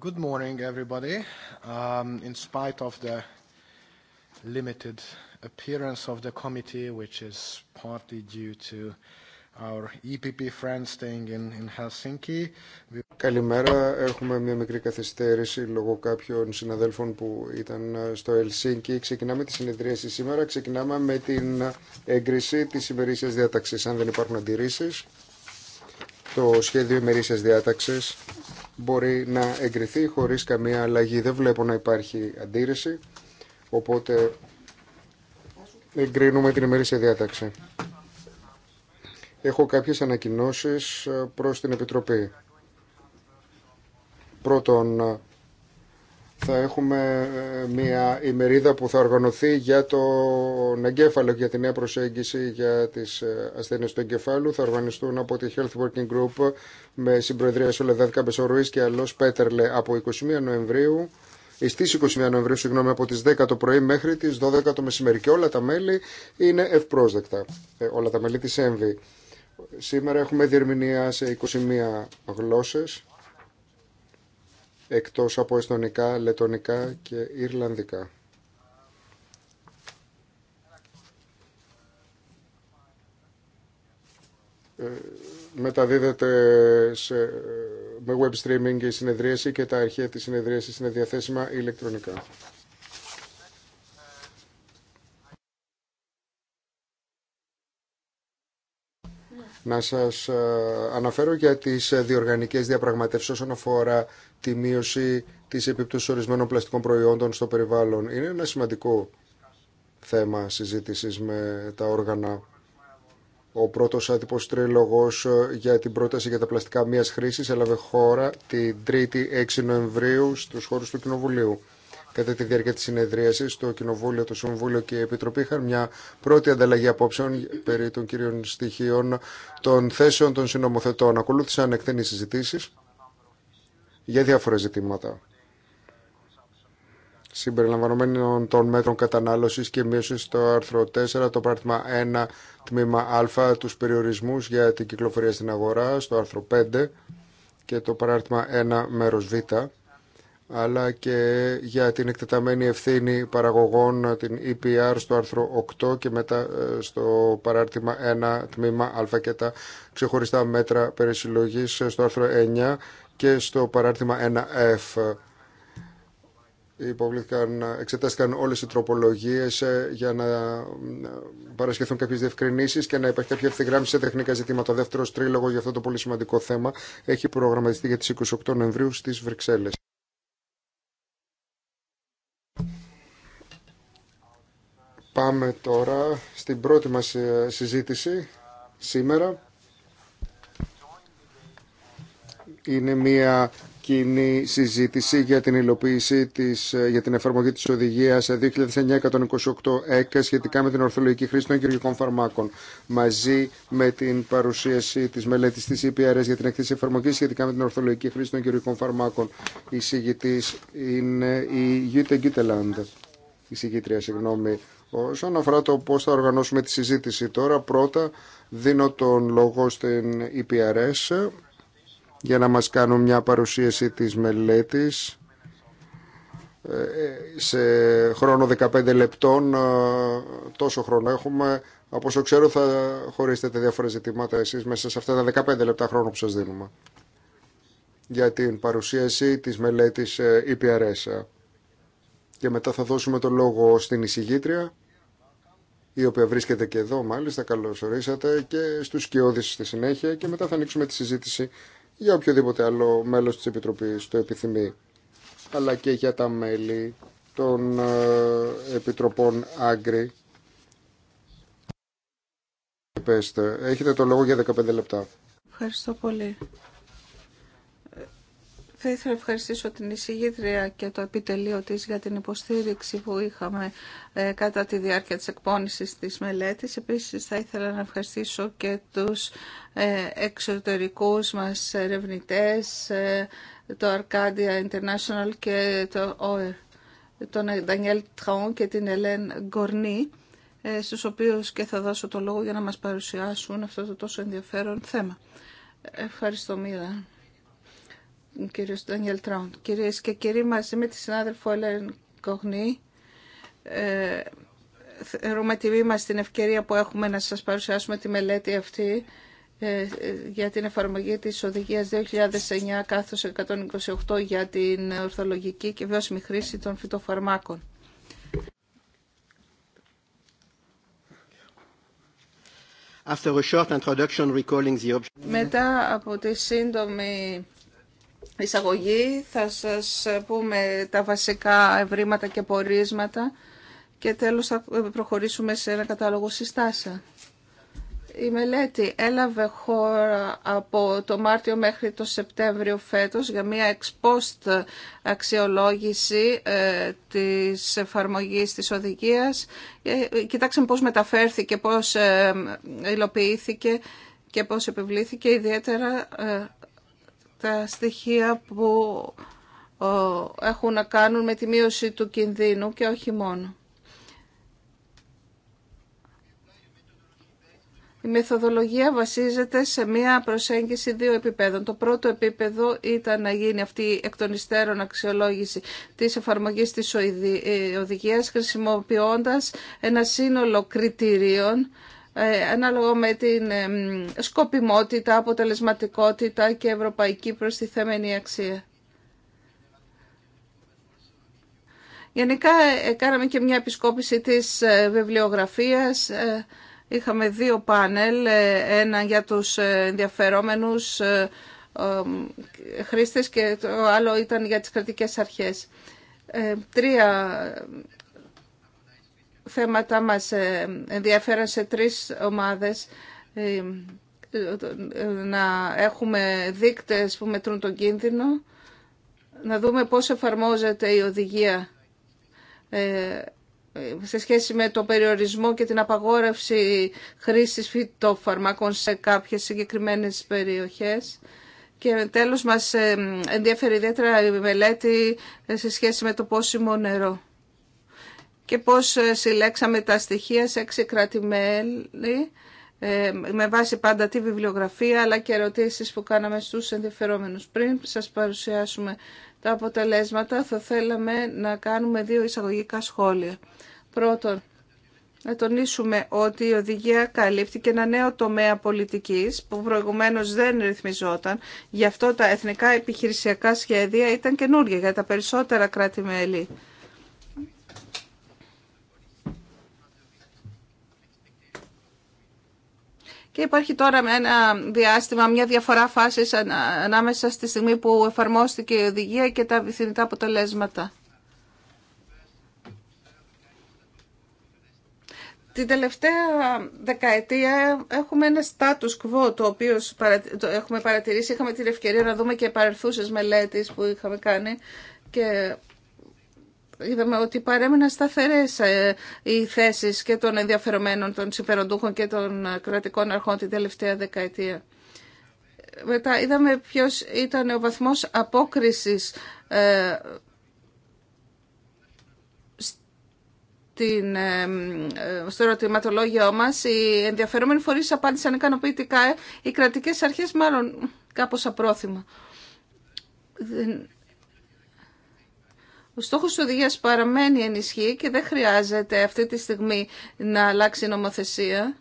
Good morning, everybody. Um, in spite of the limited appearance of the committee, which is partly due to our EPP staying Helsinki. Καλημέρα. Έχουμε μια μικρή καθυστέρηση λόγω κάποιων συναδέλφων που ήταν ε, στο Ελσίνκι. Ξεκινάμε τη συνεδρίαση σήμερα. Ξεκινάμε με την έγκριση της ημερήσιας διάταξης. Αν δεν υπάρχουν αντιρρήσεις, το σχέδιο ημερήσιας διάταξης μπορεί να εγκριθεί χωρίς καμία αλλαγή. Δεν βλέπω να υπάρχει αντίρρηση, οπότε εγκρίνουμε την ημερήσια διάταξη. Έχω κάποιες ανακοινώσεις προς την Επιτροπή. Πρώτον, θα έχουμε ε, μια ημερίδα που θα οργανωθεί για τον εγκέφαλο, για τη νέα προσέγγιση για τις ε, ασθένειες του εγκεφάλου. Θα οργανιστούν από τη Health Working Group με συμπροεδρία Σολεδάδη Καμπεσορουής και Αλός Πέτερλε από 21 Νοεμβρίου ε, στι 21 Νοεμβρίου, συγγνώμη, από τι 10 το πρωί μέχρι τι 12 το μεσημέρι. Και όλα τα μέλη είναι ευπρόσδεκτα. όλα τα μέλη τη ΕΜΒΗ. Σήμερα έχουμε διερμηνία σε 21 γλώσσες εκτός από εστονικά, λετονικά και ιρλανδικά. Ε, μεταδίδεται σε, με web streaming η συνεδρίαση και τα αρχεία της συνεδρίασης είναι διαθέσιμα ηλεκτρονικά. Να σας ε, αναφέρω για τις ε, διοργανικές διαπραγματεύσεις όσον αφορά τη μείωση της επίπτωσης ορισμένων πλαστικών προϊόντων στο περιβάλλον. Είναι ένα σημαντικό θέμα συζήτησης με τα όργανα. Ο πρώτος άτυπος τρίλογος ε, για την πρόταση για τα πλαστικά μίας χρήσης έλαβε χώρα την 3η 6 Νοεμβρίου στους χώρους του Κοινοβουλίου. Κατά τη διάρκεια τη συνεδρίαση, το Κοινοβούλιο, το Συμβούλιο και η Επιτροπή είχαν μια πρώτη ανταλλαγή απόψεων περί των κυρίων στοιχείων των θέσεων των συνομοθετών. Ακολούθησαν εκτενεί συζητήσει για διάφορα ζητήματα συμπεριλαμβανομένων των μέτρων κατανάλωσης και μείωση στο άρθρο 4, το πράγμα 1, τμήμα α, τους περιορισμούς για την κυκλοφορία στην αγορά, στο άρθρο 5 και το παράρτημα 1 μέρος β αλλά και για την εκτεταμένη ευθύνη παραγωγών, την EPR στο άρθρο 8 και μετά ε, στο παράρτημα 1 τμήμα α και τα ξεχωριστά μέτρα περισυλλογής ε, στο άρθρο 9 και στο παράρτημα 1F. Υποβλήθηκαν, εξετάστηκαν όλες οι τροπολογίες ε, για να παρασχεθούν κάποιες διευκρινήσεις και να υπάρχει κάποια ευθυγράμμιση σε τεχνικά ζητήματα. Ο δεύτερος τρίλογος για αυτό το πολύ σημαντικό θέμα έχει προγραμματιστεί για τις 28 Νοεμβρίου στις Βρυξέλλες. Πάμε τώρα στην πρώτη μας ε, συζήτηση σήμερα. Είναι μια κοινή συζήτηση για την υλοποίηση της, ε, για την εφαρμογή της οδηγίας 2928 έκα σχετικά με την ορθολογική χρήση των κυριακών φαρμάκων μαζί με την παρουσίαση της μελέτης της EPRS για την εκτίση εφαρμογής σχετικά με την ορθολογική χρήση των κυριακών φαρμάκων. Η συγητής είναι η Γιούτε Γκίτελαντ, η συγγήτρια, συγγνώμη. Όσον αφορά το πώς θα οργανώσουμε τη συζήτηση τώρα, πρώτα δίνω τον λόγο στην EPRS για να μας κάνουν μια παρουσίαση της μελέτης ε, σε χρόνο 15 λεπτών ε, τόσο χρόνο έχουμε από όσο ξέρω θα χωρίσετε διάφορα ζητήματα εσείς μέσα σε αυτά τα 15 λεπτά χρόνο που σας δίνουμε για την παρουσίαση της μελέτης EPRS ε, και μετά θα δώσουμε το λόγο στην εισηγήτρια η οποία βρίσκεται και εδώ μάλιστα, καλώς ορίσατε και στους σκιώδεις στη συνέχεια και μετά θα ανοίξουμε τη συζήτηση για οποιοδήποτε άλλο μέλος της Επιτροπής το επιθυμεί, αλλά και για τα μέλη των ε, Επιτροπών Άγκρη. Πέστε, έχετε το λόγο για 15 λεπτά. Ευχαριστώ πολύ. Θα ήθελα να ευχαριστήσω την εισηγήτρια και το επιτελείο της για την υποστήριξη που είχαμε ε, κατά τη διάρκεια της εκπόνησης της μελέτης. Επίσης θα ήθελα να ευχαριστήσω και τους ε, εξωτερικούς μας ερευνητές, ε, το Arcadia International και το ο τον Ντανιέλ Tron και την Ελέν Γκορνή, στους οποίους και θα δώσω το λόγο για να μας παρουσιάσουν αυτό το τόσο ενδιαφέρον θέμα. Ευχαριστώ Μίλα κύριος Ντανιέλ Τράουν. Κυρίες και κύριοι, μαζί με τη συνάδελφο Ελένη Κογνή, ε, θεωρούμε τη βήμα την ευκαιρία που έχουμε να σας παρουσιάσουμε τη μελέτη αυτή ε, για την εφαρμογή της οδηγίας 2009 128 για την ορθολογική και βιώσιμη χρήση των φυτοφαρμάκων. Μετά από τη σύντομη εισαγωγή. Θα σας πούμε τα βασικά ευρήματα και πορίσματα και τέλος θα προχωρήσουμε σε ένα κατάλογο συστάσεων. Η μελέτη έλαβε χώρα από το Μάρτιο μέχρι το Σεπτέμβριο φέτος για μια εξπόστ αξιολόγηση ε, της εφαρμογής της οδηγίας. Ε, κοιτάξαμε πώς μεταφέρθηκε, πώς ε, υλοποιήθηκε και πώς επιβλήθηκε ιδιαίτερα τα στοιχεία που έχουν να κάνουν με τη μείωση του κινδύνου και όχι μόνο. Η μεθοδολογία βασίζεται σε μία προσέγγιση δύο επίπεδων. Το πρώτο επίπεδο ήταν να γίνει αυτή η εκ των υστέρων αξιολόγηση της εφαρμογής της ε, οδηγίας χρησιμοποιώντας ένα σύνολο κριτηρίων ε, ανάλογα με την σκοπιμότητα, αποτελεσματικότητα και ευρωπαϊκή προστιθέμενη αξία. Γενικά ε, κάναμε και μια επισκόπηση της ε, βιβλιογραφίας. Είχαμε δύο πάνελ, ένα για τους ενδιαφερόμενους χρήστες και το άλλο ήταν για τις κρατικές αρχές. Τρία θέματα μας ε, ενδιαφέραν σε τρεις ομάδες ε, να έχουμε δείκτες που μετρούν τον κίνδυνο, να δούμε πώς εφαρμόζεται η οδηγία ε, σε σχέση με τον περιορισμό και την απαγόρευση χρήσης φυτοφαρμάκων σε κάποιες συγκεκριμένες περιοχές. Και τέλος μας ενδιαφέρει ιδιαίτερα η μελέτη σε σχέση με το πόσιμο νερό και πώς ε, συλλέξαμε τα στοιχεία σε έξι ε, με βάση πάντα τη βιβλιογραφία αλλά και ερωτήσεις που κάναμε στους ενδιαφερόμενους. Πριν σας παρουσιάσουμε τα αποτελέσματα θα θέλαμε να κάνουμε δύο εισαγωγικά σχόλια. Πρώτον, να τονίσουμε ότι η οδηγία καλύφθηκε και ένα νέο τομέα πολιτικής που προηγουμένως δεν ρυθμιζόταν. Γι' αυτό τα εθνικά επιχειρησιακά σχέδια ήταν καινούργια για τα περισσότερα κράτη-μέλη. υπάρχει τώρα ένα διάστημα, μια διαφορά φάση ανάμεσα στη στιγμή που εφαρμόστηκε η οδηγία και τα βυθινητά αποτελέσματα. Την τελευταία δεκαετία έχουμε ένα status quo το οποίο έχουμε παρατηρήσει. Είχαμε την ευκαιρία να δούμε και παρελθούσες μελέτες που είχαμε κάνει και είδαμε ότι παρέμειναν σταθερές ε, οι θέσεις και των ενδιαφερομένων των συμφεροντούχων και των κρατικών αρχών την τελευταία δεκαετία. Μετά είδαμε ποιος ήταν ο βαθμός απόκρισης ε, ε, στο ερωτηματολόγιο μας οι ενδιαφερόμενοι φορείς απάντησαν ικανοποιητικά οι κρατικές αρχές μάλλον κάπως απρόθυμα. Ο στόχος τη οδηγία παραμένει ενισχύ και δεν χρειάζεται αυτή τη στιγμή να αλλάξει η νομοθεσία.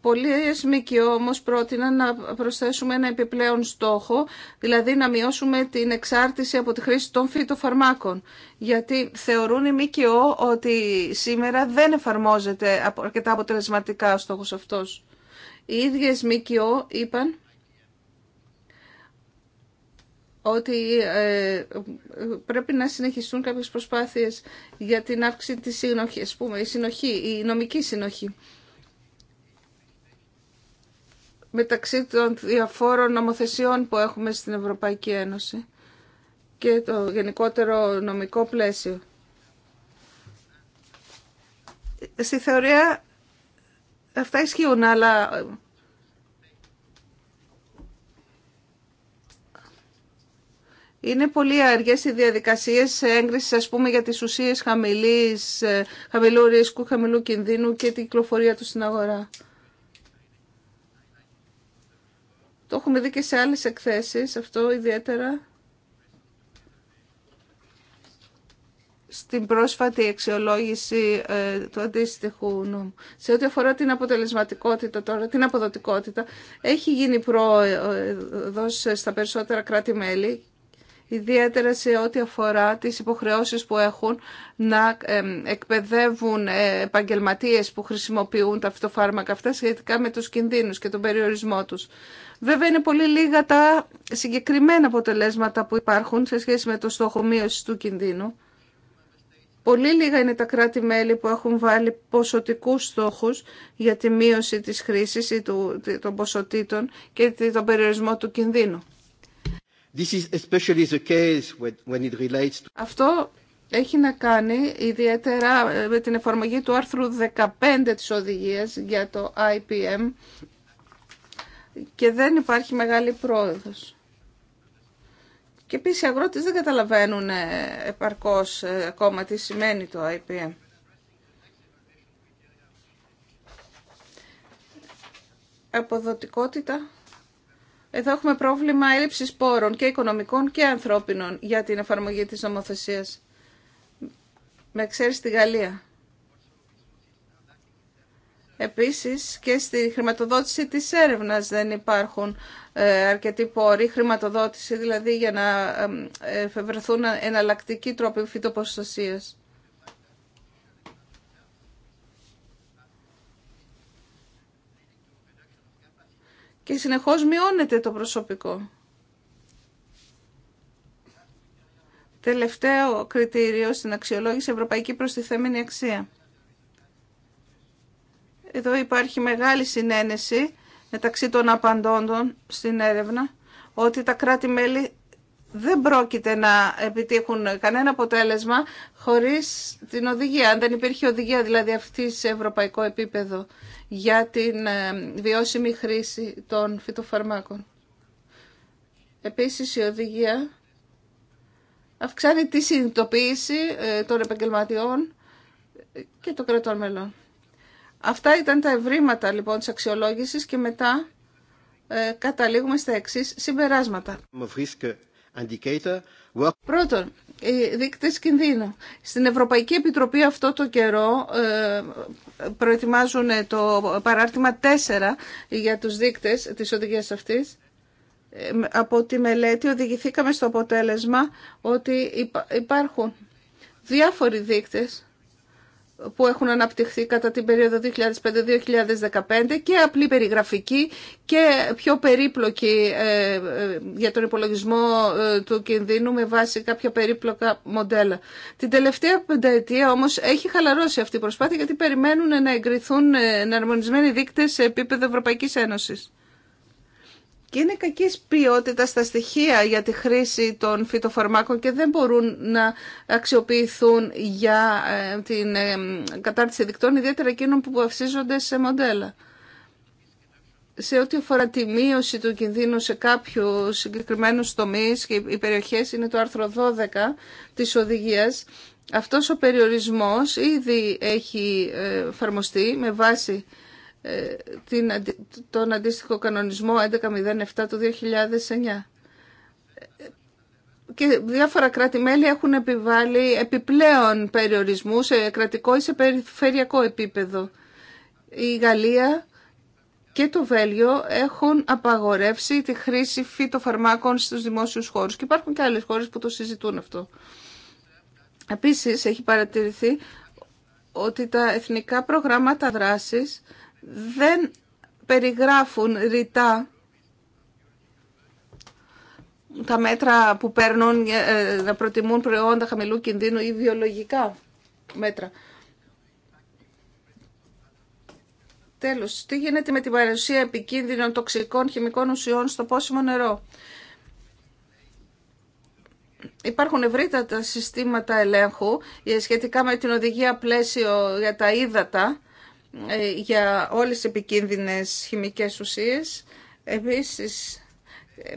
Πολλοί ΜΚΟ όμως πρότειναν να προσθέσουμε ένα επιπλέον στόχο, δηλαδή να μειώσουμε την εξάρτηση από τη χρήση των φυτοφαρμάκων. Γιατί θεωρούν οι ΜΚΟ ότι σήμερα δεν εφαρμόζεται αρκετά αποτελεσματικά ο στόχο αυτό. Οι ίδιες ΜΚΟ είπαν ότι ε, πρέπει να συνεχιστούν κάποιες προσπάθειες για την αύξηση της συνοχής, πούμε, η, συνοχή, η νομική συνοχή μεταξύ των διαφόρων νομοθεσιών που έχουμε στην Ευρωπαϊκή Ένωση και το γενικότερο νομικό πλαίσιο. Στη θεωρία αυτά ισχύουν, αλλά Είναι πολύ αργές οι διαδικασίε έγκριση α πούμε, για τις ουσίε ε, χαμηλού ρίσκου, χαμηλού κινδύνου και την κυκλοφορία του στην αγορά. Το έχουμε δει και σε άλλες εκθέσεις, αυτό ιδιαίτερα. Στην πρόσφατη αξιολόγηση ε, του αντίστοιχου νόμου. Σε ό,τι αφορά την αποτελεσματικότητα τώρα, την αποδοτικότητα, έχει γίνει πρόοδος στα περισσότερα κράτη-μέλη ιδιαίτερα σε ό,τι αφορά τις υποχρεώσεις που έχουν να εκπαιδεύουν ε, επαγγελματίες που χρησιμοποιούν τα φυτοφάρμακα αυτά σχετικά με τους κινδύνους και τον περιορισμό τους. Βέβαια είναι πολύ λίγα τα συγκεκριμένα αποτελέσματα που υπάρχουν σε σχέση με το στόχο μείωση του κινδύνου. Πολύ λίγα είναι τα κράτη-μέλη που έχουν βάλει ποσοτικούς στόχους για τη μείωση της χρήσης ή των ποσοτήτων και τον περιορισμό του κινδύνου. Αυτό έχει να κάνει ιδιαίτερα ε, με την εφαρμογή του άρθρου 15 της οδηγίας για το IPM και δεν υπάρχει μεγάλη πρόοδος. Και επίσης οι αγρότες δεν καταλαβαίνουν ε, επαρκώς ε, ακόμα τι σημαίνει το IPM. Αποδοτικότητα εδώ έχουμε πρόβλημα έλλειψης πόρων και οικονομικών και ανθρώπινων για την εφαρμογή της νομοθεσίας. Με εξαίρεση τη Γαλλία. Επίσης και στη χρηματοδότηση της έρευνας δεν υπάρχουν ε, αρκετοί πόροι, χρηματοδότηση δηλαδή για να εφευρεθούν ε, εναλλακτικοί τρόποι φυτοποστασίας. και συνεχώς μειώνεται το προσωπικό. Τελευταίο κριτήριο στην αξιολόγηση ευρωπαϊκή προστιθέμενη αξία. Εδώ υπάρχει μεγάλη συνένεση μεταξύ των απαντώντων στην έρευνα ότι τα κράτη-μέλη δεν πρόκειται να επιτύχουν κανένα αποτέλεσμα χωρίς την οδηγία. Αν δεν υπήρχε οδηγία δηλαδή αυτή σε ευρωπαϊκό επίπεδο για την ε, βιώσιμη χρήση των φυτοφαρμάκων. Επίσης η οδηγία αυξάνει τη συνειδητοποίηση ε, των επαγγελματιών και των κρατών μελών. Αυτά ήταν τα ευρήματα λοιπόν της αξιολόγησης και μετά ε, καταλήγουμε στα εξής συμπεράσματα. Πρώτον, οι δείκτες κινδύνου. Στην Ευρωπαϊκή Επιτροπή αυτό το καιρό ε, προετοιμάζουν το παράρτημα 4 για τους δείκτες της οδηγίας αυτής. Ε, από τη μελέτη οδηγηθήκαμε στο αποτέλεσμα ότι υπάρχουν διάφοροι δείκτες που έχουν αναπτυχθεί κατά την περίοδο 2005-2015 και απλή περιγραφική και πιο περίπλοκη ε, ε, για τον υπολογισμό ε, του κινδύνου με βάση κάποια περίπλοκα μοντέλα. Την τελευταία πενταετία όμως έχει χαλαρώσει αυτή η προσπάθεια γιατί περιμένουν να εγκριθούν εναρμονισμένοι δείκτες σε επίπεδο Ευρωπαϊκής Ένωσης και είναι κακή ποιότητα τα στοιχεία για τη χρήση των φυτοφαρμάκων και δεν μπορούν να αξιοποιηθούν για ε, την ε, κατάρτιση δικτών, ιδιαίτερα εκείνων που αυσίζονται σε μοντέλα. Σε ό,τι αφορά τη μείωση του κινδύνου σε κάποιους συγκεκριμένου τομεί και οι περιοχές είναι το άρθρο 12 της οδηγίας, αυτός ο περιορισμός ήδη έχει ε, εφαρμοστεί με βάση ε, την, τον αντίστοιχο κανονισμό 1107 του 2009. Ε, και διάφορα κράτη-μέλη έχουν επιβάλει επιπλέον περιορισμού σε κρατικό ή σε περιφερειακό επίπεδο. Η Γαλλία και το Βέλγιο έχουν απαγορεύσει τη χρήση φυτοφαρμάκων στους δημόσιους χώρους και υπάρχουν και άλλες χώρες που το συζητούν αυτό. Επίσης έχει παρατηρηθεί ότι τα εθνικά προγράμματα δράσης δεν περιγράφουν ρητά τα μέτρα που παίρνουν ε, να προτιμούν προϊόντα χαμηλού κινδύνου ή βιολογικά μέτρα. Τέλος, τι γίνεται με την παρουσία επικίνδυνων τοξικών χημικών ουσιών στο πόσιμο νερό. Υπάρχουν ευρύτατα συστήματα ελέγχου ε, σχετικά με την οδηγία πλαίσιο για τα ύδατα ε, για όλες τις επικίνδυνες χημικές ουσίες. Επίσης, ε,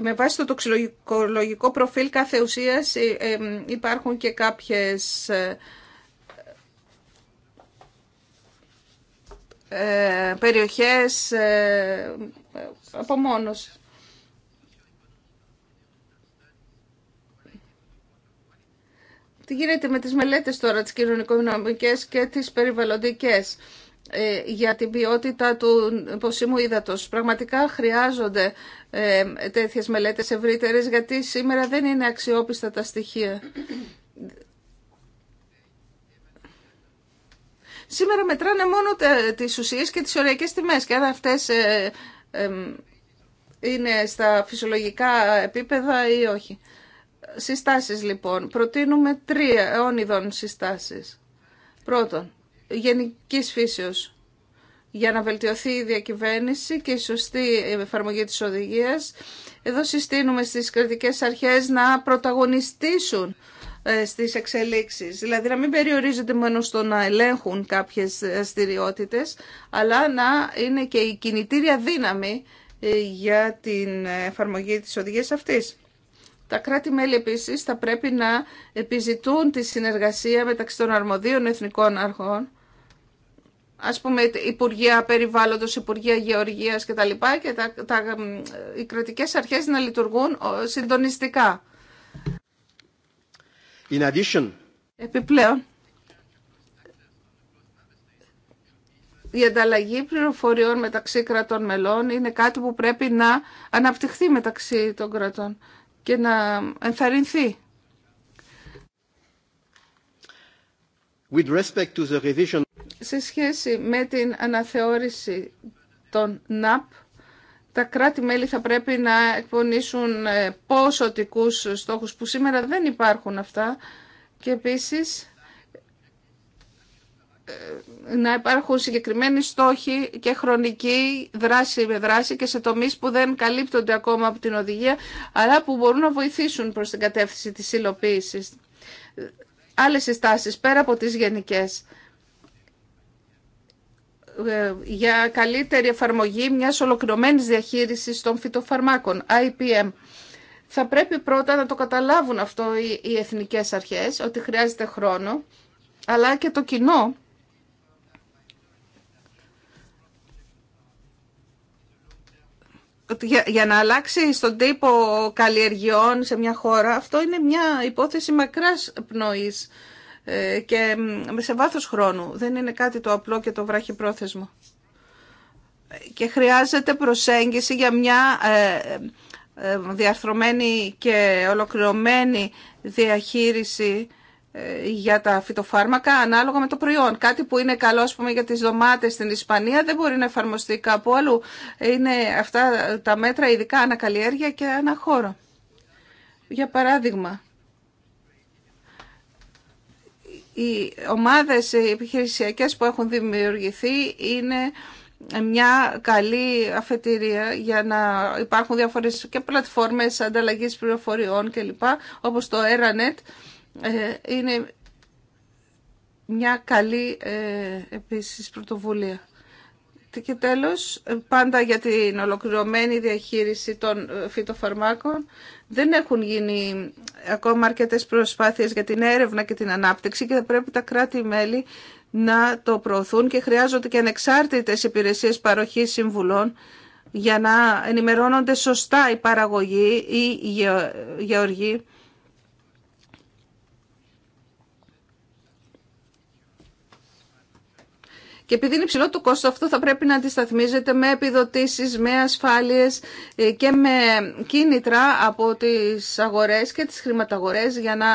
με βάση το τοξικολογικό προφίλ κάθε ουσίας ε, υπάρχουν και κάποιες περιοχές απομόνωσης. Τι γίνεται με τις μελέτες τώρα, τις κοινωνικονομικές και τις περιβαλλοντικές ε, για την ποιότητα του ποσίμου ύδατος. Πραγματικά χρειάζονται ε, τέτοιες μελέτες ευρύτερες γιατί σήμερα δεν είναι αξιόπιστα τα στοιχεία. Σήμερα μετράνε μόνο τις ουσίες και τις ωριακές τιμές και αν αυτές ε, είναι στα φυσιολογικά επίπεδα ή όχι. Συστάσεις λοιπόν. Προτείνουμε τρία αιώνιδων συστάσεις. Πρώτον, γενικής φύσεως για να βελτιωθεί η διακυβέρνηση και η σωστή εφαρμογή της οδηγίας. Εδώ συστήνουμε στις κρατικές αρχές να πρωταγωνιστήσουν ε, στις εξελίξεις. Δηλαδή να μην περιορίζονται μόνο στο να ελέγχουν κάποιες δραστηριότητε, αλλά να είναι και η κινητήρια δύναμη ε, για την εφαρμογή της οδηγίας αυτής. Τα κράτη-μέλη επίση θα πρέπει να επιζητούν τη συνεργασία μεταξύ των αρμοδίων εθνικών αρχών, ας πούμε Υπουργεία Περιβάλλοντος, Υπουργεία Γεωργίας κτλ. Και, τα οι κρατικές αρχές να λειτουργούν συντονιστικά. In addition... Επιπλέον, η ανταλλαγή πληροφοριών μεταξύ κρατών μελών είναι κάτι που πρέπει να αναπτυχθεί μεταξύ των κρατών και να ενθαρρυνθεί. With respect to the revision... Σε σχέση με την αναθεώρηση των ΝΑΠ, τα κράτη-μέλη θα πρέπει να εκπονήσουν ε, ποσοτικούς στόχους που σήμερα δεν υπάρχουν αυτά και επίσης να υπάρχουν συγκεκριμένοι στόχοι και χρονική δράση με δράση και σε τομείς που δεν καλύπτονται ακόμα από την οδηγία, αλλά που μπορούν να βοηθήσουν προς την κατεύθυνση της υλοποίηση. Άλλες συστάσεις πέρα από τις γενικές ε, για καλύτερη εφαρμογή μιας ολοκληρωμένης διαχείρισης των φυτοφαρμάκων, IPM. Θα πρέπει πρώτα να το καταλάβουν αυτό οι εθνικές αρχές, ότι χρειάζεται χρόνο, αλλά και το κοινό για, να αλλάξει στον τύπο καλλιεργειών σε μια χώρα, αυτό είναι μια υπόθεση μακράς πνοής ε, και σε βάθος χρόνου. Δεν είναι κάτι το απλό και το βραχυπρόθεσμο. Και χρειάζεται προσέγγιση για μια ε, ε διαρθρωμένη και ολοκληρωμένη διαχείριση ε, για τα φυτοφάρμακα ανάλογα με το προϊόν. Κάτι που είναι καλό ας πούμε, για τις δομάτες στην Ισπανία δεν μπορεί να εφαρμοστεί κάπου αλλού. Είναι αυτά τα μέτρα ειδικά ανακαλλιέργεια και ένα χώρο Για παράδειγμα, οι ομάδες επιχειρησιακές που έχουν δημιουργηθεί είναι μια καλή αφετηρία για να υπάρχουν διάφορες και πλατφόρμες ανταλλαγής πληροφοριών κλπ. όπως το Eranet ε, είναι μια καλή ε, επίσης πρωτοβουλία. Και τέλος, ε, πάντα για την ολοκληρωμένη διαχείριση των φυτοφαρμάκων, δεν έχουν γίνει ακόμα αρκετές προσπάθειες για την έρευνα και την ανάπτυξη και θα πρέπει τα κράτη-μέλη να το προωθούν και χρειάζονται και ανεξάρτητες υπηρεσίες παροχής συμβουλών για να ενημερώνονται σωστά οι παραγωγοί ή οι γεωργοί Και επειδή είναι υψηλό το κόστο αυτό θα πρέπει να αντισταθμίζεται με επιδοτήσεις, με ασφάλειες ε, και με κίνητρα από τις αγορές και τις χρηματαγορές για να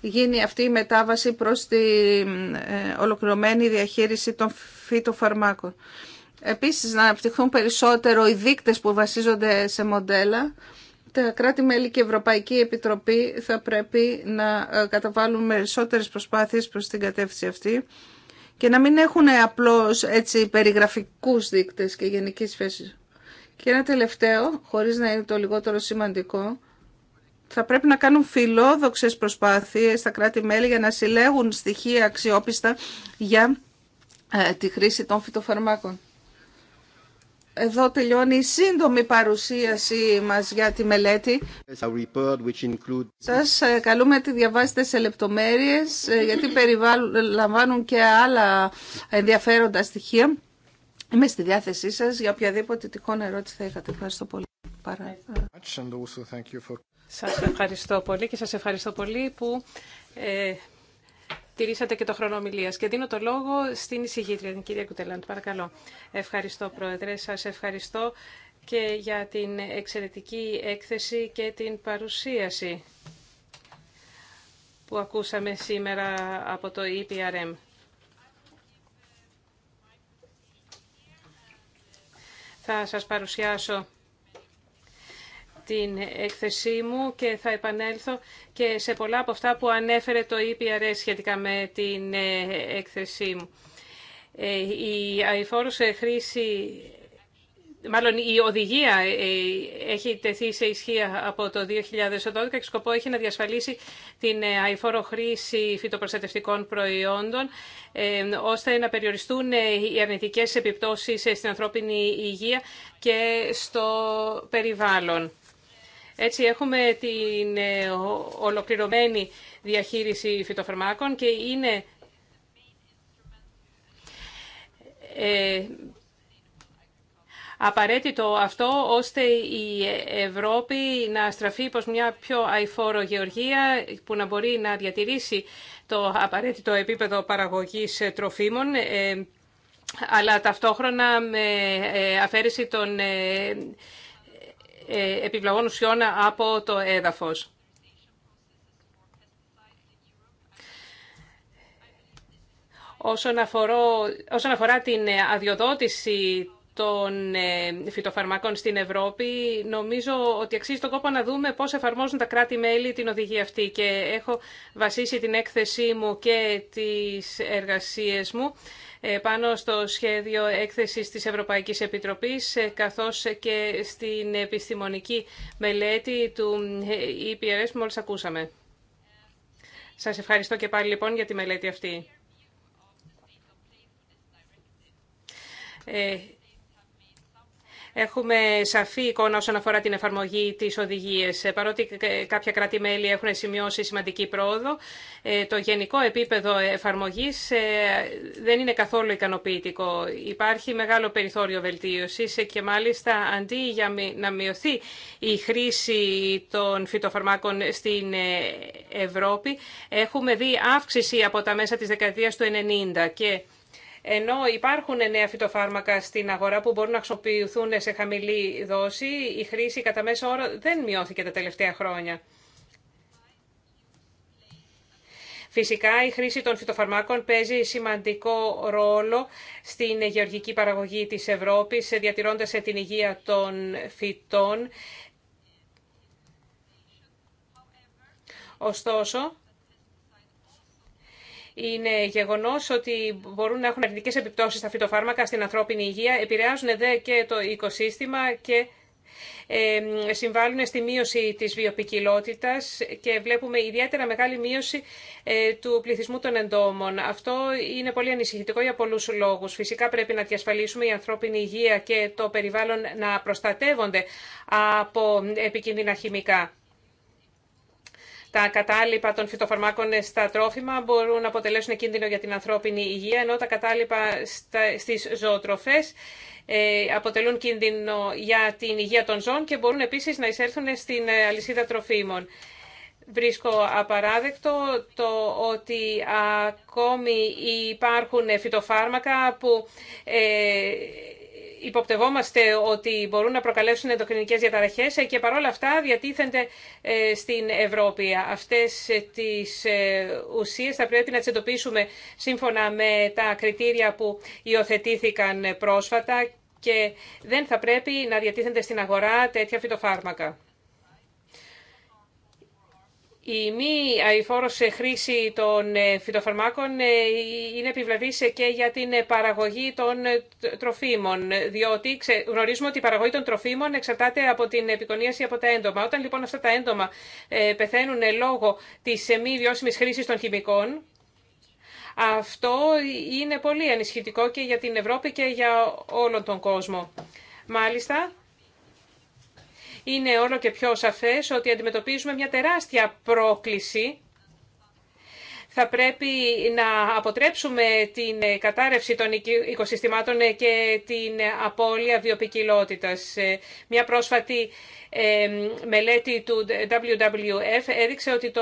γίνει αυτή η μετάβαση προς τη ε, ολοκληρωμένη διαχείριση των φυτοφαρμάκων. Επίσης να αναπτυχθούν περισσότερο οι δείκτε που βασίζονται σε μοντέλα. Τα κράτη-μέλη και η Ευρωπαϊκή Επιτροπή θα πρέπει να ε, καταβάλουν περισσότερε προσπάθειες προ την κατεύθυνση αυτή και να μην έχουν απλώς έτσι περιγραφικούς δείκτες και γενικής φέσης. Και ένα τελευταίο, χωρίς να είναι το λιγότερο σημαντικό, θα πρέπει να κάνουν φιλόδοξες προσπάθειες στα κράτη-μέλη για να συλλέγουν στοιχεία αξιόπιστα για ε, τη χρήση των φυτοφαρμάκων. Εδώ τελειώνει η σύντομη παρουσίαση μας για τη μελέτη. Σας ε, καλούμε να τη διαβάσετε σε λεπτομέρειες, ε, γιατί περιλαμβάνουν και άλλα ενδιαφέροντα στοιχεία. Είμαι στη διάθεσή σας για οποιαδήποτε τυχόν ερώτηση θα είχατε. Ευχαριστώ πολύ. Σας ευχαριστώ πολύ και σας ευχαριστώ πολύ που ε, τηρήσατε και το χρόνο ομιλία. Και δίνω το λόγο στην εισηγήτρια, την κυρία Κουτελάντ. Παρακαλώ. Ευχαριστώ, Πρόεδρε. Σα ευχαριστώ και για την εξαιρετική έκθεση και την παρουσίαση που ακούσαμε σήμερα από το EPRM. Θα σας παρουσιάσω την έκθεσή μου και θα επανέλθω και σε πολλά από αυτά που ανέφερε το EPRS σχετικά με την ε, έκθεσή μου. Ε, η αηφόρος ε, χρήση, μάλλον η οδηγία έχει τεθεί σε ισχύ από το 2012 και σκοπό έχει να διασφαλίσει την αηφόρο χρήση φυτοπροστατευτικών προϊόντων ώστε να περιοριστούν οι αρνητικές επιπτώσεις στην ανθρώπινη υγεία και στο περιβάλλον. Έτσι έχουμε την ε, ολοκληρωμένη διαχείριση φυτοφαρμάκων και είναι ε, απαραίτητο αυτό ώστε η Ευρώπη να στραφεί προς μια πιο αηφόρο γεωργία που να μπορεί να διατηρήσει το απαραίτητο επίπεδο παραγωγής τροφίμων ε, αλλά ταυτόχρονα με αφαίρεση των ε, επιβλαγών ουσιών από το έδαφος. Όσον, αφορώ, όσον αφορά την αδειοδότηση των ε, φυτοφαρμακών στην Ευρώπη, νομίζω ότι αξίζει τον κόπο να δούμε πώς εφαρμόζουν τα κράτη-μέλη την οδηγία αυτή. Και έχω βασίσει την έκθεσή μου και τις εργασίες μου ε, πάνω στο σχέδιο έκθεσης της Ευρωπαϊκής Επιτροπής ε, καθώς και στην επιστημονική μελέτη του ε, EPRS που μόλις ακούσαμε. Σας ευχαριστώ και πάλι λοιπόν για τη μελέτη αυτή. Έχουμε σαφή εικόνα όσον αφορά την εφαρμογή της οδηγίας. Ε, παρότι κάποια κράτη-μέλη έχουν σημειώσει σημαντική πρόοδο, ε, το γενικό επίπεδο εφαρμογής ε, δεν είναι καθόλου ικανοποιητικό. Υπάρχει μεγάλο περιθώριο βελτίωση και μάλιστα αντί για να μειωθεί η χρήση των φυτοφαρμάκων στην Ευρώπη, έχουμε δει αύξηση από τα μέσα της δεκαετία του 90 και ενώ υπάρχουν νέα φυτοφάρμακα στην αγορά που μπορούν να χρησιμοποιηθούν σε χαμηλή δόση, η χρήση κατά μέσο όρο δεν μειώθηκε τα τελευταία χρόνια. Φυσικά η χρήση των φυτοφαρμάκων παίζει σημαντικό ρόλο στην γεωργική παραγωγή της Ευρώπης, διατηρώντας την υγεία των φυτών. Ωστόσο, είναι γεγονό ότι μπορούν να έχουν αρνητικέ επιπτώσει τα φυτοφάρμακα στην ανθρώπινη υγεία, επηρεάζουν δε και το οικοσύστημα και ε, συμβάλλουν στη μείωση της βιοπικιλότητας και βλέπουμε ιδιαίτερα μεγάλη μείωση ε, του πληθυσμού των εντόμων. Αυτό είναι πολύ ανησυχητικό για πολλούς λόγους. Φυσικά πρέπει να διασφαλίσουμε η ανθρώπινη υγεία και το περιβάλλον να προστατεύονται από επικίνδυνα χημικά. Τα κατάλοιπα των φυτοφαρμάκων στα τρόφιμα μπορούν να αποτελέσουν κίνδυνο για την ανθρώπινη υγεία, ενώ τα κατάλοιπα στις ζωοτροφές ε, αποτελούν κίνδυνο για την υγεία των ζώων και μπορούν επίσης να εισέλθουν στην ε, αλυσίδα τροφίμων. Βρίσκω απαράδεκτο το ότι ακόμη υπάρχουν φυτοφάρμακα που ε, υποπτευόμαστε ότι μπορούν να προκαλέσουν ενδοκρινικέ διαταραχέ, ε, και παρόλα αυτά διατίθενται ε, στην Ευρώπη. Αυτές ε, τις ουσίες θα πρέπει να τις εντοπίσουμε σύμφωνα με τα κριτήρια που υιοθετήθηκαν πρόσφατα και δεν θα πρέπει να διατίθενται στην αγορά τέτοια φυτοφάρμακα. Η μη αηφόρος χρήση των ε, φυτοφαρμάκων ε, είναι επιβλαβής και για την παραγωγή των τροφίμων, διότι γνωρίζουμε ότι η παραγωγή των τροφίμων εξαρτάται από την επικονίαση από τα έντομα. Όταν λοιπόν αυτά τα έντομα ε, πεθαίνουν λόγω της μη βιώσιμη χρήσης των χημικών, αυτό είναι πολύ ανισχυτικό και για την Ευρώπη και για όλον τον κόσμο. Μάλιστα, είναι όλο και πιο σαφές ότι αντιμετωπίζουμε μια τεράστια πρόκληση θα πρέπει να αποτρέψουμε την κατάρρευση των οικοσυστημάτων και την απώλεια βιοπικιλότητας. Μια πρόσφατη ε, μελέτη του WWF έδειξε ότι το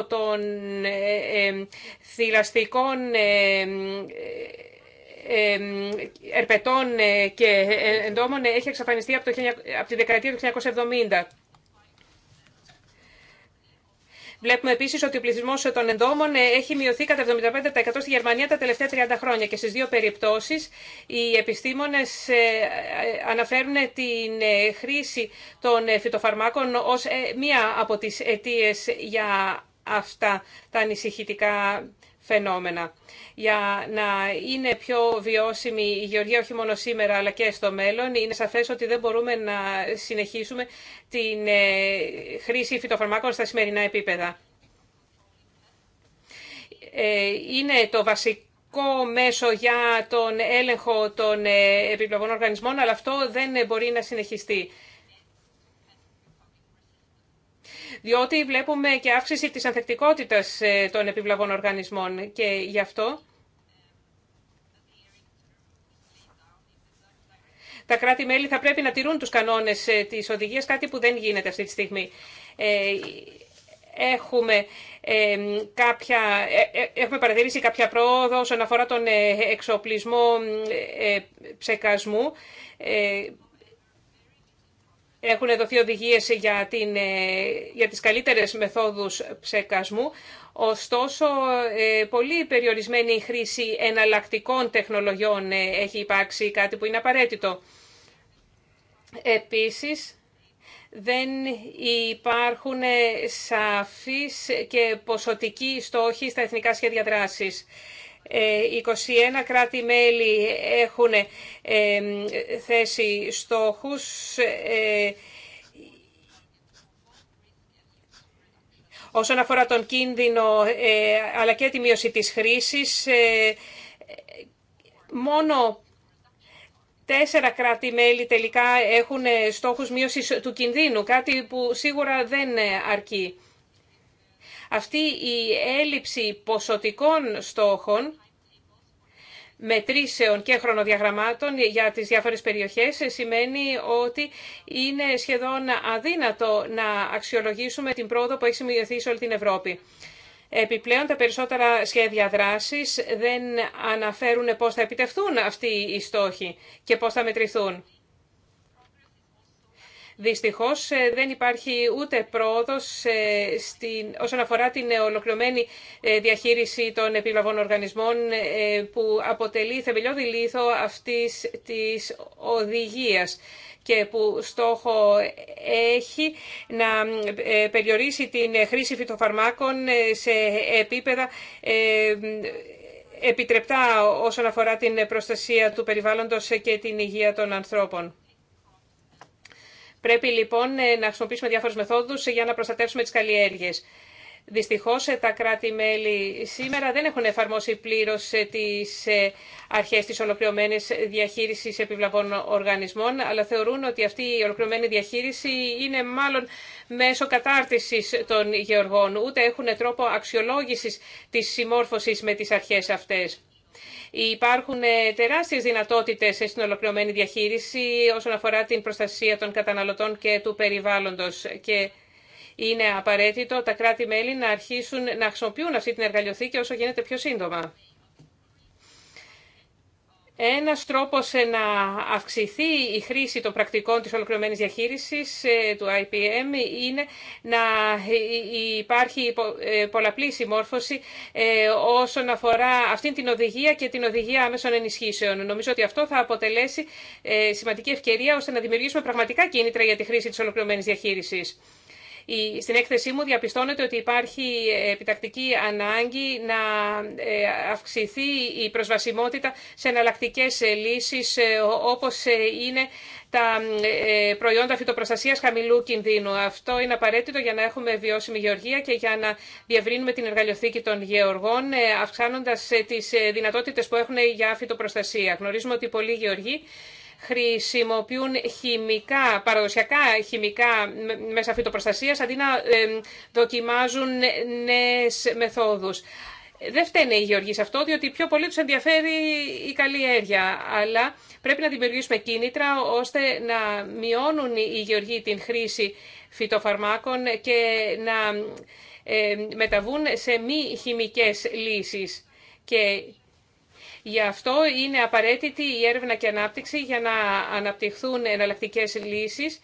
60% των ε, ε, θηλαστικών ερπετών ε, και ε, εντόμων ε, έχει εξαφανιστεί από, το, από τη δεκαετία του 1970. Βλέπουμε επίση ότι ο πληθυσμό των εντόμων έχει μειωθεί κατά 75% στη Γερμανία τα τελευταία 30 χρόνια και στι δύο περιπτώσει οι επιστήμονε αναφέρουν την χρήση των φυτοφαρμάκων ω μία από τι αιτίε για αυτά τα ανησυχητικά φαινόμενα. Για να είναι πιο βιώσιμη η γεωργία όχι μόνο σήμερα αλλά και στο μέλλον, είναι σαφές ότι δεν μπορούμε να συνεχίσουμε την ε, χρήση φυτοφαρμάκων στα σημερινά επίπεδα. Ε, είναι το βασικό μέσο για τον έλεγχο των ε, επιπλοκών οργανισμών, αλλά αυτό δεν μπορεί να συνεχιστεί. διότι βλέπουμε και αύξηση της ανθεκτικότητας ε, των επιβλαβών οργανισμών και γι' αυτό τα κράτη-μέλη θα πρέπει να τηρούν τους κανόνες ε, της οδηγίας, κάτι που δεν γίνεται αυτή τη στιγμή. Ε, έχουμε, κάποια, ε, έχουμε παρατηρήσει κάποια πρόοδο όσον αφορά τον εξοπλισμό ψεκασμού. Έχουν δοθεί οδηγίες για, την, ε, για τις καλύτερες μεθόδους ψεκασμού, ωστόσο ε, πολύ περιορισμένη η χρήση εναλλακτικών τεχνολογιών ε, έχει υπάρξει κάτι που είναι απαραίτητο. Επίσης, δεν υπάρχουν σαφείς και ποσοτικοί στόχοι στα εθνικά σχέδια δράσης. 21 ε, κράτη-μέλη έχουν ε, θέσει στόχους. Ε, όσον αφορά τον κίνδυνο αλλά και τη μείωση της χρήσης, μόνο τέσσερα κράτη-μέλη τελικά έχουν στόχους μείωσης του κινδύνου, κάτι που σίγουρα δεν αρκεί. Αυτή η έλλειψη ποσοτικών στόχων μετρήσεων και χρονοδιαγραμμάτων για τις διάφορες περιοχές σημαίνει ότι είναι σχεδόν αδύνατο να αξιολογήσουμε την πρόοδο που έχει σημειωθεί σε όλη την Ευρώπη. Επιπλέον, τα περισσότερα σχέδια δράσης δεν αναφέρουν πώς θα επιτευθούν αυτοί οι στόχοι και πώς θα μετρηθούν. Δυστυχώς ε, δεν υπάρχει ούτε πρόοδος ε, στην, όσον αφορά την ε, ολοκληρωμένη διαχείριση των επιβλαβών οργανισμών που αποτελεί θεμελιώδη λίθο αυτής της οδηγίας και που στόχο έχει να περιορίσει την χρήση φυτοφαρμάκων σε επίπεδα επιτρεπτά όσον αφορά την προστασία του περιβάλλοντος και την υγεία των ανθρώπων. Πρέπει λοιπόν ε, να χρησιμοποιήσουμε διάφορες μεθόδους για να προστατεύσουμε τις καλλιέργειες. Δυστυχώς ε, τα κράτη-μέλη σήμερα δεν έχουν εφαρμόσει πλήρω ε, τι αρχές της ολοκληρωμένης διαχείρισης επιβλαβών οργανισμών, αλλά θεωρούν ότι αυτή η ολοκληρωμένη διαχείριση είναι μάλλον μέσω κατάρτιση των γεωργών, ούτε έχουν τρόπο αξιολόγηση τη συμμόρφωση με τι αρχέ αυτέ. Υπάρχουν ε, τεράστιες δυνατότητες στην ολοκληρωμένη διαχείριση όσον αφορά την προστασία των καταναλωτών και του περιβάλλοντος και είναι απαραίτητο τα κράτη-μέλη να αρχίσουν να χρησιμοποιούν αυτή την εργαλειοθήκη όσο γίνεται πιο σύντομα. Ένας τρόπος να αυξηθεί η χρήση των πρακτικών της ολοκληρωμένης διαχείρισης ε, του IPM είναι να υπάρχει ε, πολλαπλή συμμόρφωση ε, όσον αφορά αυτήν την οδηγία και την οδηγία άμεσων ενισχύσεων. Νομίζω ότι αυτό θα αποτελέσει σημαντική ευκαιρία ώστε να δημιουργήσουμε πραγματικά κίνητρα για τη χρήση της ολοκληρωμένης διαχείρισης. Στην έκθεσή μου διαπιστώνεται ότι υπάρχει ε, επιτακτική ανάγκη να ε, αυξηθεί η προσβασιμότητα σε εναλλακτικέ ε, λύσεις όπως είναι τα προϊόντα φυτοπροστασία χαμηλού κινδύνου. Αυτό είναι απαραίτητο για να έχουμε βιώσιμη γεωργία και για να διευρύνουμε την εργαλειοθήκη των γεωργών, αυξάνοντας τις δυνατότητες που έχουν για φυτοπροστασία. Γνωρίζουμε ότι πολλοί γεωργοί χρησιμοποιούν χημικά, παραδοσιακά χημικά μέσα φυτοπροστασίας αντί να δοκιμάζουν νέες μεθόδους. Δεν φταίνε οι γεωργοί σε αυτό, διότι πιο πολύ τους ενδιαφέρει η καλλιέργεια. Αλλά πρέπει να δημιουργήσουμε κίνητρα ώστε να μειώνουν οι γεωργοί την χρήση φυτοφαρμάκων και να μεταβούν σε μη χημικές λύσεις. Και Γι' αυτό είναι απαραίτητη η έρευνα και ανάπτυξη για να αναπτυχθούν εναλλακτικέ λύσεις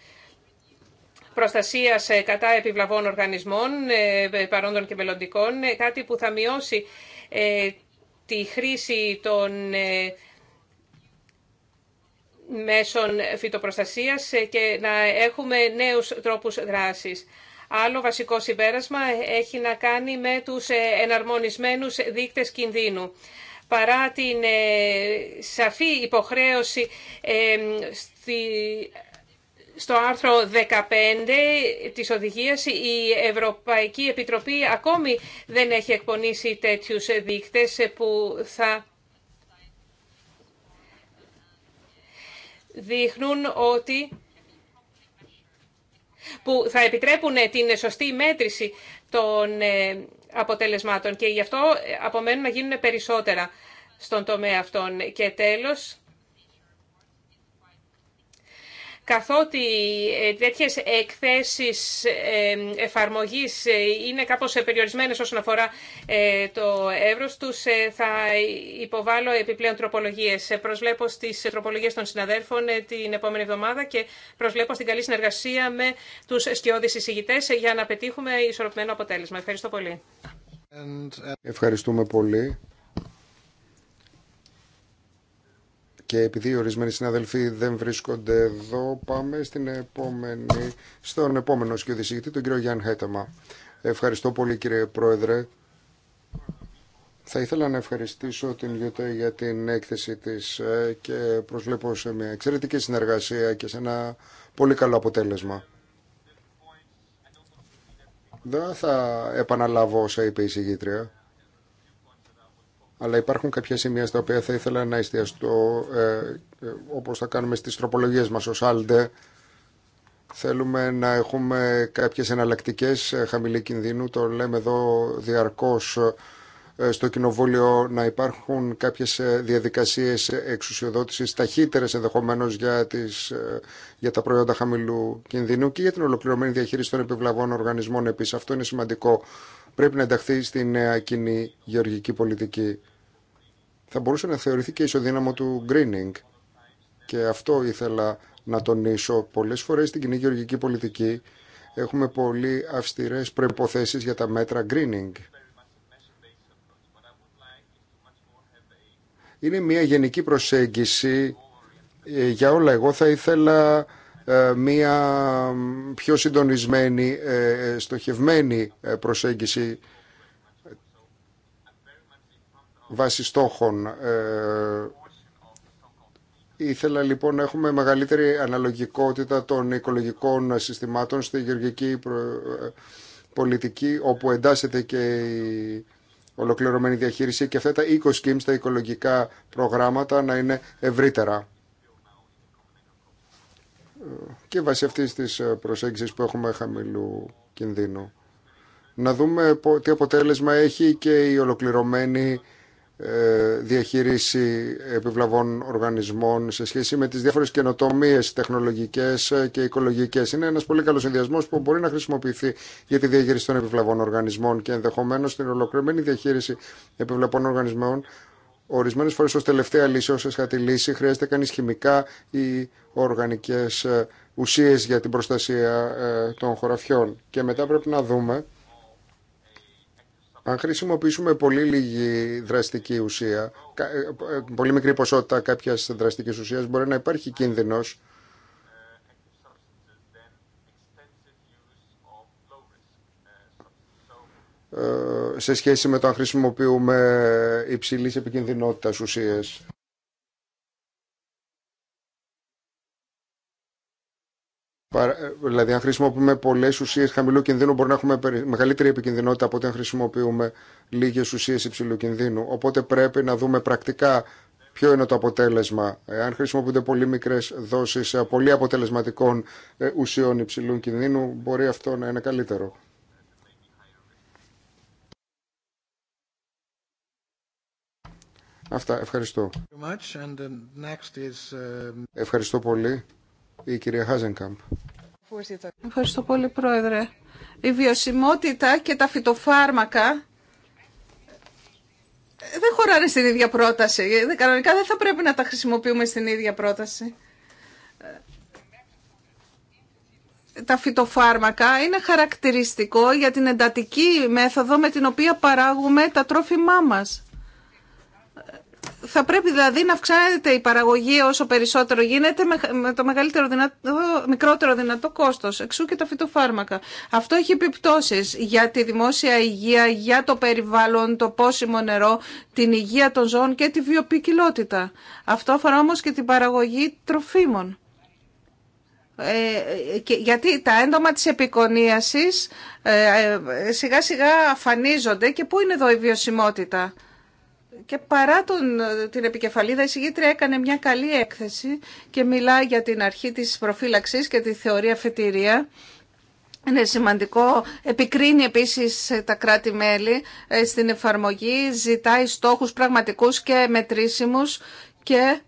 προστασίας ε, κατά επιβλαβών οργανισμών, ε, ε, παρόντων και μελλοντικών, κάτι που θα μειώσει τη χρήση των μέσων φυτοπροστασίας και να έχουμε νέους τρόπους δράσης. Άλλο βασικό συμπέρασμα έχει να κάνει με τους εναρμονισμένους δείκτες κινδύνου παρά την ε, σαφή υποχρέωση ε, στο άρθρο 15 της οδηγίας η Ευρωπαϊκή Επιτροπή ακόμη δεν έχει εκπονήσει τέτοιους δείκτες που θα δείχνουν ότι που θα επιτρέπουν την σωστή μέτρηση των ε, αποτελεσμάτων και γι' αυτό ε, απομένουν να γίνουν περισσότερα στον τομέα αυτών. Και τέλος, καθότι ε, τέτοιες εκθέσεις ε, εφαρμογής ε, είναι κάπως περιορισμένες όσον αφορά το εύρος τους, θα υποβάλω επιπλέον τροπολογίες. Προσβλέπω στις τροπολογίες των συναδέρφων την επόμενη εβδομάδα και προσβλέπω στην καλή συνεργασία με τους σκιώδεις εισηγητές για να πετύχουμε ισορροπημένο αποτέλεσμα. Ευχαριστώ πολύ. Ευχαριστούμε πολύ. Και επειδή ορισμένοι συναδελφοί δεν βρίσκονται εδώ, πάμε στην επόμενη, στον επόμενο σκιοδησίγητη, τον κύριο Γιάννη Χέταμα. Ευχαριστώ πολύ κύριε Πρόεδρε. Θα ήθελα να ευχαριστήσω την ΙΟΤΕ για την έκθεση της ε, και προσβλέπω σε μια εξαιρετική συνεργασία και σε ένα πολύ καλό αποτέλεσμα. Δεν θα επαναλάβω όσα είπε η συγγήτρια αλλά υπάρχουν κάποια σημεία στα οποία θα ήθελα να εστιαστώ ε, ε, όπως θα κάνουμε στις τροπολογίες μας ως Άλντε. Θέλουμε να έχουμε κάποιες εναλλακτικέ ε, χαμηλή κινδύνου, το λέμε εδώ διαρκώς ε, στο Κοινοβούλιο να υπάρχουν κάποιες διαδικασίες εξουσιοδότησης ταχύτερες ενδεχομένως για, τις, για τα προϊόντα χαμηλού κινδύνου και για την ολοκληρωμένη διαχείριση των επιβλαβών οργανισμών επίσης. Αυτό είναι σημαντικό πρέπει να ενταχθεί στη νέα κοινή γεωργική πολιτική. Θα μπορούσε να θεωρηθεί και ισοδύναμο του greening. Και αυτό ήθελα να τονίσω. Πολλές φορές στην κοινή γεωργική πολιτική έχουμε πολύ αυστηρές προϋποθέσεις για τα μέτρα greening. Είναι μια γενική προσέγγιση ε, για όλα. Εγώ θα ήθελα ε, μια πιο συντονισμένη, ε, ε, στοχευμένη προσέγγιση βάσει στόχων. Ήθελα λοιπόν να έχουμε μεγαλύτερη αναλογικότητα των οικολογικών συστημάτων στη γεωργική πολιτική όπου εντάσσεται και η ολοκληρωμένη διαχείριση και αυτά τα eco-schemes, τα οικολογικά προγράμματα να είναι ευρύτερα και βάσει αυτής της ε, προσέγγισης που έχουμε χαμηλού κινδύνου. Να δούμε τι αποτέλεσμα έχει και η ολοκληρωμένη ε, διαχείριση επιβλαβών οργανισμών σε σχέση με τις διάφορες καινοτομίες τεχνολογικές ε, και οικολογικές. Είναι ένας πολύ καλός συνδυασμό που μπορεί να χρησιμοποιηθεί για τη διαχείριση των επιβλαβών οργανισμών και ενδεχομένως την ολοκληρωμένη διαχείριση επιβλαβών οργανισμών Ορισμένε φορέ ω τελευταία λύση, ω εσχατή λύση, χρειάζεται κανεί χημικά ή οργανικές ε, ουσίες για την προστασία ε, των χωραφιών. Και μετά πρέπει να δούμε αν χρησιμοποιήσουμε πολύ λίγη δραστική ουσία, ε, πολύ μικρή ποσότητα κάποιας δραστικής ουσίας, μπορεί να υπάρχει κίνδυνος σε σχέση με το αν χρησιμοποιούμε υψηλής επικινδυνότητας ουσίες. Ε, δηλαδή, αν χρησιμοποιούμε πολλέ ουσίε χαμηλού κινδύνου, μπορεί να έχουμε μεγαλύτερη επικινδυνότητα από ότι αν χρησιμοποιούμε λίγε ουσίε υψηλού κινδύνου. Οπότε πρέπει να δούμε πρακτικά ποιο είναι το αποτέλεσμα. Ε, αν χρησιμοποιούνται πολύ μικρέ δόσει ε, πολύ αποτελεσματικών ουσιών υψηλού κινδύνου, μπορεί αυτό να είναι καλύτερο. Αυτά. Ευχαριστώ. Ευχαριστώ πολύ. Η κυρία Χάζενκαμπ. Ευχαριστώ πολύ, Πρόεδρε. Η βιωσιμότητα και τα φυτοφάρμακα ε, δεν χωράνε στην ίδια πρόταση. Ε, κανονικά δεν θα πρέπει να τα χρησιμοποιούμε στην ίδια πρόταση. Ε, τα φυτοφάρμακα είναι χαρακτηριστικό για την εντατική μέθοδο με την οποία παράγουμε τα τρόφιμά μας θα πρέπει δηλαδή να αυξάνεται η παραγωγή όσο περισσότερο γίνεται με το μεγαλύτερο δυνατό, μικρότερο δυνατό κόστος, εξού και τα φυτοφάρμακα. Αυτό έχει επιπτώσεις για τη δημόσια υγεία, για το περιβάλλον, το πόσιμο νερό, την υγεία των ζώων και τη βιοποικιλότητα. Αυτό αφορά όμως και την παραγωγή τροφίμων. Ε, γιατί τα έντομα της επικονίασης ε, ε, σιγά σιγά αφανίζονται και πού είναι εδώ η βιωσιμότητα και παρά τον, την επικεφαλίδα η συγγήτρια έκανε μια καλή έκθεση και μιλά για την αρχή της προφύλαξης και τη θεωρία φετηρία. Είναι σημαντικό. Επικρίνει επίσης τα κράτη-μέλη ε, στην εφαρμογή, ζητάει στόχους πραγματικούς και μετρήσιμους και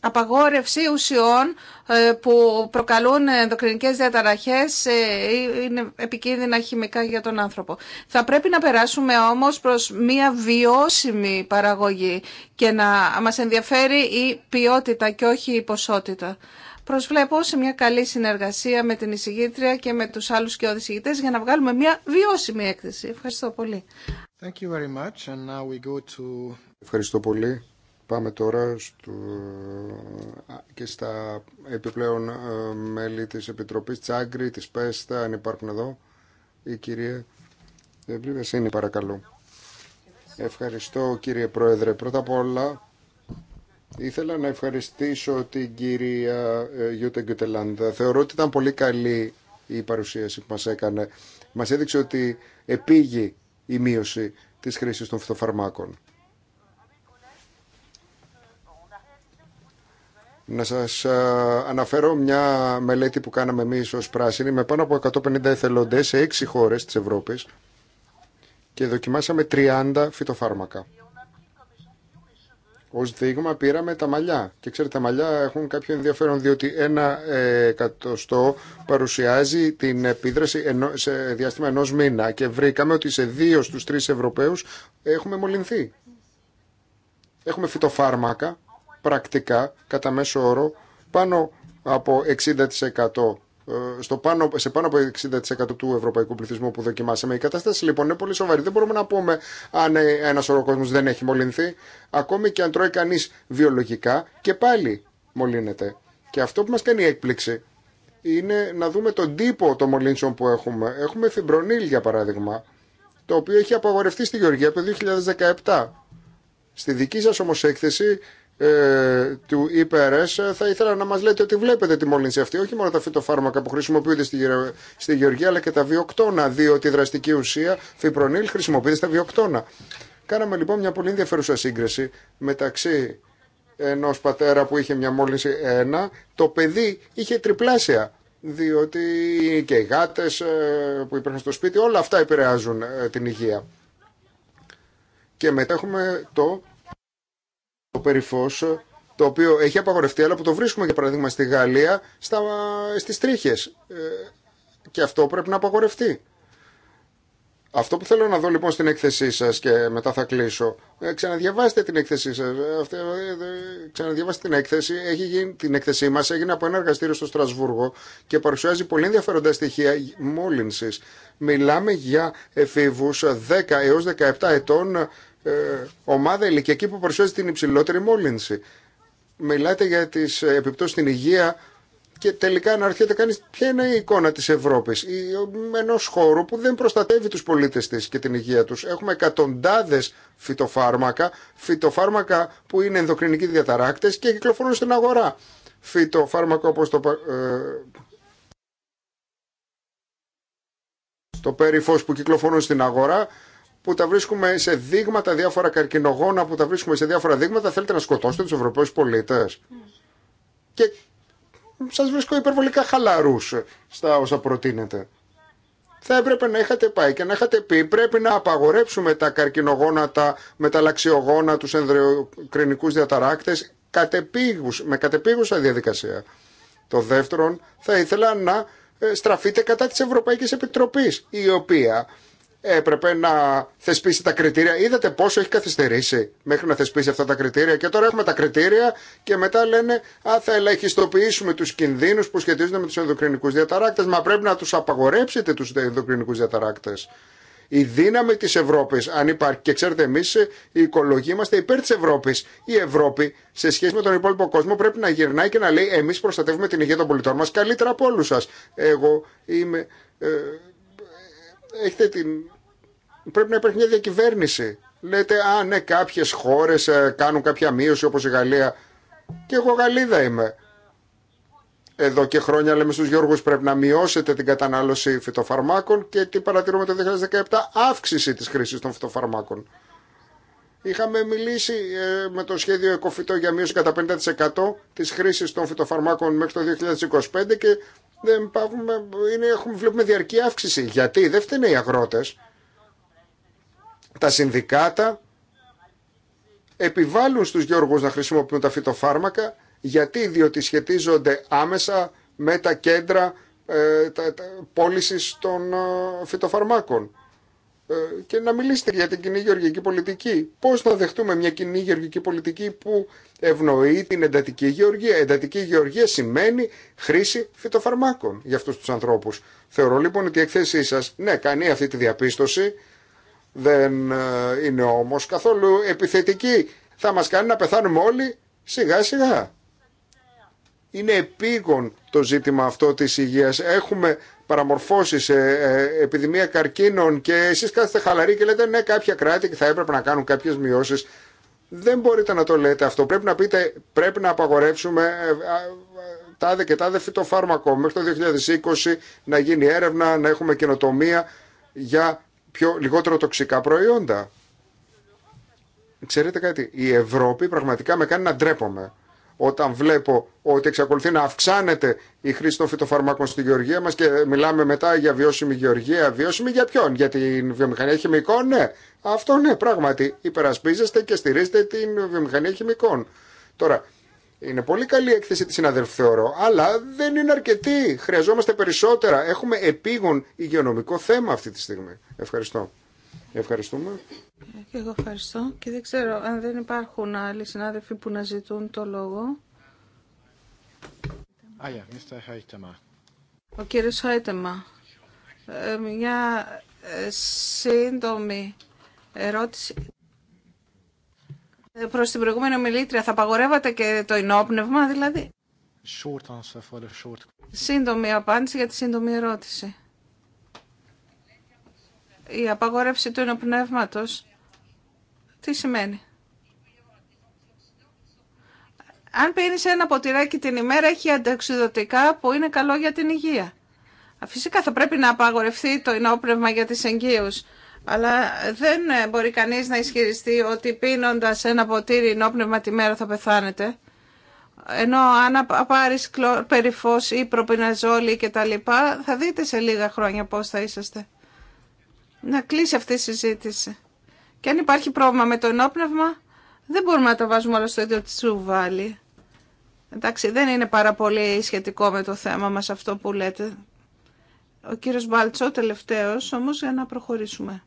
απαγόρευση ουσιών ε, που προκαλούν ενδοκρινικές διαταραχές ε, ή είναι επικίνδυνα χημικά για τον άνθρωπο. Θα πρέπει να περάσουμε όμως προς μια βιώσιμη παραγωγή και να μας ενδιαφέρει η ποιότητα και όχι η ποσότητα. Προσβλέπω σε μια καλή συνεργασία με την εισηγήτρια και με τους άλλους και οδησηγητές για να βγάλουμε μια βιώσιμη έκθεση. Ευχαριστώ πολύ. Ευχαριστώ πολύ. Πάμε τώρα στο... και στα επιπλέον ε, μέλη της Επιτροπής Τσάγκρη, της ΠΕΣΤΑ, αν υπάρχουν εδώ. Η κυρία είναι παρακαλώ. Ευχαριστώ κύριε Πρόεδρε. Πρώτα απ' όλα ήθελα να ευχαριστήσω την κυρία ε, Γιούτε Γκιουτελάντα. Θεωρώ ότι ήταν πολύ καλή η παρουσίαση που μας έκανε. Μας έδειξε ότι επήγει η μείωση της χρήσης των φυτοφαρμάκων. Να σας αναφέρω μια μελέτη που κάναμε εμείς ως πράσινη με πάνω από 150 εθελοντές σε 6 χώρες της Ευρώπης και δοκιμάσαμε 30 φυτοφάρμακα. Ω δείγμα πήραμε τα μαλλιά. Και ξέρετε, τα μαλλιά έχουν κάποιο ενδιαφέρον, διότι ένα ε, εκατοστό παρουσιάζει την επίδραση σε διάστημα ενό μήνα. Και βρήκαμε ότι σε δύο στου τρει Ευρωπαίου έχουμε μολυνθεί. Έχουμε φυτοφάρμακα πρακτικά κατά μέσο όρο πάνω από 60% ε, στο πάνω, σε πάνω από 60% του ευρωπαϊκού πληθυσμού που δοκιμάσαμε. Η κατάσταση λοιπόν είναι πολύ σοβαρή. Δεν μπορούμε να πούμε αν ε, ένα σωρό κόσμο δεν έχει μολυνθεί, ακόμη και αν τρώει κανεί βιολογικά και πάλι μολύνεται. Και αυτό που μα κάνει έκπληξη είναι να δούμε τον τύπο των μολύνσεων που έχουμε. Έχουμε φιμπρονίλ για παράδειγμα, το οποίο έχει απαγορευτεί στη Γεωργία από το 2017. Στη δική σα όμω έκθεση ε, του IPRS ε, θα ήθελα να μας λέτε ότι βλέπετε τη μόλυνση αυτή όχι μόνο τα φυτοφάρμακα που χρησιμοποιούνται στη, στη Γεωργία αλλά και τα βιοκτώνα διότι η δραστική ουσία φιπρονίλ χρησιμοποιείται στα βιοκτώνα. Κάναμε λοιπόν μια πολύ ενδιαφέρουσα σύγκριση μεταξύ ενός πατέρα που είχε μια μόλυνση 1 το παιδί είχε τριπλάσια διότι και οι γάτες ε, που υπήρχαν στο σπίτι όλα αυτά επηρεάζουν ε, την υγεία. Και μετά έχουμε το το περιφός το οποίο έχει απαγορευτεί αλλά που το βρίσκουμε για παράδειγμα στη Γαλλία στα, στις τρίχες ε, και αυτό πρέπει να απαγορευτεί. Αυτό που θέλω να δω λοιπόν στην έκθεσή σας και μετά θα κλείσω. Ε, ξαναδιαβάστε την έκθεσή σας. Ε, ξαναδιαβάστε την έκθεση. Έχει γίνει, την έκθεσή μας έγινε από ένα εργαστήριο στο Στρασβούργο και παρουσιάζει πολύ ενδιαφέροντα στοιχεία μόλυνσης. Μιλάμε για εφήβους 10 έως 17 ετών ε, ομάδα ηλικιακή που παρουσιάζει την υψηλότερη μόλυνση. Μιλάτε για τις ε, επιπτώσεις στην υγεία και τελικά να έρχεται κανεί ποια είναι η εικόνα της Ευρώπης Ενό χώρου που δεν προστατεύει τους πολίτες της και την υγεία τους. Έχουμε εκατοντάδε φυτοφάρμακα, φυτοφάρμακα που είναι ενδοκρινικοί διαταράκτες και κυκλοφορούν στην αγορά. Φυτοφάρμακα όπω το, ε, το περιφώς που κυκλοφορούν στην αγορά που τα βρίσκουμε σε δείγματα, διάφορα καρκινογόνα που τα βρίσκουμε σε διάφορα δείγματα, θέλετε να σκοτώσετε του Ευρωπαίους πολίτες. Και σας βρίσκω υπερβολικά χαλαρού στα όσα προτείνετε. Θα έπρεπε να είχατε πάει και να είχατε πει πρέπει να απαγορέψουμε τα καρκινογόνα, τα μεταλλαξιογόνα, τους ενδροκρινικούς διαταράκτες με κατεπήγουσα διαδικασία. Το δεύτερον θα ήθελα να ε, στραφείτε κατά της Ευρωπαϊκή Επιτροπή, η οποία έπρεπε να θεσπίσει τα κριτήρια. Είδατε πόσο έχει καθυστερήσει μέχρι να θεσπίσει αυτά τα κριτήρια. Και τώρα έχουμε τα κριτήρια και μετά λένε Α, θα ελαχιστοποιήσουμε του κινδύνου που σχετίζονται με του ενδοκρινικού διαταράκτε. Μα πρέπει να του απαγορέψετε του ενδοκρινικού διαταράκτε. Η δύναμη τη Ευρώπη, αν υπάρχει, και ξέρετε, εμεί η οικολογία είμαστε υπέρ τη Ευρώπη. Η Ευρώπη, σε σχέση με τον υπόλοιπο κόσμο, πρέπει να γυρνάει και να λέει Εμεί προστατεύουμε την υγεία των πολιτών μα καλύτερα από όλου σα. Εγώ είμαι. Ε, έχετε την... πρέπει να υπάρχει μια διακυβέρνηση. Λέτε, α ναι, κάποιες χώρες ε, κάνουν κάποια μείωση όπως η Γαλλία. Και εγώ Γαλλίδα είμαι. Εδώ και χρόνια λέμε στους Γιώργους πρέπει να μειώσετε την κατανάλωση φυτοφαρμάκων και τι παρατηρούμε το 2017, αύξηση της χρήση των φυτοφαρμάκων. Είχαμε μιλήσει ε, με το σχέδιο Εκοφυτό για μείωση κατά 50% της χρήσης των φυτοφαρμάκων μέχρι το 2025 και δεν είναι, έχουμε, βλέπουμε διαρκή αύξηση. Γιατί δεν φταίνε οι αγρότες. Τα συνδικάτα επιβάλλουν στους γεωργού να χρησιμοποιούν τα φυτοφάρμακα γιατί διότι σχετίζονται άμεσα με τα κέντρα ε, πώληση των ε, φυτοφαρμάκων. Ε, και να μιλήσετε για την κοινή γεωργική πολιτική. Πώς θα δεχτούμε μια κοινή γεωργική πολιτική που ευνοεί την εντατική γεωργία. Εντατική γεωργία σημαίνει χρήση φυτοφαρμάκων για αυτού τους ανθρώπους. Θεωρώ λοιπόν ότι η εκθέσή σας, ναι, κάνει αυτή τη διαπίστωση, δεν ε, είναι όμως καθόλου επιθετική. Θα μα κάνει να πεθάνουμε όλοι σιγά σιγά είναι επίγον το ζήτημα αυτό της υγείας. Έχουμε παραμορφώσει ε, επιδημία καρκίνων και εσείς κάθεστε χαλαροί και λέτε ναι κάποια κράτη θα έπρεπε να κάνουν κάποιες μειώσεις. Δεν μπορείτε να το λέτε αυτό. Πρέπει να πείτε πρέπει να απαγορεύσουμε ε, ε, τάδε και τάδε φυτοφάρμακο μέχρι το 2020 να γίνει έρευνα, να έχουμε καινοτομία για πιο, λιγότερο τοξικά προϊόντα. Ξέρετε κάτι, η Ευρώπη πραγματικά με κάνει να ντρέπομαι όταν βλέπω ότι εξακολουθεί να αυξάνεται η χρήση των φυτοφαρμάκων στη γεωργία μας και μιλάμε μετά για βιώσιμη γεωργία. Βιώσιμη για ποιον, για την βιομηχανία χημικών, ναι. Αυτό ναι, πράγματι υπερασπίζεστε και στηρίζετε την βιομηχανία χημικών. Τώρα, είναι πολύ καλή η έκθεση τη συναδέλφου θεωρώ, αλλά δεν είναι αρκετή. Χρειαζόμαστε περισσότερα. Έχουμε επίγον υγειονομικό θέμα αυτή τη στιγμή. Ευχαριστώ. Ευχαριστούμε. Και εγώ ευχαριστώ. Και δεν ξέρω αν δεν υπάρχουν άλλοι συνάδελφοι που να ζητούν το λόγο. Ο κύριος Χάιτεμα, ε, μια ε, σύντομη ερώτηση. Ε, προς την προηγούμενη ομιλήτρια, θα απαγορεύατε και το ενόπνευμα, δηλαδή. Σύντομη απάντηση για τη σύντομη ερώτηση η απαγόρευση του ενοπνεύματος, τι σημαίνει. Αν πίνεις ένα ποτηράκι την ημέρα, έχει ανταξιδωτικά που είναι καλό για την υγεία. Φυσικά θα πρέπει να απαγορευτεί το ενόπνευμα για τις εγγύους. Αλλά δεν ε, μπορεί κανείς να ισχυριστεί ότι πίνοντας ένα ποτήρι ενόπνευμα τη μέρα θα πεθάνετε. Ενώ αν πάρεις κλορ, ή προπιναζόλη και τα λοιπά, θα δείτε σε λίγα χρόνια πώς θα είσαστε να κλείσει αυτή η συζήτηση. Και αν υπάρχει πρόβλημα με το ενόπνευμα, δεν μπορούμε να τα βάζουμε όλα στο ίδιο τσουβάλι. Εντάξει, δεν είναι πάρα πολύ σχετικό με το θέμα μας αυτό που λέτε. Ο κύριος Μπάλτσο, τελευταίος, όμως, για να προχωρήσουμε.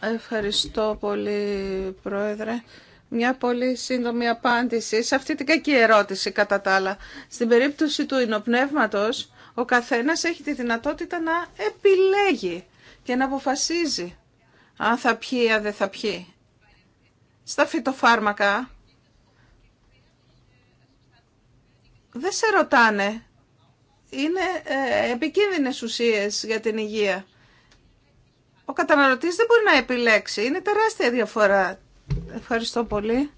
Ευχαριστώ πολύ, Πρόεδρε. Μια πολύ σύντομη απάντηση σε αυτή την κακή ερώτηση, κατά τα άλλα. Στην περίπτωση του ενόπνευματος, ο καθένας έχει τη δυνατότητα να επιλέγει και να αποφασίζει αν θα πιει ή αν δεν θα πιει. Στα φυτοφάρμακα δεν σε ρωτάνε. Είναι ε, επικίνδυνες ουσίες για την υγεία. Ο καταναλωτής δεν μπορεί να επιλέξει. Είναι τεράστια διαφορά. Ευχαριστώ πολύ.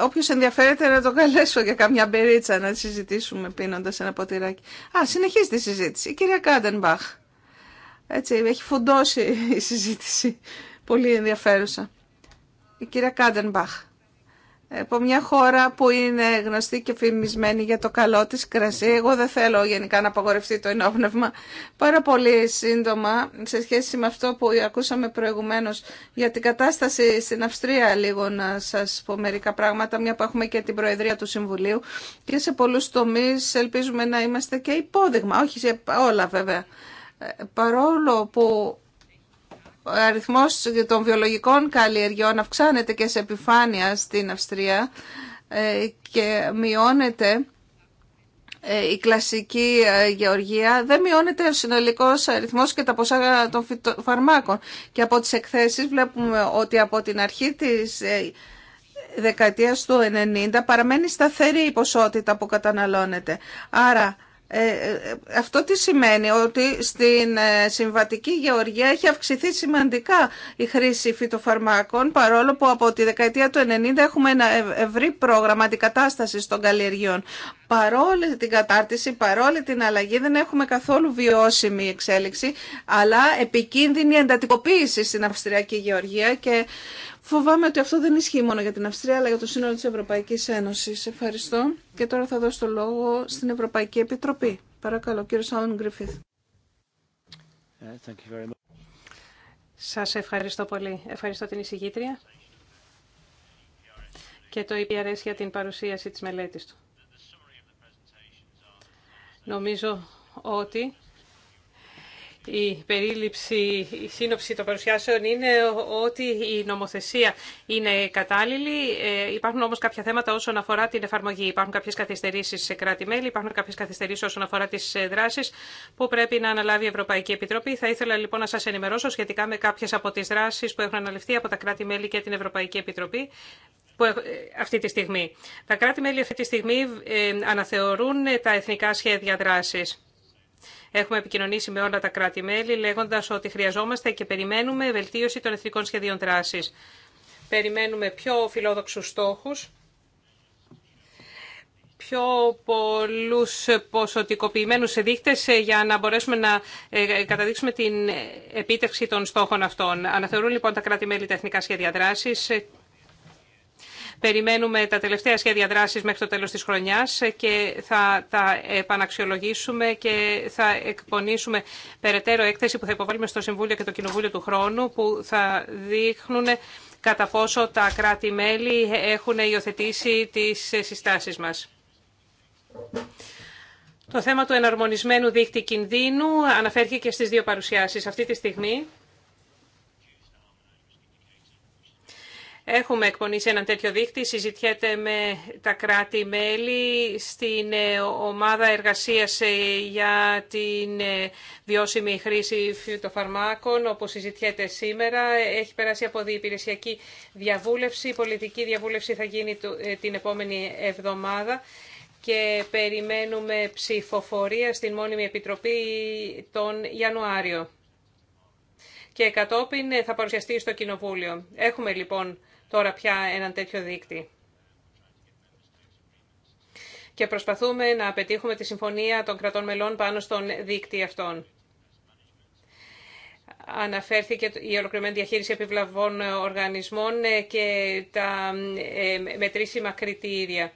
Όποιος ενδιαφέρεται να τον καλέσω για καμιά μπερίτσα να συζητήσουμε πίνοντας ένα ποτηράκι. Α, συνεχίζει τη συζήτηση. Η κυρία Κάντενμπαχ. Έτσι, έχει φουντώσει η συζήτηση. Πολύ ενδιαφέρουσα. Η κυρία Κάντενμπαχ από μια χώρα που είναι γνωστή και φημισμένη για το καλό της κρασί. Εγώ δεν θέλω γενικά να απαγορευτεί το ενόπνευμα. Πάρα πολύ σύντομα, σε σχέση με αυτό που ακούσαμε προηγουμένως για την κατάσταση στην Αυστρία λίγο να σας πω μερικά πράγματα, μια που έχουμε και την Προεδρία του Συμβουλίου και σε πολλούς τομείς ελπίζουμε να είμαστε και υπόδειγμα, όχι σε όλα βέβαια. Ε, παρόλο που ο αριθμός των βιολογικών καλλιεργειών αυξάνεται και σε επιφάνεια στην Αυστρία ε, και μειώνεται ε, η κλασική ε, γεωργία, δεν μειώνεται ο συνολικός αριθμός και τα ποσά των φαρμάκων. Και από τις εκθέσεις βλέπουμε ότι από την αρχή της δεκαετίας του 90 παραμένει σταθερή η ποσότητα που καταναλώνεται. Άρα ε, ε, αυτό τι σημαίνει, ότι στην ε, συμβατική γεωργία έχει αυξηθεί σημαντικά η χρήση φυτοφαρμάκων, παρόλο που από τη δεκαετία του 90 έχουμε ένα ευρύ πρόγραμμα αντικατάσταση των καλλιεργίων. Παρόλη την κατάρτιση, παρόλη την αλλαγή, δεν έχουμε καθόλου βιώσιμη εξέλιξη, αλλά επικίνδυνη εντατικοποίηση στην Αυστριακή Γεωργία και Φοβάμαι ότι αυτό δεν ισχύει μόνο για την Αυστρία, αλλά για το σύνολο της Ευρωπαϊκής Ένωσης. Ευχαριστώ. Και τώρα θα δώσω το λόγο στην Ευρωπαϊκή Επιτροπή. Παρακαλώ, κύριο Σάουν Γκρίφιθ. Ε, Σας ευχαριστώ πολύ. Ευχαριστώ την εισηγήτρια και το EPRS για την παρουσίαση της μελέτης του. Νομίζω ότι η περίληψη, η σύνοψη των παρουσιάσεων είναι ότι η νομοθεσία είναι κατάλληλη. Ε, υπάρχουν όμως κάποια θέματα όσον αφορά την εφαρμογή. Υπάρχουν κάποιες καθυστερήσεις σε κράτη-μέλη, υπάρχουν κάποιες καθυστερήσεις όσον αφορά τις ε, δράσεις που πρέπει να αναλάβει η Ευρωπαϊκή Επιτροπή. Θα ήθελα λοιπόν να σας ενημερώσω σχετικά με κάποιες από τις δράσεις που έχουν αναλυφθεί από τα κράτη-μέλη και την Ευρωπαϊκή Επιτροπή ε, αυτή τη στιγμή. Τα κράτη-μέλη αυτή τη στιγμή αναθεωρούν τα εθνικά σχέδια δράσης. Έχουμε επικοινωνήσει με όλα τα κράτη-μέλη λέγοντας ότι χρειαζόμαστε και περιμένουμε βελτίωση των εθνικών σχεδίων δράσης. Περιμένουμε πιο φιλόδοξους στόχους πιο πολλούς ποσοτικοποιημένους εδίκτες ε, για να μπορέσουμε να ε, ε, καταδείξουμε την επίτευξη των στόχων αυτών. Αναθεωρούν λοιπόν τα κράτη-μέλη τα εθνικά σχέδια δράσης Περιμένουμε τα τελευταία σχέδια δράσης μέχρι το τέλος της χρονιάς και θα τα επαναξιολογήσουμε και θα εκπονήσουμε περαιτέρω έκθεση που θα υποβάλουμε στο Συμβούλιο και το Κοινοβούλιο του χρόνου που θα δείχνουν κατά πόσο τα κράτη-μέλη έχουν υιοθετήσει τις συστάσεις μας. Το θέμα του εναρμονισμένου δίκτυ κινδύνου αναφέρθηκε και στις δύο παρουσιάσεις. Αυτή τη στιγμή Έχουμε εκπονήσει έναν τέτοιο δίκτυ, συζητιέται με τα κράτη-μέλη στην ε, ομάδα εργασίας ε, για την ε, βιώσιμη χρήση φυτοφαρμάκων, όπως συζητιέται σήμερα. Έχει περάσει από διεπηρεσιακή διαβούλευση. Η πολιτική διαβούλευση θα γίνει την επόμενη εβδομάδα και περιμένουμε ψηφοφορία στην Μόνιμη Επιτροπή τον Ιανουάριο. Και κατόπιν θα παρουσιαστεί στο Κοινοβούλιο. Έχουμε λοιπόν τώρα πια έναν τέτοιο δείκτη. Και προσπαθούμε να πετύχουμε τη συμφωνία των κρατών μελών πάνω στον δείκτη αυτών. Αναφέρθηκε η ολοκληρωμένη διαχείριση επιβλαβών οργανισμών ε, και τα ε, μετρήσιμα κριτήρια.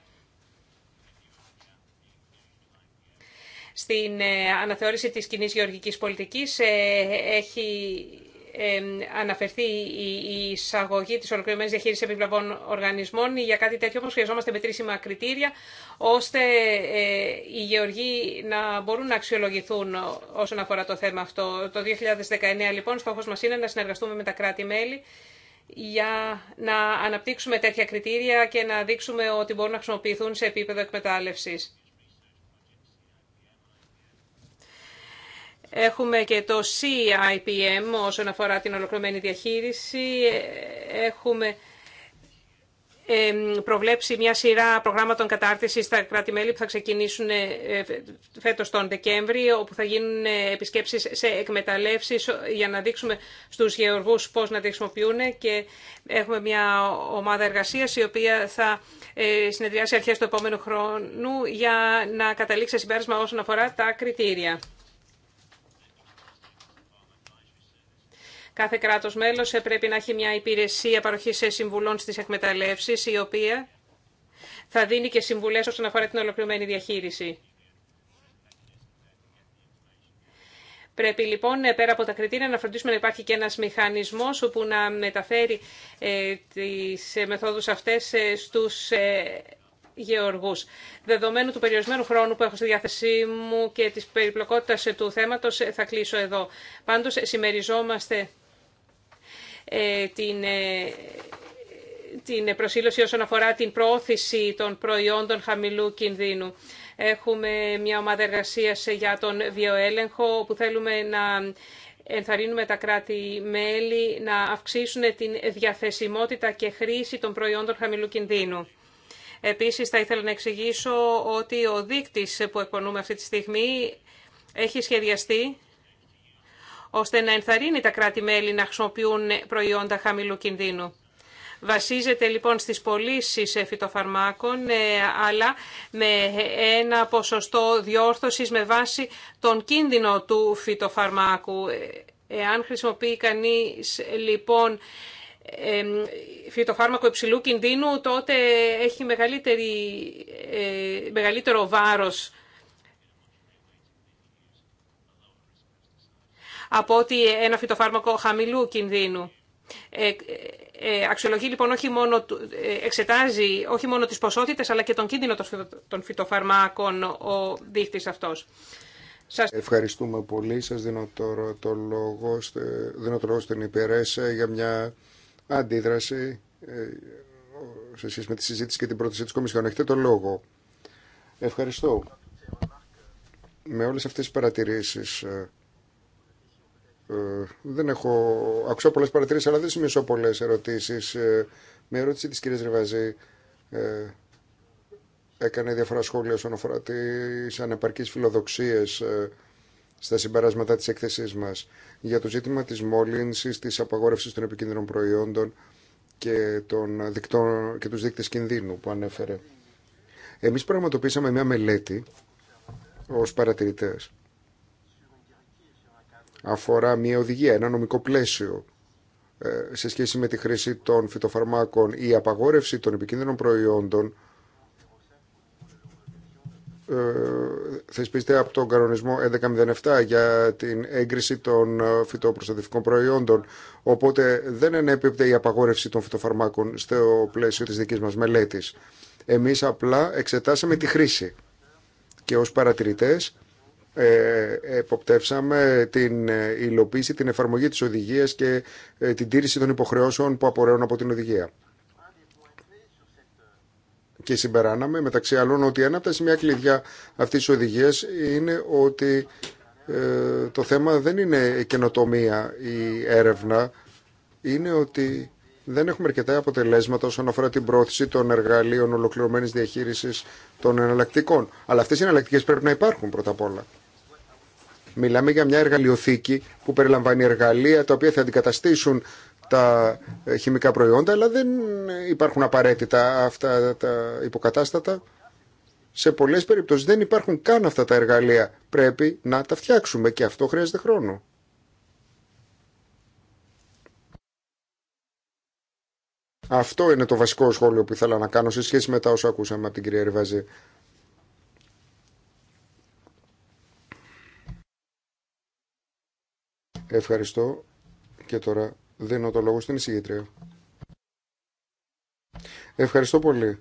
Στην ε, αναθεώρηση της κοινή γεωργικής πολιτικής έχει αναφερθεί η εισαγωγή της ολοκληρωμένη διαχείριση επιβλαβών οργανισμών. Για κάτι τέτοιο όπως χρειαζόμαστε μετρήσιμα κριτήρια, ώστε ε, οι γεωργοί να μπορούν να αξιολογηθούν όσον αφορά το θέμα αυτό. Το 2019 λοιπόν στόχο μας είναι να συνεργαστούμε με τα κράτη-μέλη για να αναπτύξουμε τέτοια κριτήρια και να δείξουμε ότι μπορούν να χρησιμοποιηθούν σε επίπεδο εκμετάλλευσης. Έχουμε και το CIPM όσον αφορά την ολοκληρωμένη διαχείριση. Έχουμε προβλέψει μια σειρά προγράμματων κατάρτισης στα κράτη-μέλη που θα ξεκινήσουν ε, φέτος τον Δεκέμβρη, όπου θα γίνουν ε, επισκέψεις σε εκμεταλλεύσεις για να δείξουμε στους γεωργούς πώς να τη χρησιμοποιούν και έχουμε μια ομάδα εργασίας η οποία θα ε, συνεδριάσει αρχές του επόμενου χρόνου για να καταλήξει σε συμπέρασμα όσον αφορά τα κριτήρια. Κάθε κράτο μέλο πρέπει να έχει μια υπηρεσία παροχή συμβουλών στι εκμεταλλεύσεις, η οποία θα δίνει και συμβουλές όσον αφορά την ολοκληρωμένη διαχείριση. Πρέπει λοιπόν πέρα από τα κριτήρια να φροντίσουμε να υπάρχει και ένας μηχανισμός όπου να μεταφέρει ε, τις ε, μεθόδους αυτές ε, στους ε, γεωργούς. Δεδομένου του περιορισμένου χρόνου που έχω στη διάθεσή μου και της περιπλοκότητας του θέματος θα κλείσω εδώ. Πάντως συμμεριζόμαστε ε, την ε, την προσήλωση όσον αφορά την προώθηση των προϊόντων χαμηλού κινδύνου. Έχουμε μια ομάδα εργασία για τον βιοέλεγχο, που θέλουμε να ενθαρρύνουμε τα κράτη-μέλη να αυξήσουν την διαθεσιμότητα και χρήση των προϊόντων χαμηλού κινδύνου. Επίσης, θα ήθελα να εξηγήσω ότι ο δείκτης που εκπονούμε αυτή τη στιγμή έχει σχεδιαστεί ώστε να ενθαρρύνει τα κράτη-μέλη να χρησιμοποιούν προϊόντα χαμηλού κινδύνου. Βασίζεται λοιπόν στις πωλήσει ε, φυτοφαρμάκων, ε, αλλά με ένα ποσοστό διόρθωσης με βάση τον κίνδυνο του φυτοφαρμάκου. Ε, εάν χρησιμοποιεί κανείς λοιπόν φυτοφάρμακο υψηλού κινδύνου, τότε έχει μεγαλύτερο βάρος από ότι ένα φυτοφάρμακο χαμηλού κινδύνου. Ε, ε, ε, αξιολογεί λοιπόν όχι μόνο, εξετάζει όχι μόνο τις ποσότητες αλλά και τον κίνδυνο των φυτοφαρμάκων ο δείχτης αυτός. Σας... Ευχαριστούμε πολύ. Σας δίνω τώρα το λόγο, δίνω το λόγο στην υπηρέσα για μια αντίδραση σε σχέση με τη συζήτηση και την πρόταση της Κομισιόν. Έχετε το λόγο. Ευχαριστώ. Με όλες αυτές τις παρατηρήσεις ε, δεν έχω... Άκουσα πολλές παρατηρήσεις, αλλά δεν σημειώσω πολλές ερωτήσεις. Ε, με ερώτηση της κυρίας Ρεβαζή ε, έκανε διάφορα σχόλια όσον αφορά τις ανεπαρκείς φιλοδοξίες στα συμπεράσματα της εκθεσή μας για το ζήτημα της μόλυνσης, της απαγόρευσης των επικίνδυνων προϊόντων και, των δικτών, και τους δείκτες κινδύνου που ανέφερε. Εμείς πραγματοποιήσαμε μια μελέτη ως παρατηρητές αφορά μια οδηγία, ένα νομικό πλαίσιο ε, σε σχέση με τη χρήση των φυτοφαρμάκων ή η απαγορευση των επικίνδυνων προϊόντων ε, Θεσπίστε από τον κανονισμό 1107 για την έγκριση των ε, φυτοπροστατευτικών προϊόντων. Οπότε δεν ενέπιπτε η απαγόρευση των φυτοφαρμάκων στο πλαίσιο της δικής μας μελέτης. Εμείς απλά εξετάσαμε τη χρήση και ως παρατηρητές ε, εποπτεύσαμε την ε, υλοποίηση, την εφαρμογή της οδηγίας και ε, την τήρηση των υποχρεώσεων που απορρέουν από την οδηγία. Και συμπεράναμε μεταξύ άλλων ότι ένα από τα σημεία κλειδιά αυτής της οδηγίας είναι ότι το θέμα δεν είναι η καινοτομία ή έρευνα, είναι ότι δεν έχουμε αρκετά αποτελέσματα όσον αφορά την πρόθεση των εργαλείων ολοκληρωμένης διαχείρισης των εναλλακτικών. Αλλά αυτές οι εναλλακτικέ πρέπει να υπάρχουν πρώτα απ' όλα. Μιλάμε για μια εργαλειοθήκη που περιλαμβάνει εργαλεία τα οποία θα αντικαταστήσουν τα ε, χημικά προϊόντα, αλλά δεν υπάρχουν απαραίτητα αυτά τα υποκατάστατα. Σε πολλές περιπτώσεις δεν υπάρχουν καν αυτά τα εργαλεία. Πρέπει να τα φτιάξουμε και αυτό χρειάζεται χρόνο. Αυτό είναι το βασικό σχόλιο που ήθελα να κάνω σε σχέση με τα όσα ακούσαμε από την κυρία Ριβαζή. Ευχαριστώ και τώρα δίνω το λόγο στην εισηγήτρια. Ευχαριστώ πολύ.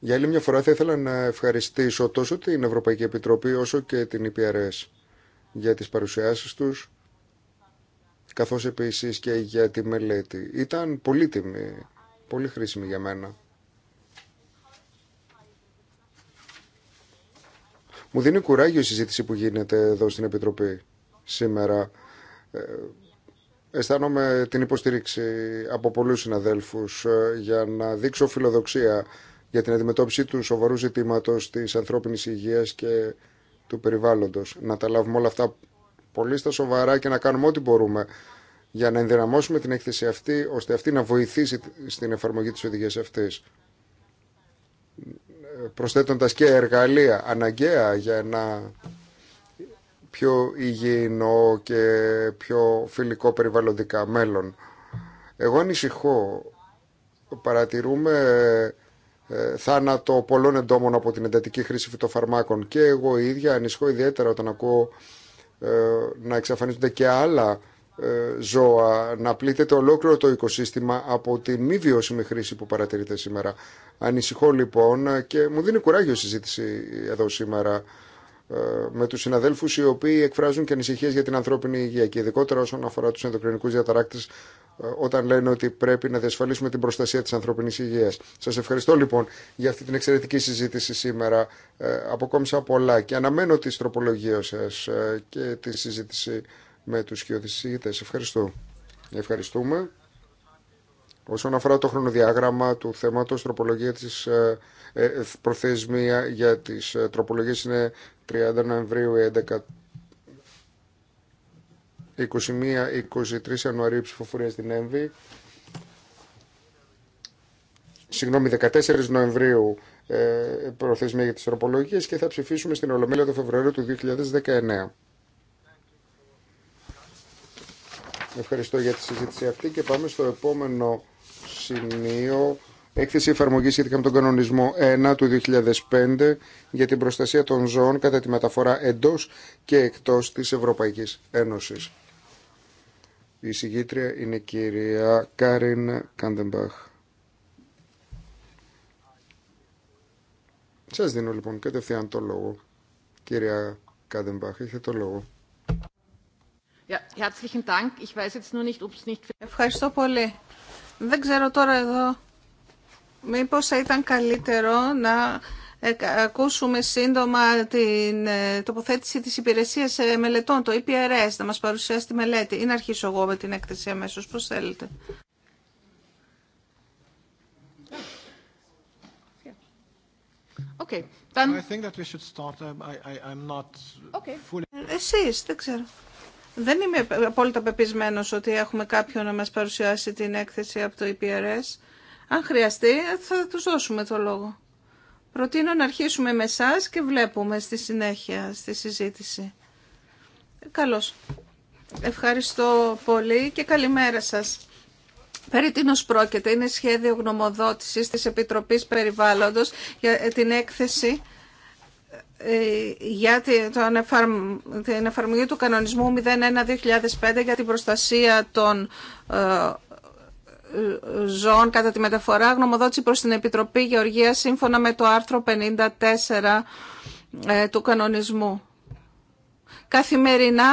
Για άλλη μια φορά θα ήθελα να ευχαριστήσω τόσο την Ευρωπαϊκή Επιτροπή όσο και την EPRS για τις παρουσιάσεις τους καθώς επίσης και για τη μελέτη. Ήταν πολύτιμη, πολύ χρήσιμη για μένα. Μου δίνει κουράγιο η συζήτηση που γίνεται εδώ στην Επιτροπή σήμερα. Ε, αισθάνομαι την υποστήριξη από πολλούς συναδέλφους ε, για να δείξω φιλοδοξία για την αντιμετώπιση του σοβαρού ζητήματος της ανθρώπινης υγείας και του περιβάλλοντος. Να τα λάβουμε όλα αυτά πολύ στα σοβαρά και να κάνουμε ό,τι μπορούμε για να ενδυναμώσουμε την έκθεση αυτή, ώστε αυτή να βοηθήσει στην εφαρμογή της οδηγίας αυτής προσθέτοντας και εργαλεία αναγκαία για ένα πιο υγιεινό και πιο φιλικό περιβαλλοντικά μέλλον. Εγώ ανησυχώ. Παρατηρούμε ε, θάνατο πολλών εντόμων από την εντατική χρήση φυτοφαρμάκων και εγώ ίδια ανησυχώ ιδιαίτερα όταν ακούω ε, να εξαφανίζονται και άλλα ε, ζώα, να πλήττεται ολόκληρο το οικοσύστημα από τη μη βιώσιμη χρήση που παρατηρείται σήμερα. Ανησυχώ λοιπόν και μου δίνει κουράγιο η συζήτηση εδώ σήμερα ε, με τους συναδέλφους οι οποίοι εκφράζουν και ανησυχίες για την ανθρώπινη υγεία και ειδικότερα όσον αφορά τους ενδοκρινικούς διαταράκτες ε, όταν λένε ότι πρέπει να διασφαλίσουμε την προστασία της ανθρώπινης υγείας. Σας ευχαριστώ λοιπόν για αυτή την εξαιρετική συζήτηση σήμερα. Αποκόμισα πολλά και αναμένω τις τροπολογίες σας και τη συζήτηση με τους κοιοδησίτες. Ευχαριστώ. Ευχαριστούμε. Όσον αφορά το χρονοδιάγραμμα του θέματος, τροπολογία της ε, ε, προθεσμία για τις ε, τροπολογίες είναι 30 Νοεμβρίου 11 21-23 Ιανουαρίου ψηφοφορία στην ΕΜΒΗ. Συγγνώμη, 14 Νοεμβρίου προθεσμία για τις τροπολογίες και θα ψηφίσουμε στην Ολομέλεια το Φεβρουαρίου του 2019. Ευχαριστώ για τη συζήτηση αυτή και πάμε στο επόμενο σημείο. Έκθεση εφαρμογή σχετικά με τον κανονισμό 1 του 2005 για την προστασία των ζώων κατά τη μεταφορά εντό και εκτό τη Ευρωπαϊκή Ένωση. Η συγγήτρια είναι η κυρία Κάριν Κάντεμπαχ. Σας δίνω λοιπόν κατευθείαν το λόγο. Κυρία Κάντεμπαχ, έχετε το λόγο. Ευχαριστώ πολύ. Δεν ξέρω τώρα εδώ μήπως θα ήταν καλύτερο να ε, ακούσουμε σύντομα την ε, τοποθέτηση της υπηρεσίας ε, μελετών, το EPRS, να μας παρουσιάσει τη μελέτη ή να αρχίσω εγώ με την έκθεση αμέσως, πώς θέλετε. Okay. Then... I think that we should start. I, I, I'm not okay. Εσείς, δεν ξέρω. Δεν είμαι απόλυτα πεπισμένος ότι έχουμε κάποιον να μας παρουσιάσει την έκθεση από το EPRS. Αν χρειαστεί θα τους δώσουμε το λόγο. Προτείνω να αρχίσουμε με εσά και βλέπουμε στη συνέχεια στη συζήτηση. Καλώς. Ευχαριστώ πολύ και καλημέρα σας. Περί τίνος πρόκειται. Είναι σχέδιο γνωμοδότησης της Επιτροπής Περιβάλλοντος για την έκθεση ε, για την εφαρμογή του κανονισμού 01-2005 για την προστασία των ε, ζώων κατά τη μεταφορά γνωμοδότηση προς την Επιτροπή Γεωργίας σύμφωνα με το άρθρο 54 ε, του κανονισμού. Καθημερινά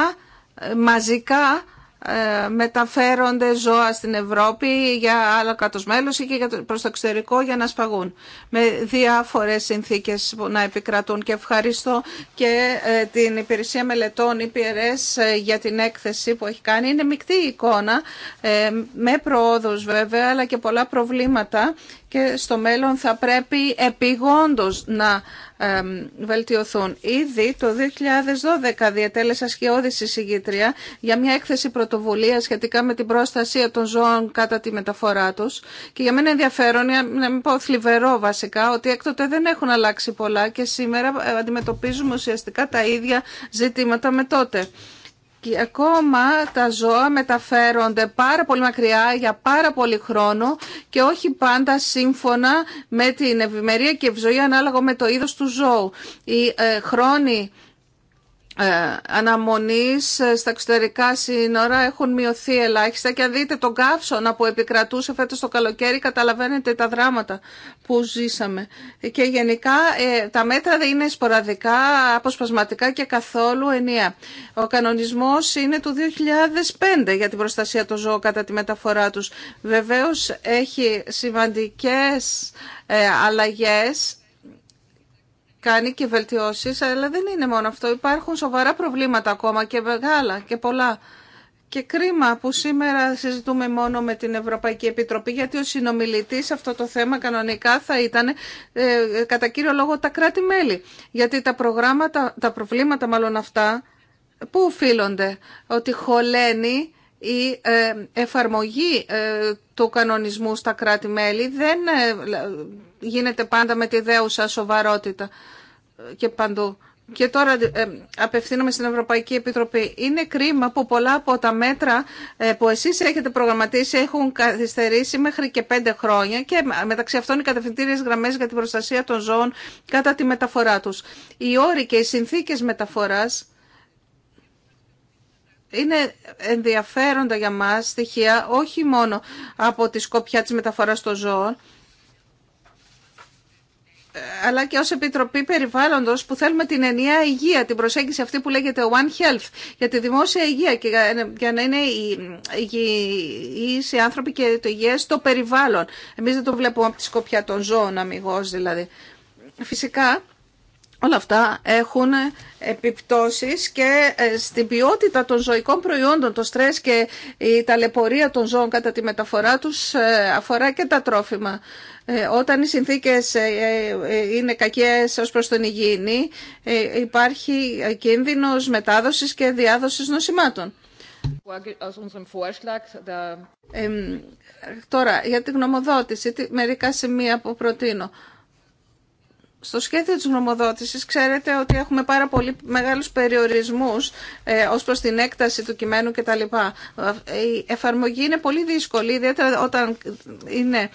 μαζικά ε, μεταφέρονται ζώα στην Ευρώπη για άλλα κάτω μέλος ή και προς το εξωτερικό για να σπαγούν Με διάφορες συνθήκες που να επικρατούν και ευχαριστώ και ε, την Υπηρεσία Μελετών ε, για την έκθεση που έχει κάνει. Είναι μεικτή η εικόνα, ε, με προόδους βέβαια, αλλά και πολλά προβλήματα και στο μέλλον θα πρέπει επιγόντως να βελτιωθούν. Ήδη το 2012 διατέλεσα σχεώδηση συγγήτρια για μια έκθεση πρωτοβουλία σχετικά με την πρόστασία των ζώων κατά τη μεταφορά τους και για μένα ενδιαφέρον, να μην πω θλιβερό βασικά, ότι έκτοτε δεν έχουν αλλάξει πολλά και σήμερα ε, αντιμετωπίζουμε ουσιαστικά τα ίδια ζητήματα με τότε. Και ακόμα τα ζώα μεταφέρονται πάρα πολύ μακριά για πάρα πολύ χρόνο και όχι πάντα σύμφωνα με την ευημερία και ζωή ανάλογα με το είδος του ζώου. Οι ε, χρόνοι ε, αναμονής ε, στα εξωτερικά σύνορα έχουν μειωθεί ελάχιστα και αν δείτε τον καύσωνα που επικρατούσε φέτος το καλοκαίρι καταλαβαίνετε τα δράματα που ζήσαμε και γενικά ε, τα μέτρα δεν είναι σποραδικά, αποσπασματικά και καθόλου ενία. Ο κανονισμός είναι του 2005 για την προστασία των ζώων κατά τη μεταφορά τους. Βεβαίως έχει σημαντικές αλλαγές κάνει και βελτιώσεις, αλλά δεν είναι μόνο αυτό. Υπάρχουν σοβαρά προβλήματα ακόμα και μεγάλα και πολλά. Και κρίμα που σήμερα συζητούμε μόνο με την Ευρωπαϊκή Επιτροπή, γιατί ο συνομιλητής αυτό το θέμα κανονικά θα ήταν ε, κατά κύριο λόγο τα κράτη-μέλη. Γιατί τα, προγράμματα, τα προβλήματα μάλλον αυτά, πού οφείλονται, ότι χωλαίνει η ε, εφαρμογή ε, του κανονισμού στα κράτη-μέλη δεν ε, γίνεται πάντα με τη δέουσα σοβαρότητα και παντού. Και τώρα απευθύνομαι στην Ευρωπαϊκή Επιτροπή. Είναι κρίμα που πολλά από τα μέτρα που εσείς έχετε προγραμματίσει έχουν καθυστερήσει μέχρι και πέντε χρόνια και μεταξύ αυτών οι κατευθυντήριες γραμμές για την προστασία των ζώων κατά τη μεταφορά τους. Οι όροι και οι συνθήκες μεταφοράς είναι ενδιαφέροντα για μας στοιχεία όχι μόνο από τη σκοπιά της μεταφοράς των ζώων, αλλά και ως Επιτροπή Περιβάλλοντος που θέλουμε την ενιαία υγεία, την προσέγγιση αυτή που λέγεται One Health, για τη δημόσια υγεία και για να είναι υγιείς οι άνθρωποι και το υγιές το περιβάλλον. Εμείς δεν το βλέπουμε από τη σκοπιά των ζώων αμυγός δηλαδή. Φυσικά Όλα αυτά έχουν επιπτώσεις και ε, στην ποιότητα των ζωικών προϊόντων. Το στρες και η ταλαιπωρία των ζώων κατά τη μεταφορά τους ε, αφορά και τα τρόφιμα. Ε, όταν οι συνθήκες είναι κακές ως προς τον υγιεινή υπάρχει κίνδυνος μετάδοσης και διάδοσης νοσημάτων. τώρα, για την γνωμοδότηση, μερικά σημεία που προτείνω στο σχέδιο της γνωμοδότησης ξέρετε ότι έχουμε πάρα πολύ μεγάλους περιορισμούς ε, ως προς την έκταση του κειμένου κτλ. Ε, η εφαρμογή είναι πολύ δύσκολη, ιδιαίτερα όταν είναι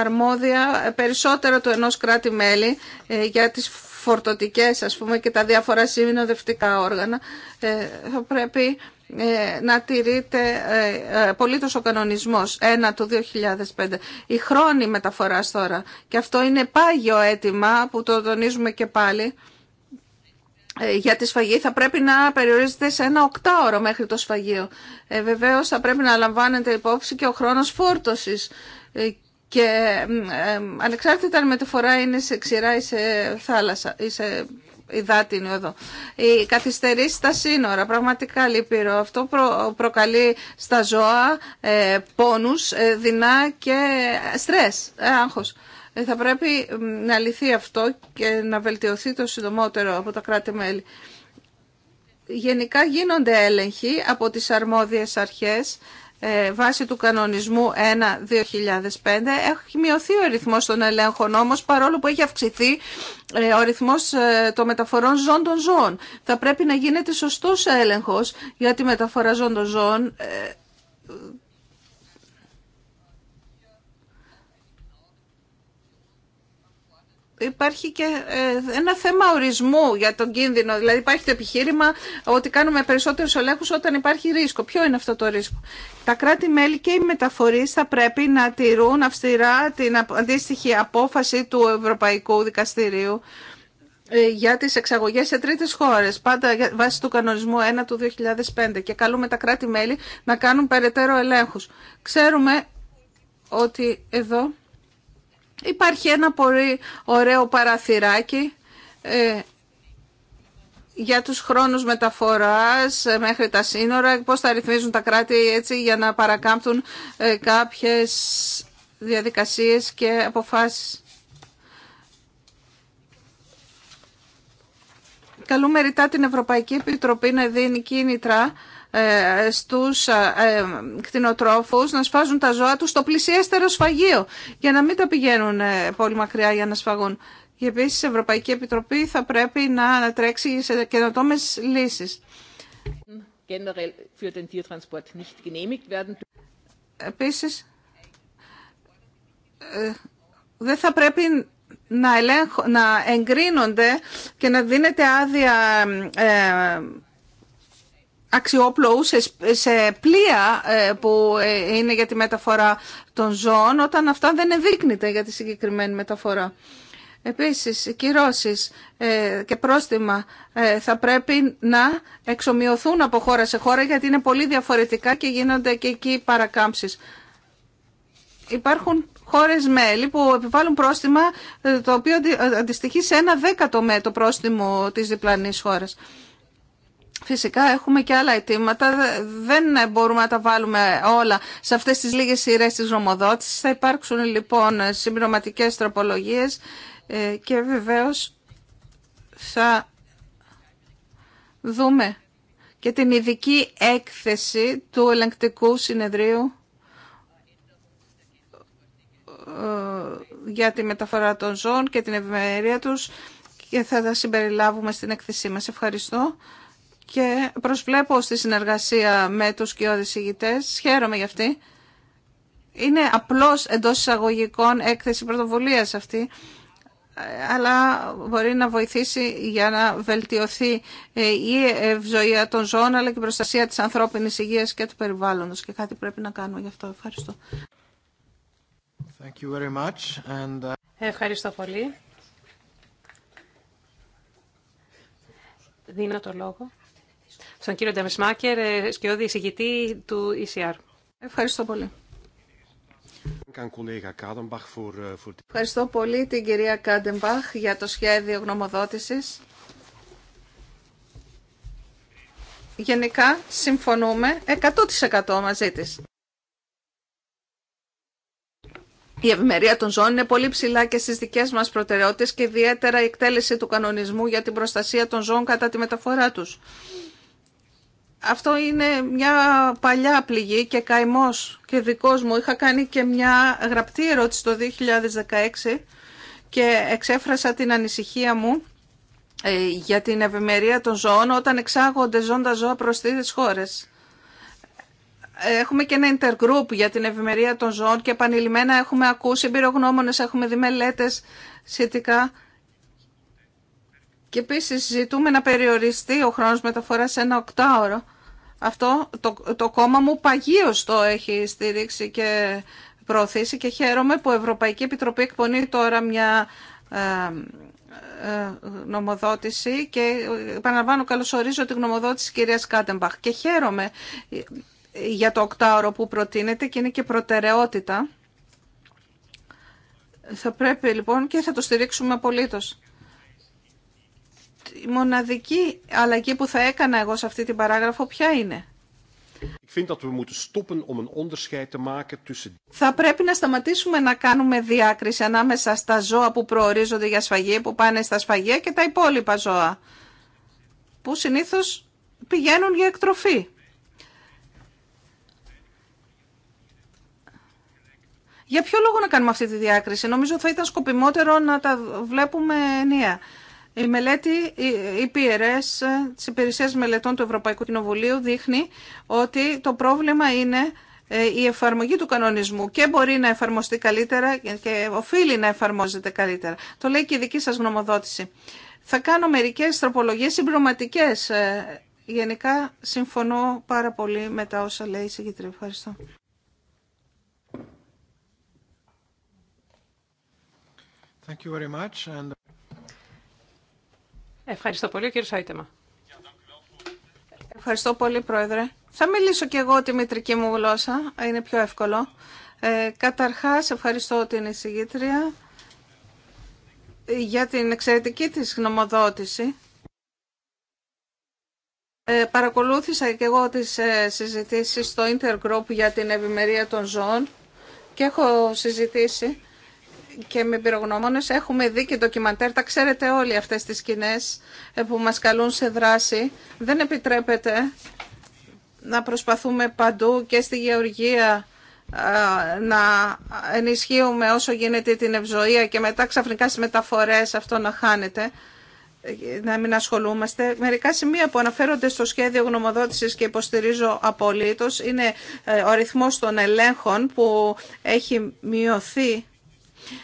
αρμόδια περισσότερο του ενός κράτη-μέλη ε, για τις φορτωτικές ας πούμε και τα διάφορα συνοδευτικά όργανα. Ε, θα πρέπει ε, να τηρείται ε, ε, πολύ ο κανονισμός 1 του 2005. Η χρόνη μεταφοράς τώρα. Και αυτό είναι πάγιο αίτημα που το τονίζουμε και πάλι. Για τη σφαγή θα πρέπει να περιορίζεται σε ένα οκτάωρο μέχρι το σφαγείο. Ε, βεβαίως θα πρέπει να λαμβάνεται υπόψη και ο χρόνος φόρτωσης. Και ανεξάρτητα αν μεταφορά είναι σε ξηρά ή σε θάλασσα ή σε υδάτινη εδώ. Η καθυστερήση στα σύνορα, πραγματικά λυπηρό. Αυτό προκαλεί στα ζώα ε, πόνους, ε, δεινά και ε, στρες, ε, άγχος. Ε, θα πρέπει να λυθεί αυτό και να βελτιωθεί το συντομότερο από τα κράτη-μέλη. Γενικά γίνονται έλεγχοι από τις αρμόδιες αρχές ε, βάσει του κανονισμού 1-2005 έχει μειωθεί ο ρυθμός των ελέγχων όμως παρόλο που έχει αυξηθεί ε, ο ρυθμός ε, των μεταφορών ζών των ζώων. Θα πρέπει να γίνεται σωστός έλεγχος για τη μεταφορά ζών των ζώων υπάρχει και ε, ένα θέμα ορισμού για τον κίνδυνο. Δηλαδή υπάρχει το επιχείρημα ότι κάνουμε περισσότερους ελέγχους όταν υπάρχει ρίσκο. Ποιο είναι αυτό το ρίσκο. Τα κράτη-μέλη και οι μεταφορείς θα πρέπει να τηρούν αυστηρά την αντίστοιχη απόφαση του Ευρωπαϊκού Δικαστηρίου ε, για τις εξαγωγές σε τρίτες χώρες, πάντα βάσει του κανονισμού 1 του 2005 και καλούμε τα κράτη-μέλη να κάνουν περαιτέρω ελέγχους. Ξέρουμε ότι εδώ Υπάρχει ένα πολύ ωραίο παραθυράκι ε, για τους χρόνους μεταφοράς ε, μέχρι τα σύνορα, πώς θα ρυθμίζουν τα κράτη έτσι για να παρακάμπτουν ε, κάποιες διαδικασίες και αποφάσεις. Καλούμε ρητά την Ευρωπαϊκή Επιτροπή να δίνει κίνητρα ε, στους ε, ε, κτηνοτρόφους να σφάζουν τα ζώα τους στο πλησιέστερο σφαγείο για να μην τα πηγαίνουν πολύ μακριά για να σφαγούν. Και επίσης η Ευρωπαϊκή Επιτροπή θα πρέπει να ανατρέξει σε καινοτόμες λύσεις. Επίσης, δεν θα πρέπει να, να εγκρίνονται και να δίνεται άδεια Αξιόπλο σε πλοία ε, που ε, είναι για τη μεταφορά των ζώων όταν αυτά δεν ενδείκνυται για τη συγκεκριμένη μεταφορά. Επίσης, οι κυρώσεις ε, και πρόστιμα θα πρέπει να εξομοιωθούν από χώρα σε χώρα γιατί είναι πολύ διαφορετικά και γίνονται και εκεί παρακάμψεις. Υπάρχουν χώρες μέλη που επιβάλλουν πρόστιμα το οποίο αντιστοιχεί σε ένα δέκατο με το πρόστιμο της διπλανής χώρας. Φυσικά έχουμε και άλλα αιτήματα. Δεν μπορούμε να τα βάλουμε όλα σε αυτές τις λίγες σειρές της νομοδότησης. Θα υπάρξουν λοιπόν συμπληρωματικές τροπολογίες ε, και βεβαίως θα δούμε και την ειδική έκθεση του ελεγκτικού συνεδρίου ε, για τη μεταφορά των ζώων και την ευημερία τους και θα τα συμπεριλάβουμε στην έκθεσή μας. Ευχαριστώ και προσβλέπω στη συνεργασία με τους κοιόδης ηγητές. Χαίρομαι γι' αυτή. Είναι απλώς εντός εισαγωγικών έκθεση πρωτοβουλίας αυτή, αλλά μπορεί να βοηθήσει για να βελτιωθεί ε, η ευζοία των ζώων, αλλά και η προστασία της ανθρώπινης υγείας και του περιβάλλοντος. Και κάτι πρέπει να κάνουμε γι' αυτό. Ευχαριστώ. Uh, Ευχαριστώ πολύ. Δίνω το λόγο στον κύριο Ντεμισμάκερ, ε, σκιώδη εισηγητή του ECR. Ευχαριστώ πολύ. Eh, Ευχαριστώ πολύ την κυρία Κάντεμπαχ για το σχέδιο γνωμοδότησης. Γενικά συμφωνούμε 100% μαζί της. Η ευημερία των ζώων είναι πολύ ψηλά και στις δικές μας προτεραιότητες και ιδιαίτερα η εκτέλεση του κανονισμού για την προστασία των ζώων κατά τη μεταφορά τους. Αυτό είναι μια παλιά πληγή και καημός και δικός μου. Είχα κάνει και μια γραπτή ερώτηση το 2016 και εξέφρασα την ανησυχία μου ε, για την ευημερία των ζώων όταν εξάγονται ζώντα ζώα προς τις χώρες. Έχουμε και ένα intergroup για την ευημερία των ζώων και επανειλημμένα έχουμε ακούσει εμπειρογνώμονες, έχουμε δει μελέτες σχετικά και επίση ζητούμε να περιοριστεί ο χρόνο μεταφορά σε ένα οκτάωρο. Αυτό το, το κόμμα μου παγίως το έχει στηρίξει και προωθήσει και χαίρομαι που η Ευρωπαϊκή Επιτροπή εκπονεί τώρα μια ε, ε νομοδότηση και επαναλαμβάνω καλωσορίζω τη γνωμοδότηση κυρίας Κάτεμπαχ και χαίρομαι για το οκτάωρο που προτείνεται και είναι και προτεραιότητα. Θα πρέπει λοιπόν και θα το στηρίξουμε απολύτως. Η μοναδική αλλαγή που θα έκανα εγώ σε αυτή την παράγραφο ποια είναι. Θα πρέπει να σταματήσουμε να κάνουμε διάκριση ανάμεσα στα ζώα που προορίζονται για σφαγή, που πάνε στα σφαγεία και τα υπόλοιπα ζώα, που συνήθως πηγαίνουν για εκτροφή. Για ποιο λόγο να κάνουμε αυτή τη διάκριση. Νομίζω θα ήταν σκοπιμότερο να τα βλέπουμε ενία. Η μελέτη EPRS της Υπηρεσίας Μελετών του Ευρωπαϊκού Κοινοβουλίου δείχνει ότι το πρόβλημα είναι ε, η εφαρμογή του κανονισμού και μπορεί να εφαρμοστεί καλύτερα και οφείλει να εφαρμόζεται καλύτερα. Το λέει και η δική σας γνωμοδότηση. Θα κάνω μερικές τροπολογίες συμπληρωματικέ. Ε, γενικά συμφωνώ πάρα πολύ με τα όσα λέει η Ευχαριστώ. Ευχαριστώ πολύ, κύριε Σάιτεμα. Ευχαριστώ πολύ, Πρόεδρε. Θα μιλήσω και εγώ τη μητρική μου γλώσσα, είναι πιο εύκολο. Ε, καταρχάς, ευχαριστώ την εισηγήτρια για την εξαιρετική της γνωμοδότηση. Ε, παρακολούθησα και εγώ τις ε, συζητήσεις στο Intergroup για την ευημερία των ζώων και έχω συζητήσει και με πυρογνώμονες. Έχουμε δει και ντοκιμαντέρ, τα ξέρετε όλοι αυτές τις σκηνέ ε, που μας καλούν σε δράση. Δεν επιτρέπεται να προσπαθούμε παντού και στη γεωργία να ενισχύουμε όσο γίνεται την ευζοία και μετά ξαφνικά στις μεταφορές αυτό να χάνεται να μην ασχολούμαστε. Μερικά σημεία που αναφέρονται στο σχέδιο γνωμοδότησης και υποστηρίζω απολύτως είναι ε, ο ρυθμός των ελέγχων που έχει μειωθεί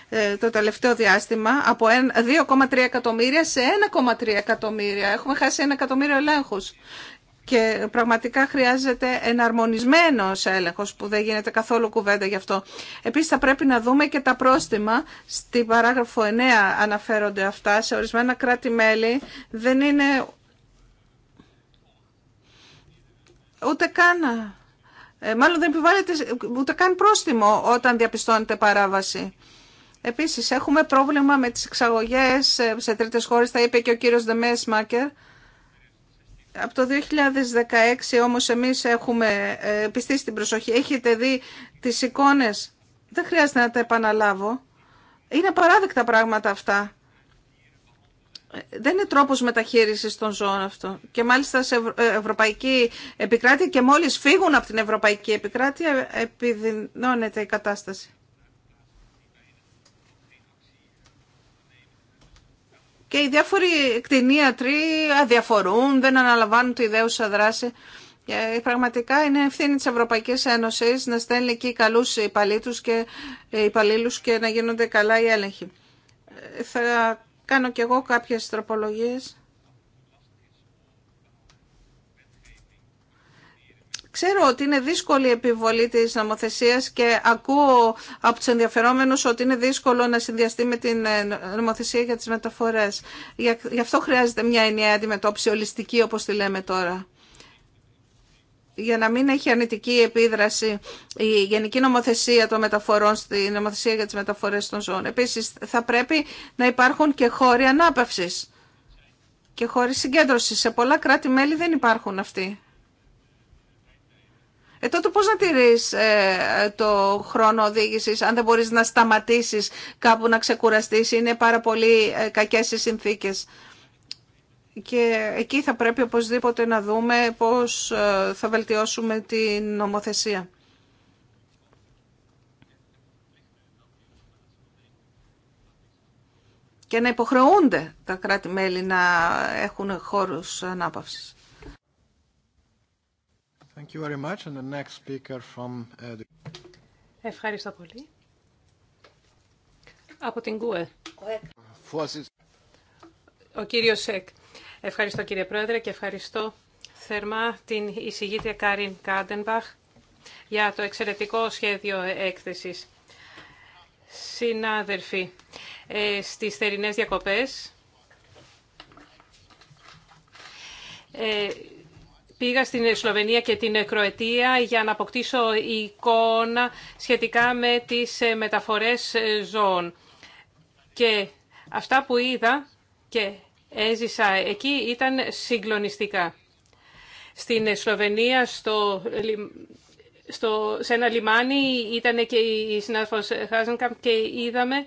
ε, το τελευταίο διάστημα από 2,3 εκατομμύρια σε 1,3 εκατομμύρια. Έχουμε χάσει 1 εκατομμύριο ελέγχου. Και πραγματικά χρειάζεται εναρμονισμένο έλεγχο που δεν γίνεται καθόλου κουβέντα γι' αυτό. Επίση θα πρέπει να δούμε και τα πρόστιμα. Στην παράγραφο 9 αναφέρονται αυτά. Σε ορισμένα κράτη-μέλη δεν είναι ούτε καν. Ε, μάλλον δεν επιβάλλεται ούτε καν πρόστιμο όταν διαπιστώνεται παράβαση. Επίσης, έχουμε πρόβλημα με τις εξαγωγέ ε, σε τρίτε χώρες, τα είπε και ο κύριος Δεμέσμακερ. Από το 2016 όμως εμείς έχουμε ε, πιστεί στην προσοχή. Έχετε δει τις εικόνες. Δεν χρειάζεται να τα επαναλάβω. Είναι παράδεκτα πράγματα αυτά. Δεν είναι τρόπος μεταχείρισης των ζώων αυτό. Και μάλιστα σε ε, ευρωπαϊκή επικράτεια και μόλι φύγουν από την ευρωπαϊκή επικράτεια επιδεινώνεται η κατάσταση. και οι διάφοροι κτηνίατροι αδιαφορούν, δεν αναλαμβάνουν τη ιδέουσα δράση. Και πραγματικά είναι ευθύνη της Ευρωπαϊκής Ένωσης να στέλνει εκεί καλούς υπαλλήλους και, ε, υπαλλήλους και να γίνονται καλά οι έλεγχοι. Ε, θα κάνω κι εγώ κάποιες τροπολογίες Ξέρω ότι είναι δύσκολη η επιβολή τη νομοθεσία και ακούω από του ενδιαφερόμενου ότι είναι δύσκολο να συνδυαστεί με την ε, νομοθεσία για τι μεταφορέ. Γι' αυτό χρειάζεται μια ενιαία αντιμετώπιση ολιστική όπως τη λέμε τώρα για να μην έχει αρνητική επίδραση η γενική νομοθεσία των μεταφορών στη νομοθεσία για τι μεταφορέ των ζώων. Επίση θα πρέπει να υπάρχουν και χώροι ανάπευση και χώροι συγκέντρωση. Σε πολλά κράτη-μέλη δεν υπάρχουν αυτοί. Ε, τότε πώς να τηρείς ε, το χρόνο οδήγησης αν δεν μπορείς να σταματήσεις κάπου να ξεκουραστείς. Είναι πάρα πολύ ε, κακές οι συνθήκες. Και εκεί θα πρέπει οπωσδήποτε να δούμε πώς ε, θα βελτιώσουμε την νομοθεσία. Και να υποχρεούνται τα κράτη-μέλη να έχουν χώρους ανάπαυσης. Ευχαριστώ πολύ. Από την ΚΟΕ. Ο κύριος Σεκ. Ευχαριστώ κύριε Πρόεδρε και ευχαριστώ θερμά την εισηγήτρια Κάριν Κάντενμπαχ για το εξαιρετικό σχέδιο έκθεσης. Συνάδελφοι, ε, στις θερινές διακοπές ε, Πήγα στην Σλοβενία και την Κροατία για να αποκτήσω εικόνα σχετικά με τις ε, μεταφορές ε, ζώων. Και αυτά που είδα και έζησα εκεί ήταν συγκλονιστικά. Στην Σλοβενία, στο, στο, σε ένα λιμάνι, ήταν και η συνάδελφος Χάζενκαμπ και είδαμε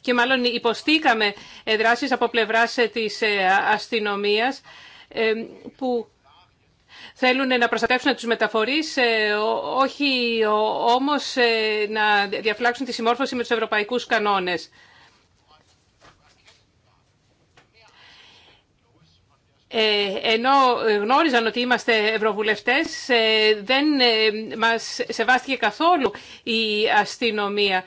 και μάλλον υποστήκαμε ε, δράσεις από πλευράς της αστυνομίας που θέλουν να προστατεύσουν τους μεταφορείς, ε, όχι όμως ε, να διαφλάξουν τη συμμόρφωση με τους ευρωπαϊκούς κανόνες. Ε, ενώ γνώριζαν ότι είμαστε ευρωβουλευτές, δεν μας σεβάστηκε καθόλου η αστυνομία.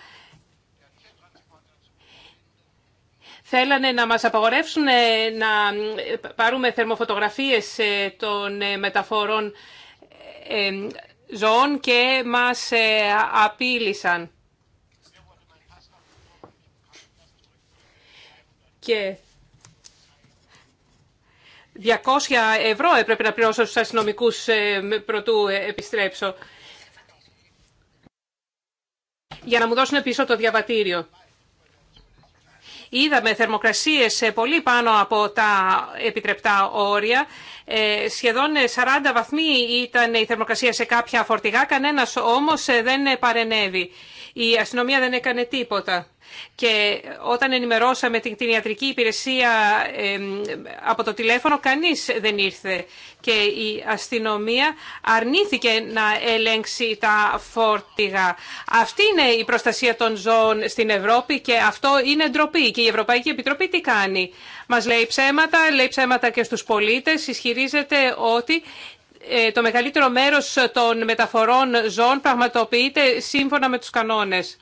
Θέλανε να μας απαγορεύσουν ε, να πάρουμε θερμοφωτογραφίες ε, των ε, μεταφορών ζώων και μας απείλησαν. Και 200 ευρώ έπρεπε να πληρώσω στους αστυνομικούς προτού επιστρέψω για να μου δώσουν πίσω το διαβατήριο. Είδαμε θερμοκρασίες ε, πολύ πάνω από τα επιτρεπτά όρια. Ε, σχεδόν 40 ε, βαθμοί ήταν η θερμοκρασία σε κάποια φορτηγά, κανένας όμως δεν παρενέβη. Η αστυνομία δεν έκανε τίποτα. Και όταν ενημερώσαμε την ιατρική υπηρεσία από το τηλέφωνο, κανείς δεν ήρθε. Και η αστυνομία αρνήθηκε να ελέγξει τα φόρτηγα. Αυτή είναι η προστασία των ζώων στην Ευρώπη και αυτό είναι ντροπή. Και η Ευρωπαϊκή Επιτροπή τι κάνει. Μας λέει ψέματα, λέει ψέματα και στους πολίτες, ισχυρίζεται ότι ε, το μεγαλύτερο μέρος των μεταφορών ζώων πραγματοποιείται σύμφωνα με τους κανόνες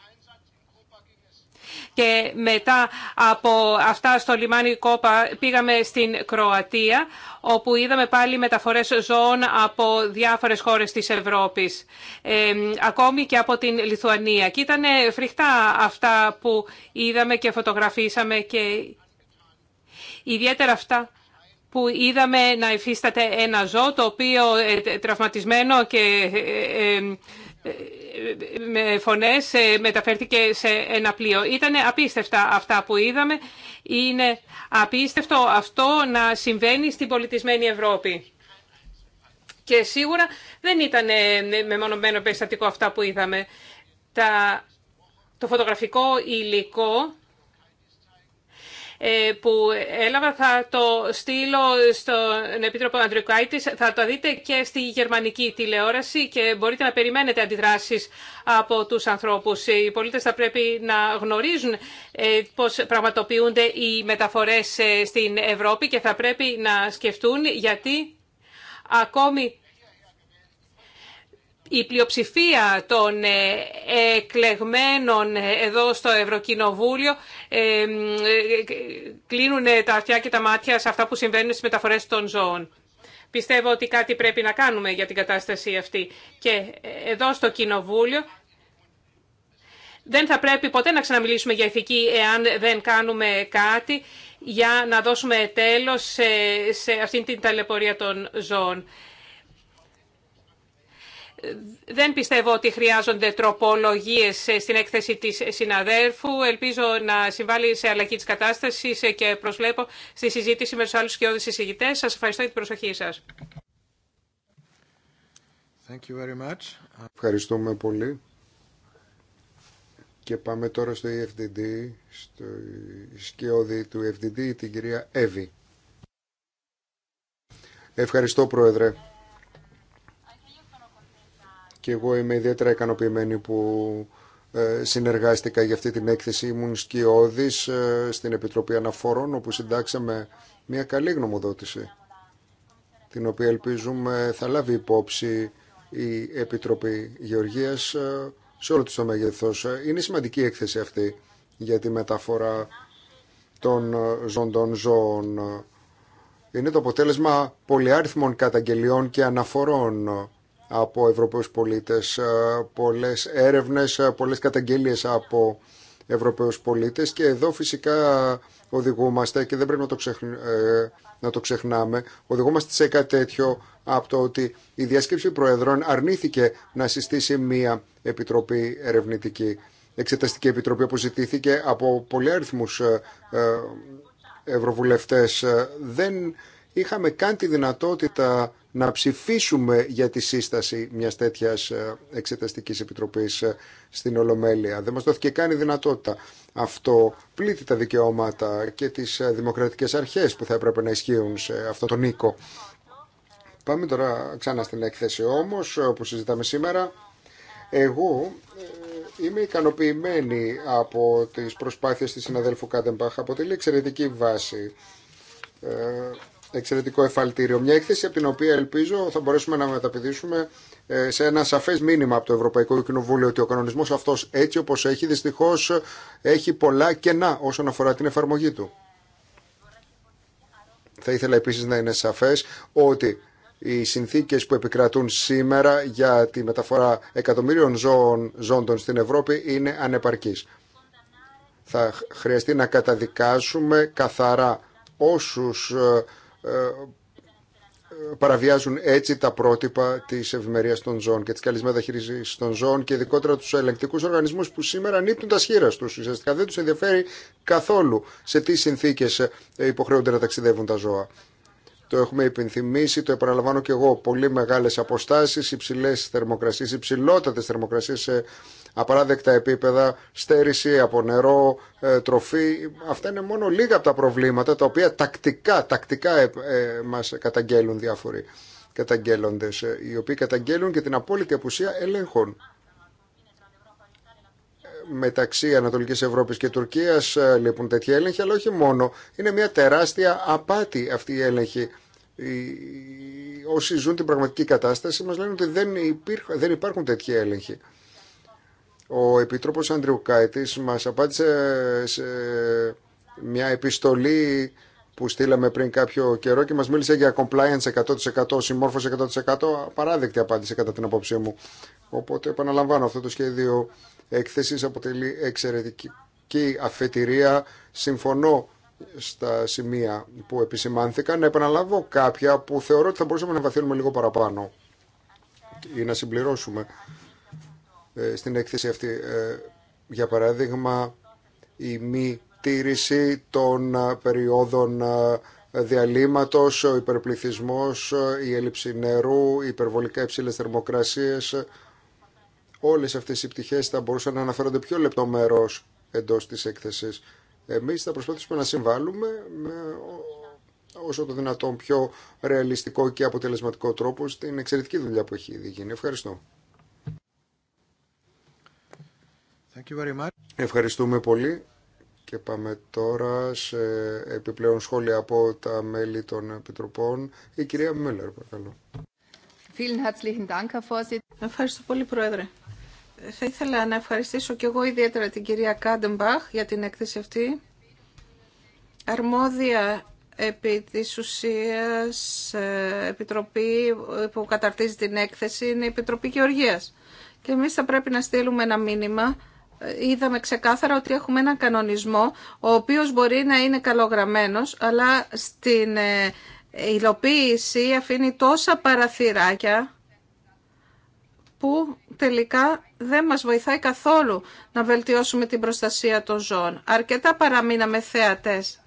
και μετά από αυτά στο λιμάνι Κόπα πήγαμε στην Κροατία όπου είδαμε πάλι μεταφορές ζώων από διάφορες χώρες της Ευρώπης, ακόμη και από την Λιθουανία. Και ήταν φρικτά αυτά που είδαμε και φωτογραφίσαμε και ιδιαίτερα αυτά που είδαμε να υφίσταται ένα ζώο το οποίο ε, τραυματισμένο και... Ε, ε, με φωνές ε, μεταφέρθηκε σε ένα πλοίο. Ήταν απίστευτα αυτά που είδαμε. Είναι απίστευτο αυτό να συμβαίνει στην πολιτισμένη Ευρώπη. Και σίγουρα δεν ήταν ε, μεμονωμένο περιστατικό αυτά που είδαμε. Τα... Το φωτογραφικό υλικό ε, που έλαβα θα το στείλω στον Επίτροπο Αντρικάητης. Θα το δείτε και στη γερμανική τηλεόραση και μπορείτε να περιμένετε αντιδράσεις από του ανθρώπους. Οι πολίτες θα πρέπει να γνωρίζουν ε, πώς πραγματοποιούνται οι μεταφορές ε, στην Ευρώπη και θα πρέπει να σκεφτούν γιατί ακόμη η πλειοψηφία των ε, εκλεγμένων εδώ στο Ευρωκοινοβούλιο ε, ε, κλείνουν τα αυτιά και τα μάτια σε αυτά που συμβαίνουν στις μεταφορές των ζώων. Πιστεύω ότι κάτι πρέπει να κάνουμε για την κατάσταση αυτή. Και εδώ στο Κοινοβούλιο δεν θα πρέπει ποτέ να ξαναμιλήσουμε για ηθική εάν δεν κάνουμε κάτι για να δώσουμε τέλος σε, σε αυτήν την ταλαιπωρία των ζώων δεν πιστεύω ότι χρειάζονται τροπολογίες στην έκθεση της συναδέρφου. Ελπίζω να συμβάλλει σε αλλαγή της κατάστασης και προσβλέπω στη συζήτηση με τους άλλους σκιώδεις συζητητές. Σας ευχαριστώ για την προσοχή σας. Ευχαριστούμε πολύ. Και πάμε τώρα στο EFDD, στο σκιώδη του EFDD, την κυρία Εύη. Ευχαριστώ, Πρόεδρε και εγώ είμαι ιδιαίτερα ικανοποιημένη που ε, συνεργάστηκα για αυτή την έκθεση. Ήμουν σκιώδης ε, στην Επιτροπή Αναφορών όπου συντάξαμε μια καλή γνωμοδότηση την οποία ελπίζουμε θα λάβει υπόψη η Επιτροπή Γεωργίας ε, σε όλο το μέγεθος. Είναι σημαντική η έκθεση αυτή για τη μεταφορά των ζώντων ζώων. Είναι το αποτέλεσμα πολυάριθμων καταγγελιών και αναφορών από Ευρωπαίους πολίτες, ε, πολλές έρευνες, ε, πολλές καταγγελίες από Ευρωπαίους πολίτες και εδώ φυσικά οδηγούμαστε και δεν πρέπει να το, ε, να το ξεχνάμε, οδηγούμαστε σε κάτι τέτοιο από το ότι η διάσκεψη Προεδρών αρνήθηκε να συστήσει μία επιτροπή ερευνητική, εξεταστική επιτροπή που ζητήθηκε από πολλοί αριθμούς ευρωβουλευτές. Δεν είχαμε καν τη δυνατότητα να ψηφίσουμε για τη σύσταση μιας τέτοια ε, εξεταστικής επιτροπής ε, στην Ολομέλεια. Δεν μας δόθηκε καν η δυνατότητα. Αυτό πλήττει τα δικαιώματα και τι ε, δημοκρατικέ αρχές που θα έπρεπε να ισχύουν σε αυτό τον οίκο. Πάμε τώρα ξανά στην έκθεση όμως που συζητάμε σήμερα. Εγώ είμαι ικανοποιημένη από τις προσπάθειες της συναδέλφου Κάντεμπαχ. Αποτελεί εξαιρετική βάση εξαιρετικό εφαλτήριο. Μια έκθεση από την οποία ελπίζω θα μπορέσουμε να μεταπηδήσουμε ε, σε ένα σαφές μήνυμα από το Ευρωπαϊκό Κοινοβούλιο ότι ο κανονισμός αυτός έτσι όπως έχει δυστυχώς έχει πολλά κενά όσον αφορά την εφαρμογή του. Θα ήθελα επίσης να είναι σαφές ότι οι συνθήκες που επικρατούν σήμερα για τη μεταφορά εκατομμύριων ζώων, ζώντων στην Ευρώπη είναι ανεπαρκείς. Θα χρειαστεί να καταδικάσουμε καθαρά όσους ε, ε, παραβιάζουν έτσι τα πρότυπα τη ευημερία των ζώων και τη καλή μεταχείριση των ζώων και ειδικότερα του ελεγκτικού οργανισμού που σήμερα νύπτουν τα σχήρα του. Ουσιαστικά δεν του ενδιαφέρει καθόλου σε τι συνθήκε ε, υποχρεούνται να ταξιδεύουν τα ζώα. Το έχουμε υπενθυμίσει, το επαναλαμβάνω και εγώ. Πολύ μεγάλε αποστάσει, υψηλέ θερμοκρασίε, υψηλότατε θερμοκρασίε σε απαράδεκτα επίπεδα, στέρηση από νερό, ε, τροφή. Αυτά είναι μόνο λίγα από τα προβλήματα τα οποία τακτικά, τακτικά ε, ε, μα καταγγέλουν διάφοροι καταγγέλλοντες, ε, οι οποίοι καταγγέλουν και την απόλυτη απουσία ελέγχων μεταξύ Ανατολικής Ευρώπης και Τουρκίας ε, λείπουν τέτοια έλεγχη, αλλά όχι μόνο. Είναι μια τεράστια απάτη αυτή η έλεγχη. Όσοι ζουν την πραγματική κατάσταση μας λένε ότι δεν, δεν υπάρχουν τέτοια έλεγχοι. Ο Επίτροπος Ανδριουκάητης μας απάντησε σε μια επιστολή που στείλαμε πριν κάποιο καιρό και μας μίλησε για compliance 100%, συμμόρφωση 100%, παράδεκτη απάντηση κατά την απόψή μου. Οπότε επαναλαμβάνω αυτό το σχέδιο Έκθεση αποτελεί εξαιρετική αφετηρία. Συμφωνώ στα σημεία που επισημάνθηκαν. Να επαναλάβω κάποια που θεωρώ ότι θα μπορούσαμε να βαθύνουμε λίγο παραπάνω ή να συμπληρώσουμε ε, στην έκθεση αυτή. Ε, για παράδειγμα, η μη τήρηση των ε, περιόδων διαλύματος, ο υπερπληθυσμός, η έλλειψη νερού, οι υπερβολικά υψηλές θερμοκρασίες Όλες αυτές οι πτυχές θα μπορούσαν να αναφέρονται πιο λεπτομερώς εντός της έκθεσης. Εμείς θα προσπαθήσουμε να συμβάλλουμε με όσο το δυνατόν πιο ρεαλιστικό και αποτελεσματικό τρόπο στην εξαιρετική δουλειά που έχει ήδη γίνει. Ευχαριστώ. Thank you very much. Ευχαριστούμε πολύ και πάμε τώρα σε επιπλέον σχόλια από τα μέλη των Επιτροπών. Η κυρία Μέλλερ, παρακαλώ. Ευχαριστώ πολύ, Πρόεδρε. Θα ήθελα να ευχαριστήσω και εγώ ιδιαίτερα την κυρία Κάντεμπαχ για την έκθεση αυτή. Αρμόδια επί της ουσίας ε, επιτροπή που καταρτίζει την έκθεση είναι η Επιτροπή Γεωργίας. Και εμείς θα πρέπει να στείλουμε ένα μήνυμα. Ε, είδαμε ξεκάθαρα ότι έχουμε έναν κανονισμό ο οποίος μπορεί να είναι καλογραμμένος, αλλά στην ε, υλοποίηση αφήνει τόσα παραθυράκια που τελικά δεν μας βοηθάει καθόλου να βελτιώσουμε την προστασία των ζώων. Αρκετά παραμείναμε θεατές.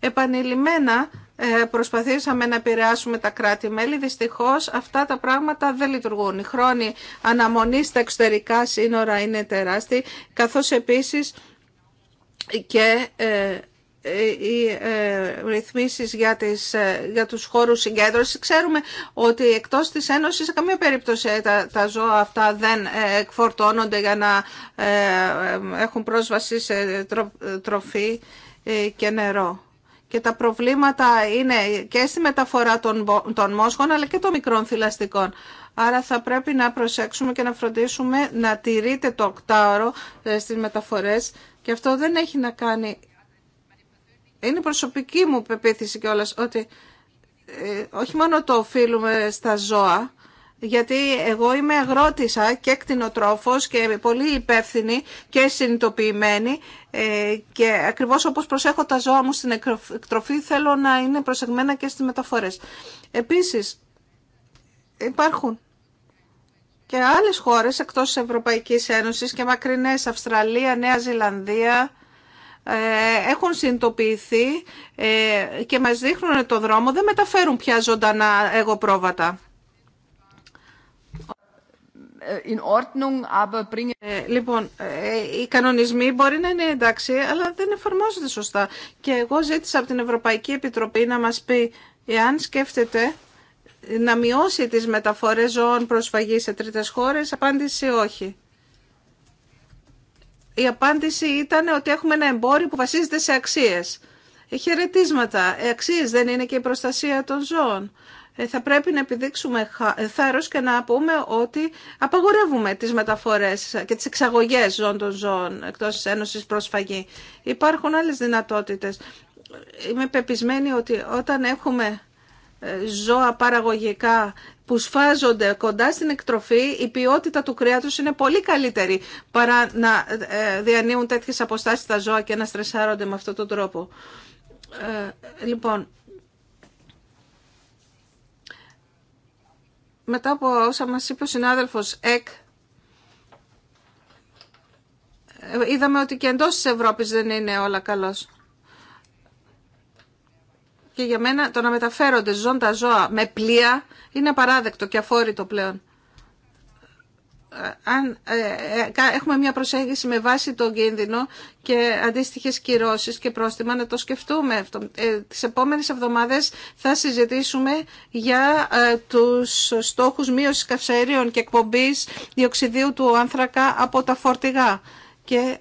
Επανειλημμένα ε, προσπαθήσαμε να επηρεάσουμε τα κράτη-μέλη. Δυστυχώς αυτά τα πράγματα δεν λειτουργούν. Η χρόνη αναμονή στα εξωτερικά σύνορα είναι τεράστια, καθώς επίσης και ε, ε, οι ε, ρυθμίσεις για, τις, ε, για τους χώρους συγκέντρωσης. Ξέρουμε ότι εκτός της Ένωσης σε καμία περίπτωση τα, τα ζώα αυτά δεν εκφορτώνονται για να έχουν πρόσβαση σε τροφή και νερό. Και τα προβλήματα είναι και στη μεταφορά των, των μόσχων αλλά και των μικρών θηλαστικών. Άρα θα πρέπει να προσέξουμε και να φροντίσουμε να τηρείται το οκτάωρο στις μεταφορές και αυτό δεν έχει να κάνει είναι προσωπική μου πεποίθηση κιόλα ότι ε, όχι μόνο το οφείλουμε στα ζώα, γιατί εγώ είμαι αγρότησα και κτηνοτρόφος και πολύ υπεύθυνη και συνειδητοποιημένη ε, και ακριβώς όπως προσέχω τα ζώα μου στην εκτροφή θέλω να είναι προσεγμένα και στις μεταφορές. Επίσης υπάρχουν και άλλες χώρες εκτός της Ευρωπαϊκής Ένωσης και μακρινές Αυστραλία, Νέα Ζηλανδία ε, έχουν συνειδητοποιηθεί ε, και μας δείχνουν το δρόμο, δεν μεταφέρουν πια ζωντανά εγωπρόβατα. Ε, in ordnung, aber λοιπόν, οι κανονισμοί μπορεί να είναι εντάξει, αλλά δεν εφαρμόζονται σωστά. Και εγώ ζήτησα από την Ευρωπαϊκή Επιτροπή να μας πει εάν σκέφτεται να μειώσει τις μεταφορές ζώων προσφαγής σε τρίτες χώρες, απάντηση όχι η απάντηση ήταν ότι έχουμε ένα εμπόριο που βασίζεται σε αξίες. Χαιρετίσματα. Αξίες δεν είναι και η προστασία των ζώων. Ε, θα πρέπει να επιδείξουμε ε, θάρρος και να πούμε ότι απαγορεύουμε τις μεταφορές και τις εξαγωγές ζώων των ζώων εκτός της Ένωσης προσφαγή. Υπάρχουν άλλες δυνατότητες. Είμαι πεπισμένη ότι όταν έχουμε ε, ζώα παραγωγικά που σφάζονται κοντά στην εκτροφή, η ποιότητα του κρέατος είναι πολύ καλύτερη παρά να ε, διανύουν τέτοιες αποστάσεις τα ζώα και να στρεσάρονται με αυτόν τον τρόπο. Ε, λοιπόν, μετά από όσα μας είπε ο συνάδελφος ΕΚ, ε, είδαμε ότι και εντός της Ευρώπης δεν είναι όλα καλώς και για μένα το να μεταφέρονται ζώντα ζώα με πλοία είναι απαράδεκτο και αφόρητο πλέον. Ε, αν ε, ε, έχουμε μια προσέγγιση με βάση τον κίνδυνο και αντίστοιχες κυρώσεις και πρόστιμα, να το σκεφτούμε. Τις επόμενες εβδομάδες θα συζητήσουμε για τους στόχους μείωσης καυσαερίων και εκπομπής διοξιδίου του άνθρακα από τα φορτηγά. Και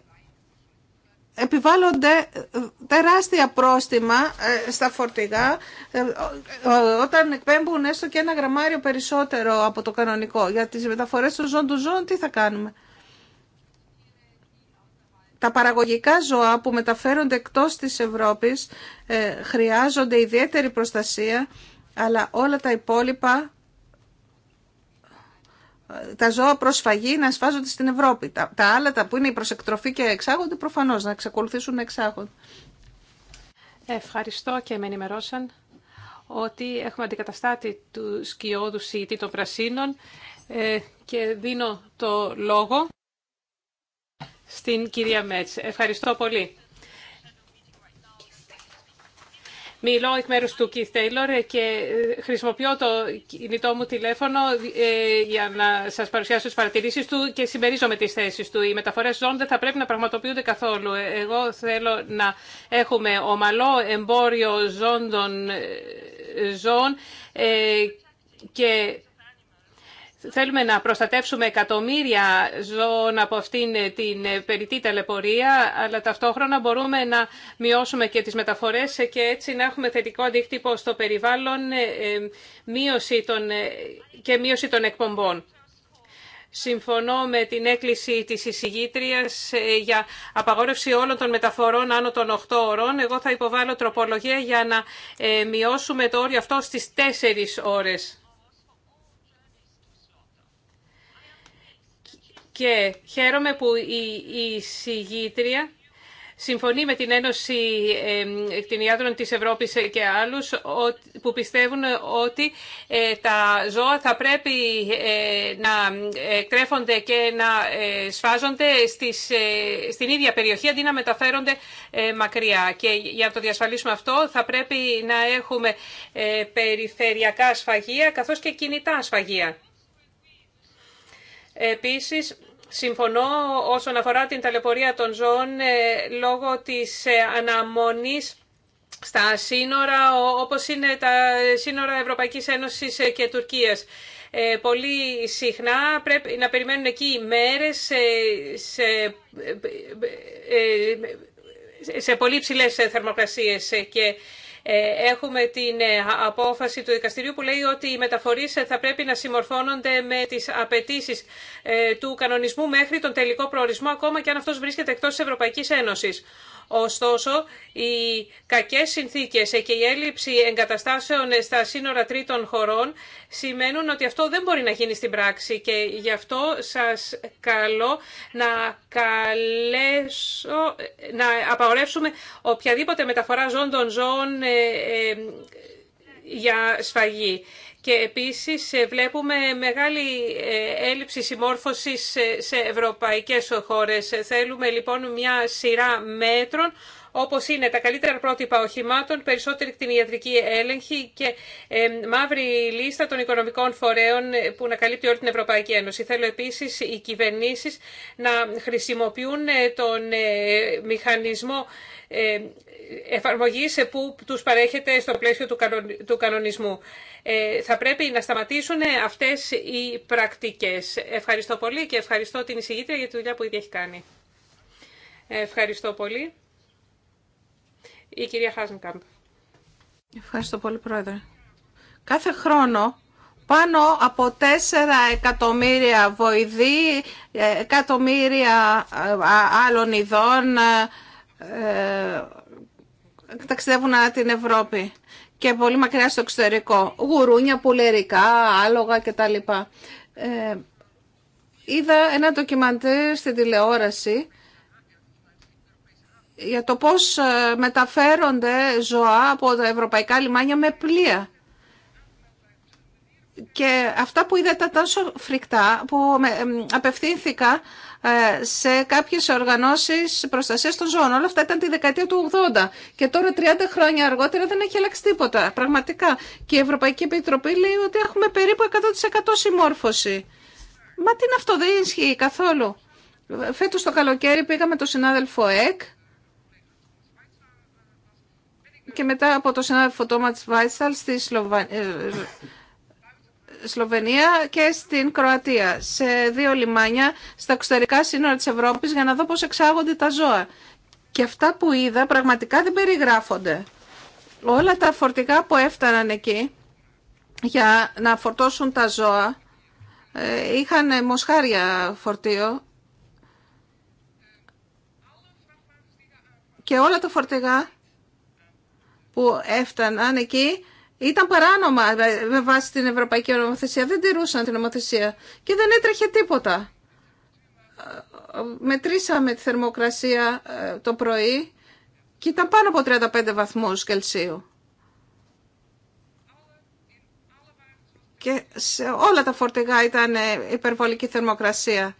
επιβάλλονται ε, τεράστια πρόστιμα ε, στα φορτηγά ε, όταν εκπέμπουν έστω και ένα γραμμάριο περισσότερο από το κανονικό. Για τις μεταφορές των ζώων του ζώων τι θα κάνουμε. Τα παραγωγικά ζώα που μεταφέρονται εκτός της Ευρώπης χρειάζονται ιδιαίτερη προστασία αλλά όλα τα υπόλοιπα τα ζώα προσφαγή να σφάζονται στην Ευρώπη. Τα, τα άλλα τα που είναι η προσεκτροφή και εξάγονται προφανώς να εξακολουθήσουν να εξάγονται. Ευχαριστώ και με ενημερώσαν ότι έχουμε αντικαταστάτη του σκιώδου ή των πρασίνων ε, και δίνω το λόγο στην κυρία Μέτς. Ευχαριστώ πολύ. Μιλώ εκ μέρους του Keith Taylor και ε, χρησιμοποιώ το κινητό μου τηλέφωνο ε, για να σας παρουσιάσω τις παρατηρήσεις του και συμμερίζομαι τις θέσεις του. Οι μεταφορές ζών δεν θα πρέπει να πραγματοποιούνται καθόλου. Ε, εγώ θέλω να έχουμε ομαλό εμπόριο ζώντων ζών και Θέλουμε να προστατεύσουμε εκατομμύρια ζώων από αυτήν την περιττή ταλαιπωρία, αλλά ταυτόχρονα μπορούμε να μειώσουμε και τις μεταφορές και έτσι να έχουμε θετικό αντίκτυπο στο περιβάλλον ε, μείωση των, ε, και μείωση των εκπομπών. Συμφωνώ με την έκκληση της εισηγήτριας ε, για απαγόρευση όλων των μεταφορών άνω των 8 ώρων. Εγώ θα υποβάλω τροπολογία για να μειώσουμε το όριο αυτό στις 4 ώρες. Και χαίρομαι που η συγγήτρια συμφωνεί με την Ένωση Εκτινιάδρων της Ευρώπης και άλλους που πιστεύουν ότι ε, τα ζώα θα πρέπει ε, να εκτρέφονται και να ε, σφάζονται στις, στην ίδια περιοχή αντί να μεταφέρονται μακριά. Και για να το διασφαλίσουμε αυτό θα πρέπει να έχουμε περιφερειακά σφαγεία καθώς και κινητά σφαγεία. Επίσης, Συμφωνώ όσον αφορά την ταλαιπωρία των ζώων ε, λόγω της ε, αναμονής στα σύνορα, όπως είναι τα σύνορα Ευρωπαϊκής Ένωσης ε, και Τουρκίας. Πολύ συχνά πρέπει να περιμένουν εκεί μέρες σε, σε πολύ ψηλές θερμοκρασίες και ε, έχουμε την ε, απόφαση του δικαστηρίου που λέει ότι οι μεταφορείς ε, θα πρέπει να συμμορφώνονται με τις απαιτήσει του κανονισμού μέχρι τον τελικό προορισμό, ακόμα και αν αυτός βρίσκεται εκτός της Ευρωπαϊκής Ένωσης. Ωστόσο, οι κακές συνθήκες και η έλλειψη εγκαταστάσεων στα σύνορα τρίτων χωρών σημαίνουν ότι αυτό δεν μπορεί να γίνει στην πράξη και γι' αυτό σας καλώ να, καλέσω, να απαγορεύσουμε οποιαδήποτε μεταφορά ζών των ζώων ε, ε, για σφαγή και επίσης ε, βλέπουμε μεγάλη ε, έλλειψη συμμόρφωσης ε, σε ευρωπαϊκές χώρες. Θέλουμε λοιπόν μια σειρά μέτρων όπως είναι τα καλύτερα πρότυπα οχημάτων, περισσότερη κτηνιατρική έλεγχη και μαύρη λίστα των οικονομικών φορέων που να καλύπτει όλη την Ευρωπαϊκή Ένωση. Θέλω επίσης οι κυβερνήσεις να χρησιμοποιούν τον μηχανισμό εφαρμογής που τους παρέχεται στο πλαίσιο του κανονισμού. Ε, θα πρέπει να σταματήσουν αυτές οι πρακτικές. Ευχαριστώ πολύ και ευχαριστώ την εισηγήτρια για τη δουλειά που ήδη έχει κάνει. Ευχαριστώ πολύ. Η κυρία Χάζενκαμπ. Ευχαριστώ πολύ, Πρόεδρε. Κάθε χρόνο πάνω από 4 εκατομμύρια βοηθοί, εκατομμύρια ε, άλλων ειδών, ε, ταξιδεύουν ανά την Ευρώπη και πολύ μακριά στο εξωτερικό. Γουρούνια, πουλερικά, άλογα κτλ. Ε, είδα ένα ντοκιμαντέρ στην τηλεόραση για το πώς ε, μεταφέρονται ζωά από τα ευρωπαϊκά λιμάνια με πλοία. Και αυτά που είδα ήταν τόσο φρικτά που ε, απευθύνθηκα ε, σε κάποιες οργανώσεις προστασίας των ζώων. Όλα αυτά ήταν τη δεκαετία του 80 και τώρα 30 χρόνια αργότερα δεν έχει αλλάξει τίποτα πραγματικά. Και η Ευρωπαϊκή Επιτροπή λέει ότι έχουμε περίπου 100% συμμόρφωση. Μα τι είναι αυτό, δεν ισχύει καθόλου. Φέτος το καλοκαίρι πήγαμε το συνάδελφο ΕΚ και μετά από το συνάδελφο Τόματς Βάιτσαλ στη Σλοβάνια. Ε, Σλοβενία και στην Κροατία, σε δύο λιμάνια, στα εξωτερικά σύνορα της Ευρώπης, για να δω πώς εξάγονται τα ζώα. Και αυτά που είδα πραγματικά δεν περιγράφονται. Όλα τα φορτικά που έφταναν εκεί για να φορτώσουν τα ζώα, ε, είχαν μοσχάρια φορτίο και όλα τα φορτηγά που έφταναν εκεί ήταν παράνομα ε, με βάση την Ευρωπαϊκή Νομοθεσία. Δεν τηρούσαν την νομοθεσία και δεν έτρεχε τίποτα. Ε, μετρήσαμε τη θερμοκρασία ε, το πρωί και ήταν πάνω από 35 βαθμούς Κελσίου. Και σε όλα τα φορτηγά ήταν υπερβολική θερμοκρασία.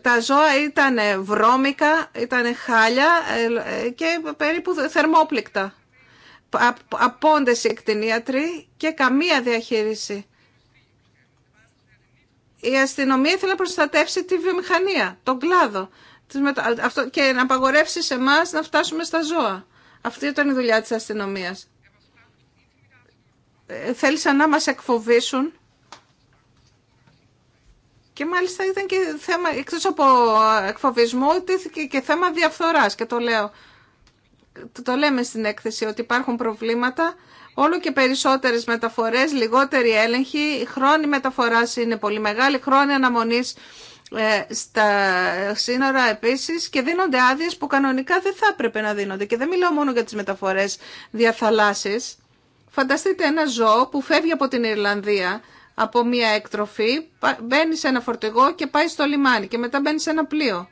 Τα ζώα ήταν βρώμικα, ήταν χάλια και περίπου θερμόπληκτα απόντες οι εκτινίατροι και καμία διαχείριση. Η αστυνομία ήθελε να προστατεύσει τη βιομηχανία, τον κλάδο και να απαγορεύσει σε εμά να φτάσουμε στα ζώα. Αυτή ήταν η δουλειά της αστυνομίας. Ε, θέλησαν να μας εκφοβήσουν και μάλιστα ήταν και θέμα, εκτός από ε, εκφοβισμό, και θέμα διαφθοράς και το λέω το λέμε στην έκθεση ότι υπάρχουν προβλήματα, όλο και περισσότερες μεταφορές, λιγότερη έλεγχη, η χρόνη μεταφοράς είναι πολύ μεγάλη, χρόνη αναμονής ε, στα σύνορα επίσης και δίνονται άδειε που κανονικά δεν θα έπρεπε να δίνονται. Και δεν μιλάω μόνο για τις μεταφορές διαθαλάσσεις. Φανταστείτε ένα ζώο που φεύγει από την Ιρλανδία από μια εκτροφή, μπαίνει σε ένα φορτηγό και πάει στο λιμάνι και μετά μπαίνει σε ένα πλοίο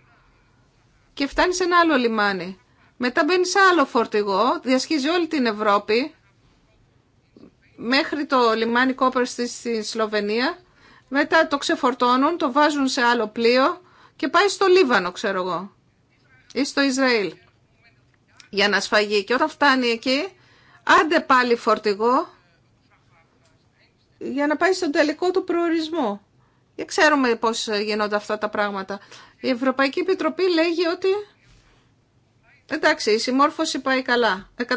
και φτάνει σε ένα άλλο λιμάνι. Μετά μπαίνει σε άλλο φορτηγό, διασχίζει όλη την Ευρώπη μέχρι το λιμάνι Κόπερ στη Σλοβενία. Μετά το ξεφορτώνουν, το βάζουν σε άλλο πλοίο και πάει στο Λίβανο, ξέρω εγώ, ή στο Ισραήλ για να σφαγεί. Και όταν φτάνει εκεί, άντε πάλι φορτηγό για να πάει στον τελικό του προορισμό. Δεν ξέρουμε πώς γίνονται αυτά τα πράγματα. Η Ευρωπαϊκή Επιτροπή λέγει ότι Εντάξει, η συμμόρφωση πάει καλά. 100%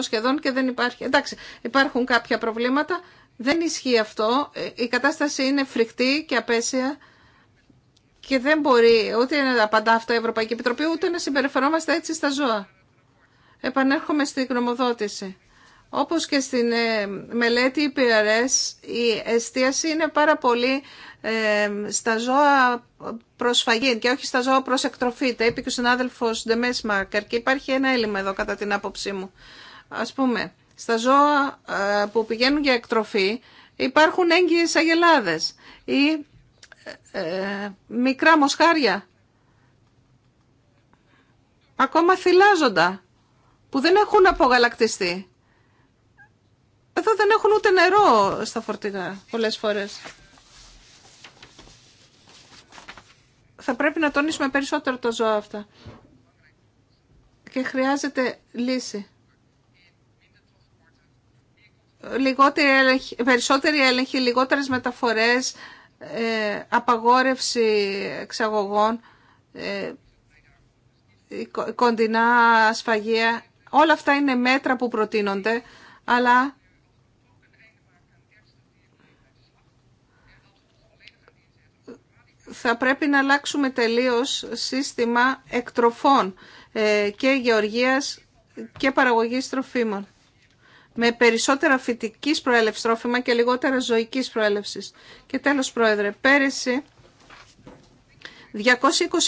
σχεδόν και δεν υπάρχει. Εντάξει, υπάρχουν κάποια προβλήματα. Δεν ισχύει αυτό. Ε, η κατάσταση είναι φρικτή και απέσια και δεν μπορεί ούτε να απαντά αυτό η Ευρωπαϊκή Επιτροπή, ούτε να συμπεριφερόμαστε έτσι στα ζώα. Επανέρχομαι στη γνωμοδότηση. Όπως και στην ε, μελέτη IPRS, η εστίαση είναι πάρα πολύ στα ζώα φαγή και όχι στα ζώα προς εκτροφή. Τα είπε και ο συνάδελφος Ντεμέσμακερ και υπάρχει ένα έλλειμμα εδώ κατά την άποψή μου. Ας πούμε, στα ζώα ε, που πηγαίνουν για εκτροφή υπάρχουν έγκυες αγελάδες ή ε, ε, μικρά μοσχάρια. Ακόμα θυλάζοντα που δεν έχουν απογαλακτιστεί. Εδώ δεν έχουν ούτε νερό στα φορτηγά πολλές φορές. θα πρέπει να τονίσουμε περισσότερο τα ζώα αυτά. Και χρειάζεται λύση. Λιγότερη περισσότερη έλεγχη, λιγότερες μεταφορές, ε, απαγόρευση εξαγωγών, ε, κοντινά ασφαγεία. Όλα αυτά είναι μέτρα που προτείνονται, αλλά θα πρέπει να αλλάξουμε τελείως σύστημα εκτροφών ε, και γεωργίας και παραγωγής τροφίμων με περισσότερα φυτικής προέλευσης τρόφιμα και λιγότερα ζωικής προέλευσης. Και τέλος, Πρόεδρε, πέρυσι 220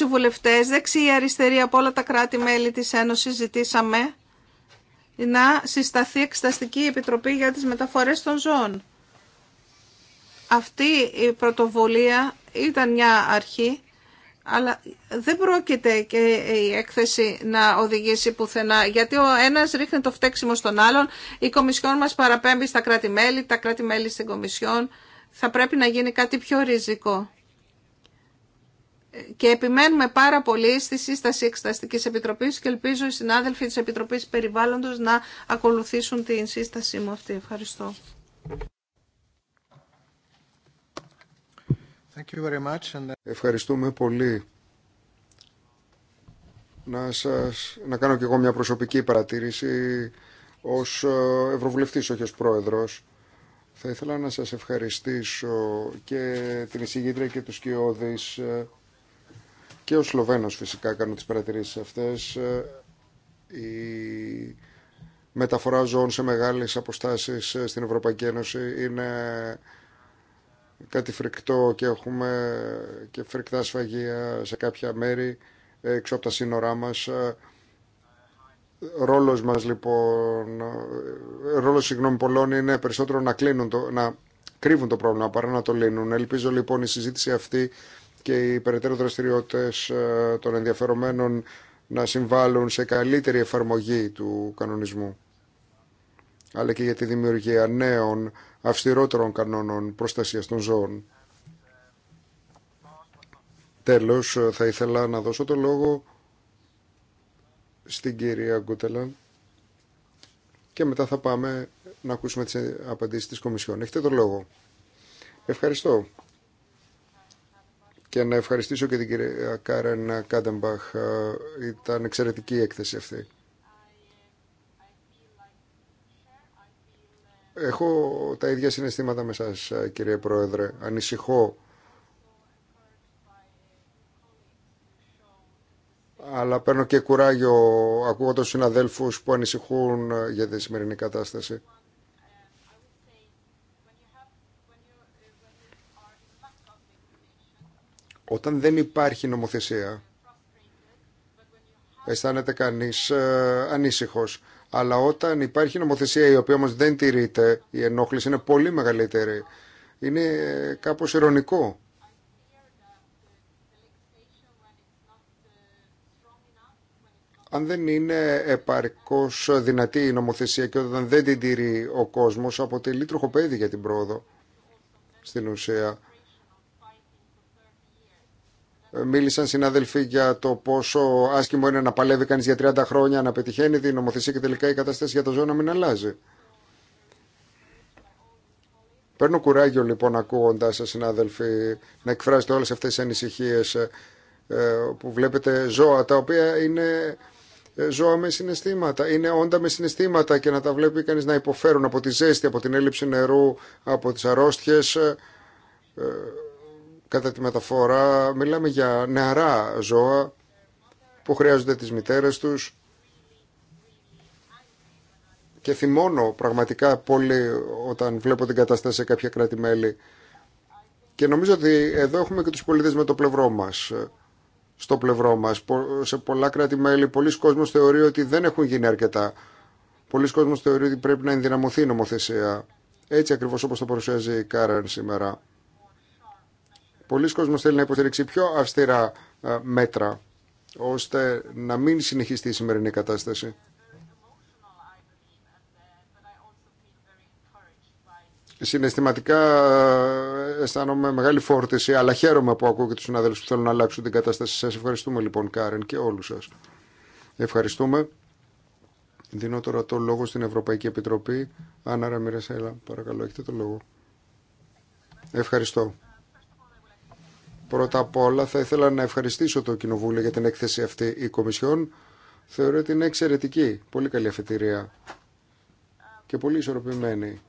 βουλευτές, δεξιοί ή αριστεροί από όλα τα κράτη-μέλη της Ένωσης ζητήσαμε να συσταθεί Εξεταστική Επιτροπή για τις Μεταφορές των Ζώων. Αυτή η πρωτοβουλία ήταν μια αρχή, αλλά δεν πρόκειται και η έκθεση να οδηγήσει πουθενά, γιατί ο ένας ρίχνει το φταίξιμο στον άλλον, η Κομισιόν μας παραπέμπει στα κράτη-μέλη, τα κράτη-μέλη στην Κομισιόν, θα πρέπει να γίνει κάτι πιο ριζικό. Και επιμένουμε πάρα πολύ στη σύσταση Εξεταστικής Επιτροπής και ελπίζω οι συνάδελφοι της Επιτροπής Περιβάλλοντος να ακολουθήσουν την σύστασή μου αυτή. Ευχαριστώ. Uh, Ευχαριστούμε πολύ. Να, σας, να κάνω και εγώ μια προσωπική παρατήρηση ως ε, Ευρωβουλευτής, όχι ως Πρόεδρος. Θα ήθελα να σας ευχαριστήσω και την εισηγήτρια και τους κοιόδης ε, και ο Σλοβαίνος φυσικά κάνω τις παρατηρήσεις αυτές. Ε, η μεταφορά ζώων σε μεγάλες αποστάσεις στην Ευρωπαϊκή Ένωση είναι κάτι φρικτό και έχουμε και φρικτά σφαγεία σε κάποια μέρη έξω από τα σύνορά μας. Ρόλος μας λοιπόν, ρόλος συγγνώμη πολλών είναι περισσότερο να, το, να κρύβουν το πρόβλημα παρά να το λύνουν. Ελπίζω λοιπόν η συζήτηση αυτή και οι περαιτέρω δραστηριότητε ε, των ενδιαφερομένων να συμβάλλουν σε καλύτερη εφαρμογή του κανονισμού αλλά και για τη δημιουργία νέων, αυστηρότερων κανόνων προστασίας των ζώων. Τέλος, θα ήθελα να δώσω το λόγο στην κυρία Γκούτελα και μετά θα πάμε να ακούσουμε τις απαντήσεις της Κομισιόν. Έχετε το λόγο. Ευχαριστώ. Και να ευχαριστήσω και την κυρία Κάρεν Κάντεμπαχ. Ήταν εξαιρετική η έκθεση αυτή. Έχω τα ίδια συναισθήματα με σας κύριε Πρόεδρε. Ανησυχώ. Αλλά παίρνω και κουράγιο ακούω τους συναδέλφους που ανησυχούν για τη σημερινή κατάσταση. Όταν δεν υπάρχει νομοθεσία, αισθάνεται κανείς ε, ανήσυχος. Αλλά όταν υπάρχει νομοθεσία η οποία όμως δεν τηρείται, η ενόχληση είναι πολύ μεγαλύτερη. Είναι ε, κάπως ηρωνικό. Αν δεν είναι επαρκώς δυνατή η νομοθεσία και όταν δεν την τηρεί ο κόσμος, αποτελεί τροχοπέδι για την πρόοδο στην ουσία. Μίλησαν συνάδελφοι για το πόσο άσχημο είναι να παλεύει κανείς για 30 χρόνια, να πετυχαίνει την νομοθεσία και τελικά η κατάσταση για το ζώο να μην αλλάζει. Παίρνω κουράγιο λοιπόν ακούγοντάς σας συνάδελφοι να εκφράσετε όλες αυτές τις ανησυχίες ε, ε, που βλέπετε ζώα τα οποία είναι ε, ζώα με συναισθήματα, είναι όντα με συναισθήματα και να τα βλέπει κανείς να υποφέρουν από τη ζέστη, από την έλλειψη νερού, από τις αρρώστιες κατά τη μεταφορά μιλάμε για νεαρά ζώα που χρειάζονται τις μητέρες τους και θυμώνω πραγματικά πολύ όταν βλέπω την κατάσταση σε κάποια κράτη-μέλη και νομίζω ότι εδώ έχουμε και τους πολίτες με το πλευρό μας στο πλευρό μας σε πολλά κράτη-μέλη πολλοί κόσμος θεωρεί ότι δεν έχουν γίνει αρκετά πολλοί κόσμος θεωρεί ότι πρέπει να ενδυναμωθεί η νομοθεσία έτσι ακριβώς όπως το παρουσιάζει η Κάραν σήμερα Πολλοί κόσμοι θέλουν να υποστηρίξει πιο αυστηρά ε, μέτρα ώστε να μην συνεχιστεί η σημερινή κατάσταση. Συναισθηματικά ε, αισθάνομαι μεγάλη φόρτιση, αλλά χαίρομαι που ακούω και του συναδέλφου που θέλουν να αλλάξουν την κατάσταση. σα. ευχαριστούμε λοιπόν Κάρεν και όλους σας. Ευχαριστούμε. Δίνω τώρα το λόγο στην Ευρωπαϊκή Επιτροπή. Άννα Ραμιρεσέλα, παρακαλώ, έχετε το λόγο. Ευχαριστώ. Πρώτα απ' όλα θα ήθελα να ευχαριστήσω το Κοινοβούλιο για την έκθεση αυτή. Η Κομισιόν θεωρώ ότι είναι εξαιρετική, πολύ καλή αφετηρία και πολύ ισορροπημένη.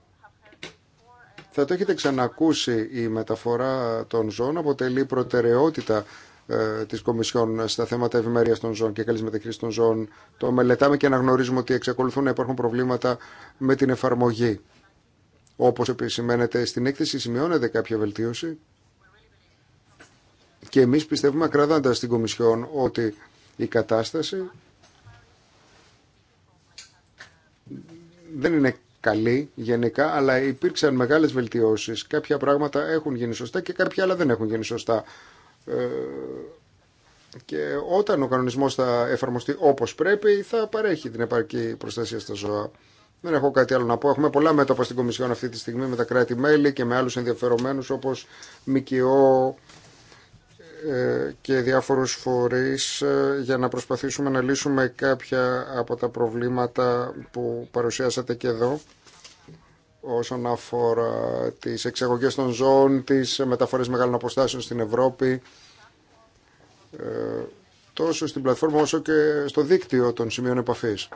Θα το έχετε ξανακούσει, η μεταφορά των ζώων αποτελεί προτεραιότητα ε, τη Κομισιόν στα θέματα ευημερία των ζώων και καλής μεταχείριση των ζώων. Το μελετάμε και αναγνωρίζουμε ότι εξακολουθούν να υπάρχουν προβλήματα με την εφαρμογή. Όπως επισημαίνεται στην έκθεση, σημειώνεται κάποια βελτίωση και εμείς πιστεύουμε ακραδάντα στην Κομισιόν ότι η κατάσταση δεν είναι καλή γενικά, αλλά υπήρξαν μεγάλες βελτιώσεις. Κάποια πράγματα έχουν γίνει σωστά και κάποια άλλα δεν έχουν γίνει σωστά. Ε, και όταν ο κανονισμός θα εφαρμοστεί όπως πρέπει, θα παρέχει την επαρκή προστασία στα ζώα. Δεν έχω κάτι άλλο να πω. Έχουμε πολλά μέτωπα στην Κομισιόν αυτή τη στιγμή με τα κράτη-μέλη και με άλλους ενδιαφερομένους όπως ΜΚΟ, ε, και διάφορους φορείς ε, για να προσπαθήσουμε να λύσουμε κάποια από τα προβλήματα που παρουσιάσατε και εδώ όσον αφορά τις εξαγωγές των ζώων, τις μεταφορές μεγάλων αποστάσεων στην Ευρώπη ε, τόσο στην πλατφόρμα όσο και στο δίκτυο των σημείων επαφής.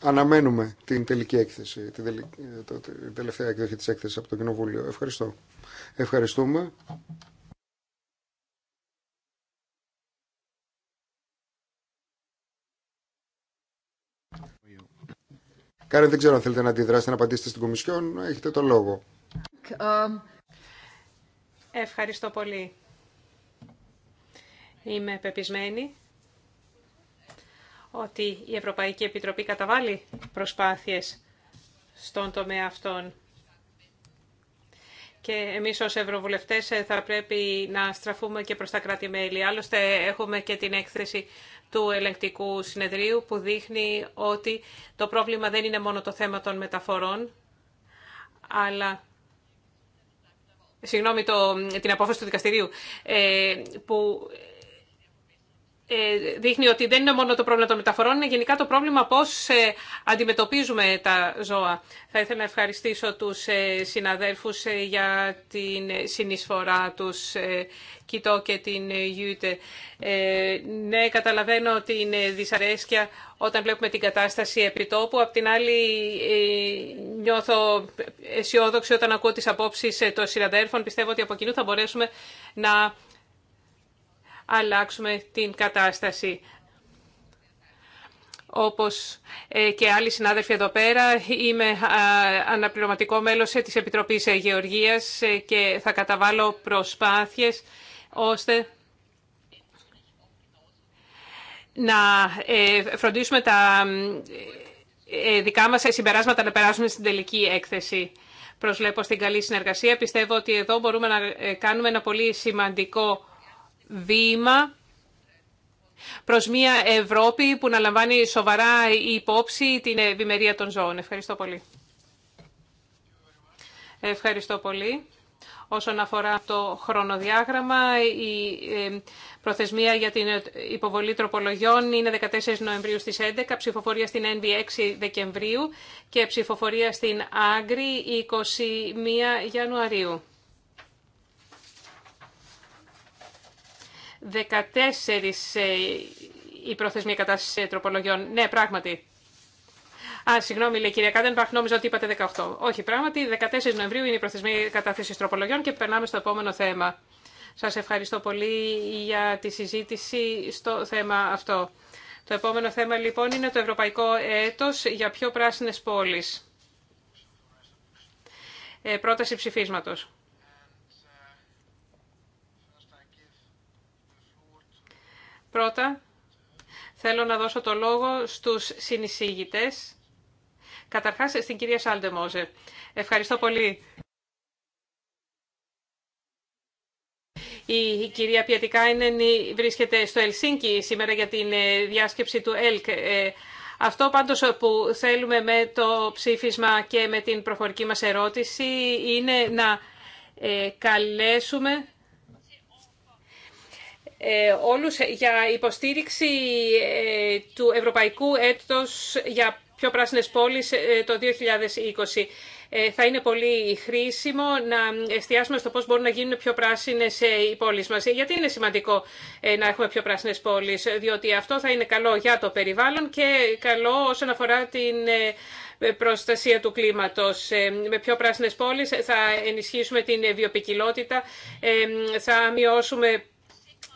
αναμένουμε την τελική έκθεση, την, τελευταία έκδοχη της έκθεσης από το Κοινοβούλιο. Ευχαριστώ. Ευχαριστούμε. Κάρεν, δεν ξέρω αν θέλετε να αντιδράσετε, να απαντήσετε στην Κομισιόν. Έχετε το λόγο. Um, Ευχαριστώ πολύ. Είμαι πεπισμένη ότι η Ευρωπαϊκή Επιτροπή καταβάλει προσπάθειες στον τομέα αυτών. Και εμείς ως Ευρωβουλευτές θα πρέπει να στραφούμε και προς τα κράτη-μέλη. Άλλωστε έχουμε και την έκθεση του ελεγκτικού συνεδρίου που δείχνει ότι το πρόβλημα δεν είναι μόνο το θέμα των μεταφορών, αλλά... Συγγνώμη, το, την απόφαση του δικαστηρίου, ε, που ε, δείχνει ότι δεν είναι μόνο το πρόβλημα των μεταφορών, είναι γενικά το πρόβλημα πώς ε, αντιμετωπίζουμε τα ζώα. Θα ήθελα να ευχαριστήσω τους ε, συναδέλφους για την συνεισφορά τους, κοιτώ και την Γιούτε. Ναι, καταλαβαίνω την δυσαρέσκεια όταν βλέπουμε την κατάσταση επιτόπου. Απ' την άλλη νιώθω αισιόδοξη όταν ακούω τις απόψεις των συναδέλφων. Πιστεύω ότι από κοινού θα μπορέσουμε να αλλάξουμε την κατάσταση. Όπως ε, και άλλοι συνάδελφοι εδώ πέρα, είμαι αναπληρωματικό μέλος ε, της Επιτροπής ε, Γεωργίας και θα καταβάλω προσπάθειες ώστε να φροντίσουμε τα δικά μας συμπεράσματα να περάσουν στην τελική έκθεση. Προσλέπω στην καλή συνεργασία. Πιστεύω ότι εδώ μπορούμε να κάνουμε ένα πολύ σημαντικό βήμα προς μια Ευρώπη που να λαμβάνει σοβαρά υπόψη την ευημερία των ζώων. Ευχαριστώ πολύ. Ευχαριστώ πολύ. Όσον αφορά το χρονοδιάγραμμα, η ε, προθεσμία για την υποβολή τροπολογιών είναι 14 Νοεμβρίου στις 11, ψηφοφορία στην ΕΝΒΙ 6 Δεκεμβρίου και ψηφοφορία στην Άγκρη 21 Ιανουαρίου. 14 ε, η προθεσμία κατάσταση ε, τροπολογιών. Ναι, πράγματι. Α, συγγνώμη, λέει κυρία Κάντενπαχ, νόμιζα ότι είπατε 18. Όχι, πράγματι, 14 Νοεμβρίου είναι η προθεσμία κατάθεση τροπολογιών και περνάμε στο επόμενο θέμα. Σας ευχαριστώ πολύ για τη συζήτηση στο θέμα αυτό. Το επόμενο θέμα λοιπόν είναι το Ευρωπαϊκό Έτος για πιο πράσινες πόλεις. Ε, πρόταση ψηφίσματος. Πρώτα, θέλω να δώσω το λόγο στους συνεισήγητες. Καταρχάς, στην κυρία Σάλντε Ευχαριστώ πολύ. Η κυρία Πιατικάινεν βρίσκεται στο Ελσίνκι σήμερα για την ε, διάσκεψη του ΕΛΚ. Ε, αυτό πάντως που θέλουμε με το ψήφισμα και με την προφορική μας ερώτηση είναι να ε, καλέσουμε ε, όλους για υποστήριξη ε, του Ευρωπαϊκού Έτος για πιο πράσινες πόλεις ε, το 2020. Θα είναι πολύ χρήσιμο να εστιάσουμε στο πώς μπορούν να γίνουν πιο πράσινες οι πόλεις μας. Γιατί είναι σημαντικό να έχουμε πιο πράσινες πόλεις, διότι αυτό θα είναι καλό για το περιβάλλον και καλό όσον αφορά την προστασία του κλίματος. Με πιο πράσινες πόλεις θα ενισχύσουμε την βιοπικιλότητα, θα μειώσουμε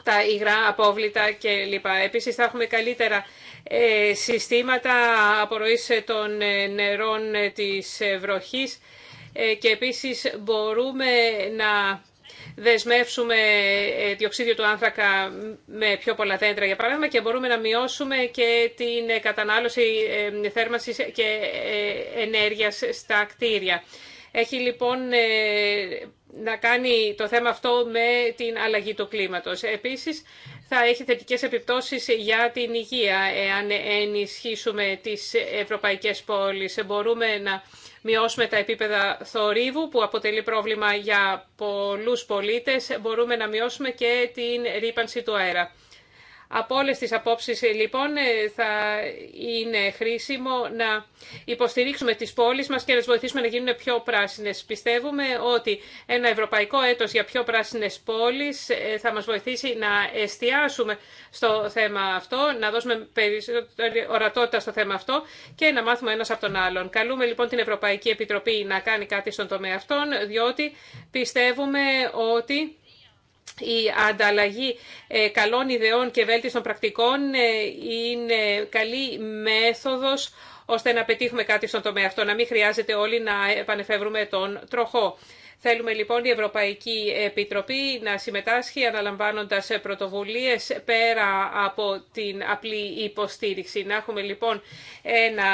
τα υγρά απόβλητα κλπ. Επίσης θα έχουμε καλύτερα ε, συστήματα απορροής των ε, νερών ε, της βροχής και επίσης μπορούμε να δεσμεύσουμε διοξίδιο του άνθρακα με πιο πολλά δέντρα για παράδειγμα και μπορούμε να μειώσουμε και την κατανάλωση θέρμανσης και ενέργειας στα κτίρια. Έχει λοιπόν να κάνει το θέμα αυτό με την αλλαγή του κλίματος. Επίσης, θα έχει θετικές επιπτώσεις για την υγεία. Εάν ενισχύσουμε τις ευρωπαϊκές πόλεις, μπορούμε να μειώσουμε τα επίπεδα θορύβου που αποτελεί πρόβλημα για πολλούς πολίτες. Μπορούμε να μειώσουμε και την ρήπανση του αέρα. Από όλες τις απόψεις ε, λοιπόν ε, θα είναι χρήσιμο να υποστηρίξουμε τις πόλεις μας και να τις βοηθήσουμε να γίνουν πιο πράσινες. Πιστεύουμε ότι ένα ευρωπαϊκό έτος για πιο πράσινες πόλεις ε, θα μας βοηθήσει να εστιάσουμε στο θέμα αυτό, να δώσουμε περισσότερη ορατότητα στο θέμα αυτό και να μάθουμε ένας από τον άλλον. Καλούμε λοιπόν την Ευρωπαϊκή Επιτροπή να κάνει κάτι στον τομέα αυτόν, διότι πιστεύουμε ότι η ανταλλαγή ε, καλών ιδεών και βέλτιστων πρακτικών ε, είναι καλή μέθοδος ώστε να πετύχουμε κάτι στον τομέα αυτό, να μην χρειάζεται όλοι να επανεφεύρουμε τον τροχό. Θέλουμε λοιπόν η Ευρωπαϊκή Επιτροπή να συμμετάσχει αναλαμβάνοντας πρωτοβουλίες πέρα από την απλή υποστήριξη. Να έχουμε λοιπόν ένα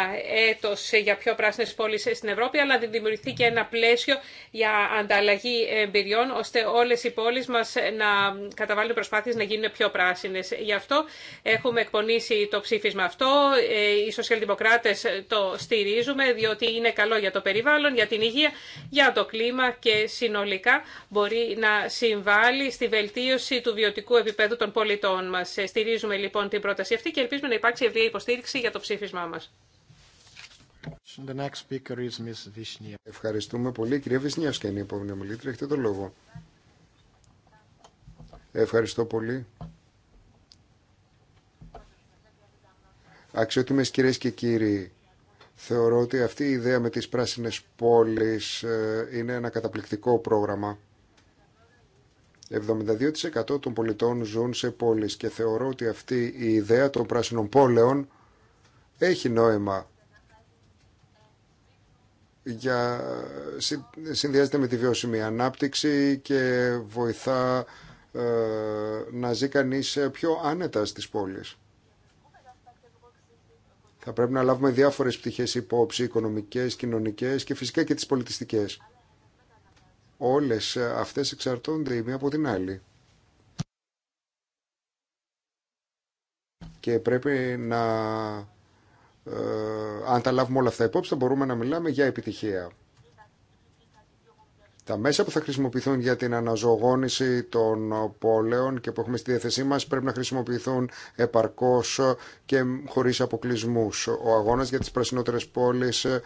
έτος για πιο πράσινες πόλεις στην Ευρώπη, αλλά να δημιουργηθεί και ένα πλαίσιο για ανταλλαγή εμπειριών, ώστε όλες οι πόλεις μας να καταβάλουν προσπάθειες να γίνουν πιο πράσινες. Γι' αυτό έχουμε εκπονήσει το ψήφισμα αυτό. Ε, οι σοσιαλδημοκράτες το στηρίζουμε, διότι είναι καλό για το περιβάλλον, για την υγεία, για το κλίμα και και συνολικά μπορεί να συμβάλλει στη βελτίωση του βιωτικού επίπεδου των πολιτών μα. Ε, στηρίζουμε λοιπόν την πρόταση αυτή και ελπίζουμε να υπάρξει ευρία υποστήριξη για το ψήφισμά μα. Ευχαριστούμε πολύ. Κυρία και είναι η επόμενη ομιλήτρια. Έχετε το λόγο. Ευχαριστώ πολύ. Αξιότιμες κυρίες και κύριοι, Θεωρώ ότι αυτή η ιδέα με τις πράσινες πόλεις ε, είναι ένα καταπληκτικό πρόγραμμα. 72% των πολιτών ζουν σε πόλεις και θεωρώ ότι αυτή η ιδέα των πράσινων πόλεων έχει νόημα για, συνδυάζεται με τη βιώσιμη ανάπτυξη και βοηθά ε, να ζει κανείς πιο άνετα στις πόλεις. Θα πρέπει να λάβουμε διάφορες πτυχές υπόψη, οικονομικές, κοινωνικές και φυσικά και τις πολιτιστικές. Όλες αυτές εξαρτώνται η μία από την άλλη. Και πρέπει να... Ε, αν τα λάβουμε όλα αυτά υπόψη θα μπορούμε να μιλάμε για επιτυχία. Τα μέσα που θα χρησιμοποιηθούν για την αναζωογόνηση των πόλεων και που έχουμε στη διάθεσή μας πρέπει να χρησιμοποιηθούν επαρκώς και χωρίς αποκλεισμούς. Ο αγώνας για τις πρασινότερες πόλεις ε,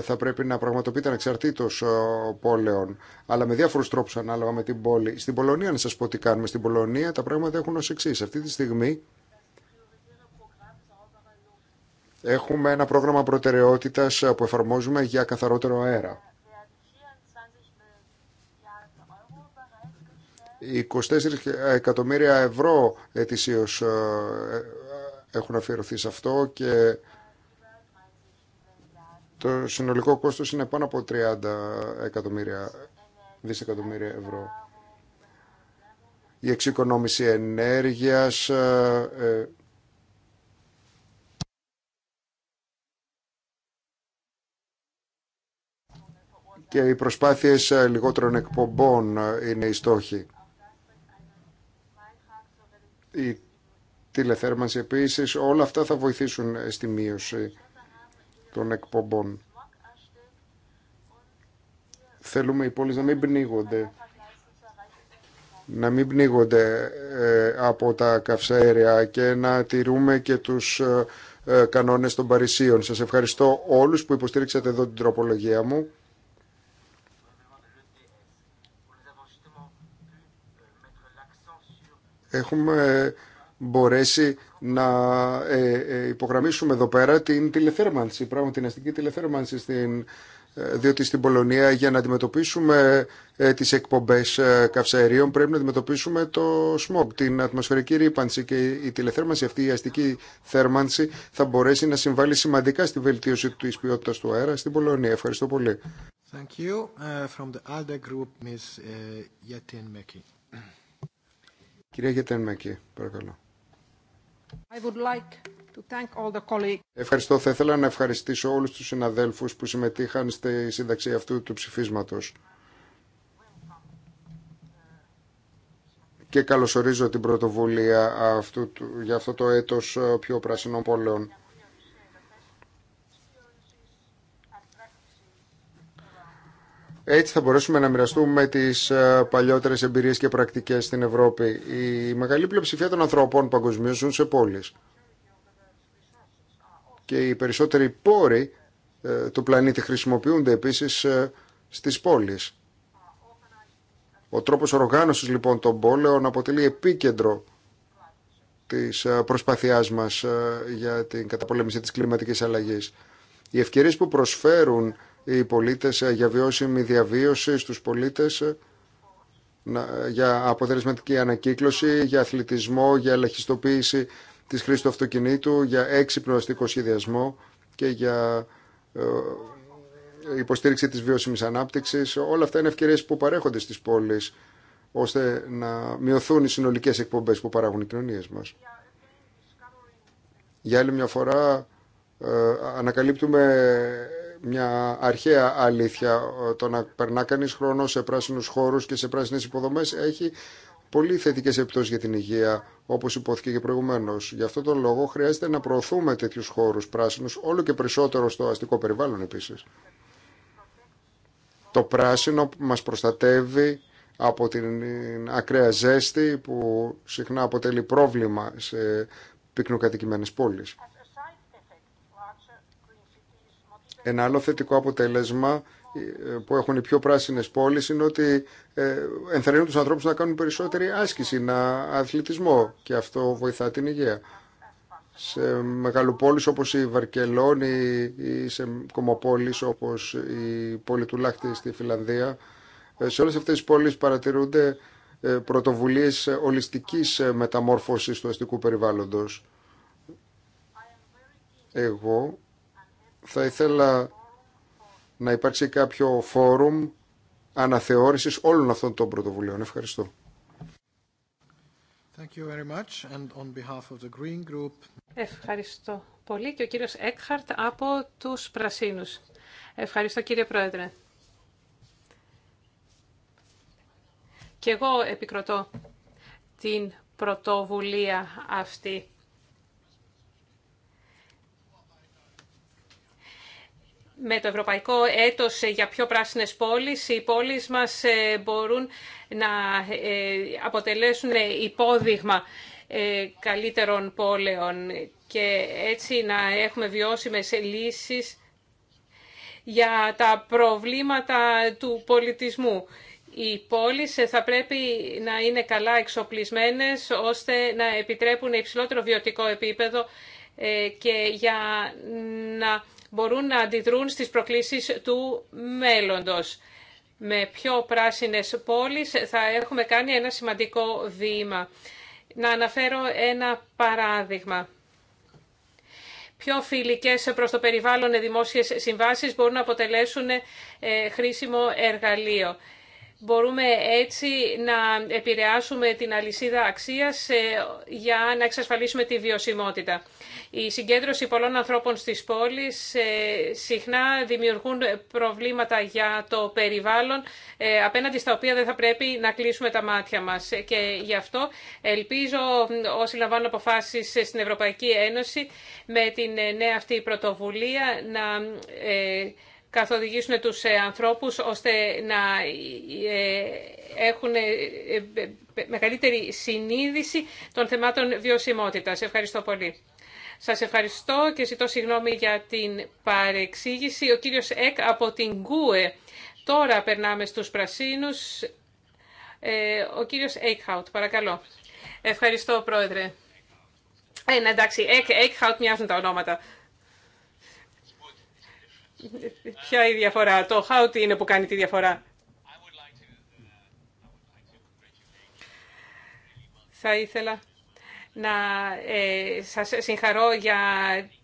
θα πρέπει να πραγματοποιείται ανεξαρτήτω ε, πόλεων, αλλά με διάφορου τρόπου ανάλογα με την πόλη. Στην Πολωνία, να σα πω τι κάνουμε. Στην Πολωνία τα πράγματα έχουν ω εξή. Αυτή τη στιγμή έχουμε ένα πρόγραμμα προτεραιότητας που εφαρμόζουμε για καθαρότερο αέρα. 24 εκατομμύρια ευρώ ετησίως ε, ε, έχουν αφιερωθεί σε αυτό και το συνολικό κόστος είναι πάνω από 30 εκατομμύρια, δισεκατομμύρια ευρώ. Η εξοικονόμηση ενέργειας, ε, και οι προσπάθειες λιγότερων εκπομπών είναι οι στόχοι η τηλεθέρμανση επίσης, όλα αυτά θα βοηθήσουν ε, στη μείωση των εκπομπών. Θέλουμε οι πόλεις να μην πνίγονται να μην πνίγονται ε, από τα καυσαέρια και να τηρούμε και τους ε, κανόνες των Παρισίων. Σας ευχαριστώ όλους που υποστήριξατε εδώ την τροπολογία μου. έχουμε μπορέσει να ε, ε, υπογραμμίσουμε εδώ πέρα την τηλεθέρμανση, πράγματι την αστική τηλεθέρμανση στην ε, διότι στην Πολωνία για να αντιμετωπίσουμε τις εκπομπές καυσαερίων πρέπει να αντιμετωπίσουμε το smog, την ατμοσφαιρική ρήπανση και η τηλεθέρμανση αυτή, η αστική θέρμανση θα μπορέσει να συμβάλλει σημαντικά στη βελτίωση της ποιότητας του αέρα στην Πολωνία. Ευχαριστώ πολύ. Thank you. From the Κυρία Ευχαριστώ. Θα ήθελα να ευχαριστήσω όλους τους συναδέλφους που συμμετείχαν στη σύνταξη αυτού του ψηφίσματος. Και καλωσορίζω την πρωτοβουλία αυτού, για αυτό το έτος ε, πιο πρασινών πόλεων. Έτσι θα μπορέσουμε να μοιραστούμε τι ε, παλιότερε εμπειρίε και πρακτικέ στην Ευρώπη. Η μεγάλη πλειοψηφία των ανθρώπων παγκοσμίω ζουν σε πόλει. Και οι περισσότεροι πόροι ε, του πλανήτη χρησιμοποιούνται επίση ε, στι πόλει. Ο τρόπος οργάνωσης λοιπόν των πόλεων αποτελεί επίκεντρο της προσπαθειάς μας για την καταπολέμηση της κλιματικής αλλαγής. Οι ευκαιρίες που προσφέρουν οι πολίτες ε, για βιώσιμη διαβίωση στους πολίτες ε, ε, για αποτελεσματική ανακύκλωση, για αθλητισμό, για ελαχιστοποίηση της χρήσης του αυτοκινήτου, για έξυπνο αστικό σχεδιασμό και για υποστήριξη της βιώσιμης ανάπτυξης. Όλα αυτά είναι ευκαιρίες που παρέχονται στις πόλεις ώστε να μειωθούν οι συνολικές εκπομπές που παράγουν οι κοινωνίες μας. Για άλλη μια φορά ανακαλύπτουμε μια αρχαία αλήθεια. Το να περνά κανεί χρόνο σε πράσινους χώρους και σε πράσινες υποδομές έχει πολύ θετικέ επιπτώσει για την υγεία, όπω υπόθηκε και προηγουμένω. Γι' αυτό τον λόγο χρειάζεται να προωθούμε τέτοιου χώρου πράσινου, όλο και περισσότερο στο αστικό περιβάλλον επίση. Το πράσινο μας προστατεύει από την ακραία ζέστη που συχνά αποτελεί πρόβλημα σε πυκνοκατοικημένες πόλεις. Ένα άλλο θετικό αποτέλεσμα ε, που έχουν οι πιο πράσινες πόλεις είναι ότι ε, ενθαρρύνουν τους ανθρώπους να κάνουν περισσότερη άσκηση, να αθλητισμό και αυτό βοηθά την υγεία. Σε μεγαλοπόλεις όπως η Βαρκελόνη ή σε κομοπόλεις όπως η πόλη του Λάχτη στη Φιλανδία, ε, σε όλες αυτές τις πόλεις παρατηρούνται πρωτοβουλίες ολιστικής μεταμόρφωσης του αστικού περιβάλλοντος. Εγώ θα ήθελα να υπάρξει κάποιο φόρουμ αναθεώρησης όλων αυτών των πρωτοβουλίων. Ευχαριστώ. Ευχαριστώ πολύ και ο κύριος Έκχαρτ από τους Πρασίνους. Ευχαριστώ κύριε Πρόεδρε. Και εγώ επικροτώ την πρωτοβουλία αυτή. με το Ευρωπαϊκό Έτος για πιο πράσινες πόλεις, οι πόλεις μας ε, μπορούν να ε, αποτελέσουν ε, υπόδειγμα καλύτερων πόλεων και έτσι να έχουμε βιώσιμες λύσεις για τα προβλήματα του πολιτισμού. Οι πόλεις θα πρέπει να είναι καλά εξοπλισμένες ώστε να επιτρέπουν υψηλότερο βιωτικό επίπεδο και για να μπορούν να αντιδρούν στις προκλήσεις του μέλλοντος. Με πιο πράσινες πόλεις θα έχουμε κάνει ένα σημαντικό βήμα. Να αναφέρω ένα παράδειγμα. Πιο φιλικές προς το περιβάλλον δημόσιες συμβάσεις μπορούν να αποτελέσουν ε, χρήσιμο εργαλείο. Μπορούμε έτσι να επηρεάσουμε την αλυσίδα αξίας ε, για να εξασφαλίσουμε τη βιωσιμότητα. Η συγκέντρωση πολλών ανθρώπων στις πόλεις ε, συχνά δημιουργούν προβλήματα για το περιβάλλον ε, απέναντι στα οποία δεν θα πρέπει να κλείσουμε τα μάτια μας. Και γι' αυτό ελπίζω όσοι λαμβάνουν αποφάσεις στην Ευρωπαϊκή Ένωση με την νέα αυτή πρωτοβουλία να καθοδηγήσουν τους ε, ανθρώπους ώστε να ε, έχουν ε, μεγαλύτερη συνείδηση των θεμάτων βιωσιμότητας. Ευχαριστώ πολύ. Σας ευχαριστώ και ζητώ συγγνώμη για την παρεξήγηση. Ο κύριος Εκ από την ΚΟΕ. Τώρα περνάμε στους πρασίνους. ο κύριος Έκχαουτ, παρακαλώ. Ευχαριστώ, Πρόεδρε. Ε, ναι, εντάξει, Εκ, Έκχαουτ μοιάζουν τα ονόματα. Ποια η διαφορά, το χάουτι είναι που κάνει τη διαφορά. Θα ήθελα να ε, σας συγχαρώ για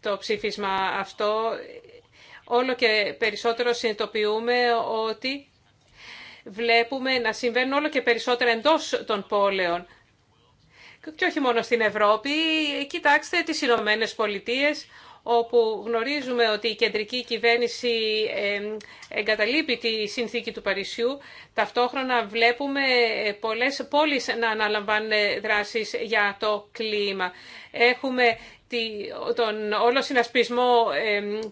το ψήφισμα αυτό. Όλο και περισσότερο συνειδητοποιούμε ότι βλέπουμε να συμβαίνουν όλο και περισσότερα εντός των πόλεων. Και όχι μόνο στην Ευρώπη. Κοιτάξτε τις Ηνωμένε Πολιτείες, όπου γνωρίζουμε ότι η κεντρική κυβέρνηση εγκαταλείπει τη συνθήκη του Παρισιού, ταυτόχρονα βλέπουμε ε, πολλές πόλεις να αναλαμβάνουν ε, δράσεις για το κλίμα. Έχουμε τον όλο συνασπισμό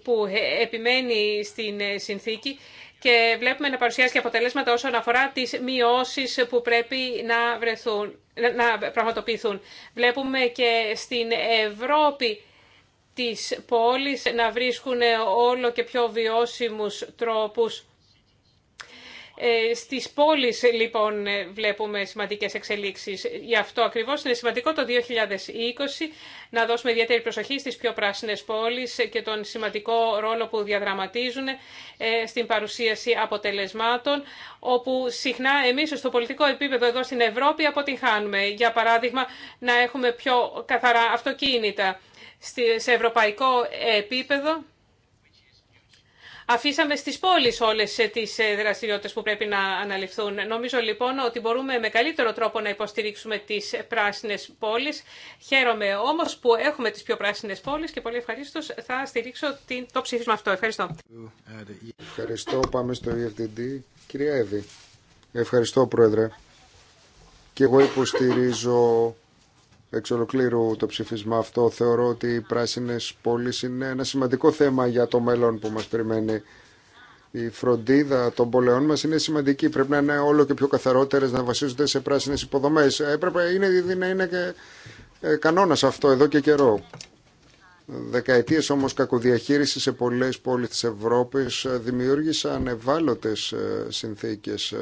που ε, επιμένει στην συνθήκη και βλέπουμε να παρουσιάζει και αποτελέσματα όσον αφορά τις μειώσεις που πρέπει να, βρεθούν, να πραγματοποιηθούν. Βλέπουμε και στην Ευρώπη τις πόλεις να βρίσκουν όλο και πιο βιώσιμους τρόπους. Ε, στις πόλεις λοιπόν βλέπουμε σημαντικές εξελίξεις. Γι' αυτό ακριβώς είναι σημαντικό το 2020 να δώσουμε ιδιαίτερη προσοχή στις πιο πράσινες πόλεις και τον σημαντικό ρόλο που διαδραματίζουν ε, στην παρουσίαση αποτελεσμάτων, όπου συχνά εμείς στο πολιτικό επίπεδο εδώ στην Ευρώπη αποτυγχάνουμε. Για παράδειγμα, να έχουμε πιο καθαρά αυτοκίνητα σε ευρωπαϊκό επίπεδο αφήσαμε στις πόλεις όλες ε, τις ε, δραστηριότητες που πρέπει να αναλυφθούν. Νομίζω λοιπόν ότι μπορούμε με καλύτερο τρόπο να υποστηρίξουμε τις πράσινες πόλεις. Χαίρομαι όμως που έχουμε τις πιο πράσινες πόλεις και πολύ ευχαριστώ θα στηρίξω το ψήφισμα αυτό. Ευχαριστώ. Ευχαριστώ. Πάμε στο EFDD. Κυρία Εύη. Ευχαριστώ Πρόεδρε. Και εγώ υποστηρίζω εξ ολοκλήρου το ψηφίσμα αυτό. Θεωρώ ότι οι πράσινες πόλεις είναι ένα σημαντικό θέμα για το μέλλον που μας περιμένει. Η φροντίδα των πολεών μας είναι σημαντική. Πρέπει να είναι όλο και πιο καθαρότερες, να βασίζονται σε πράσινες υποδομές. Ε, έπρεπε είναι, να είναι και ε, κανόνας αυτό εδώ και καιρό. Δεκαετίες όμως κακοδιαχείριση σε πολλές πόλεις της Ευρώπης ε, δημιούργησαν ευάλωτες συνθήκες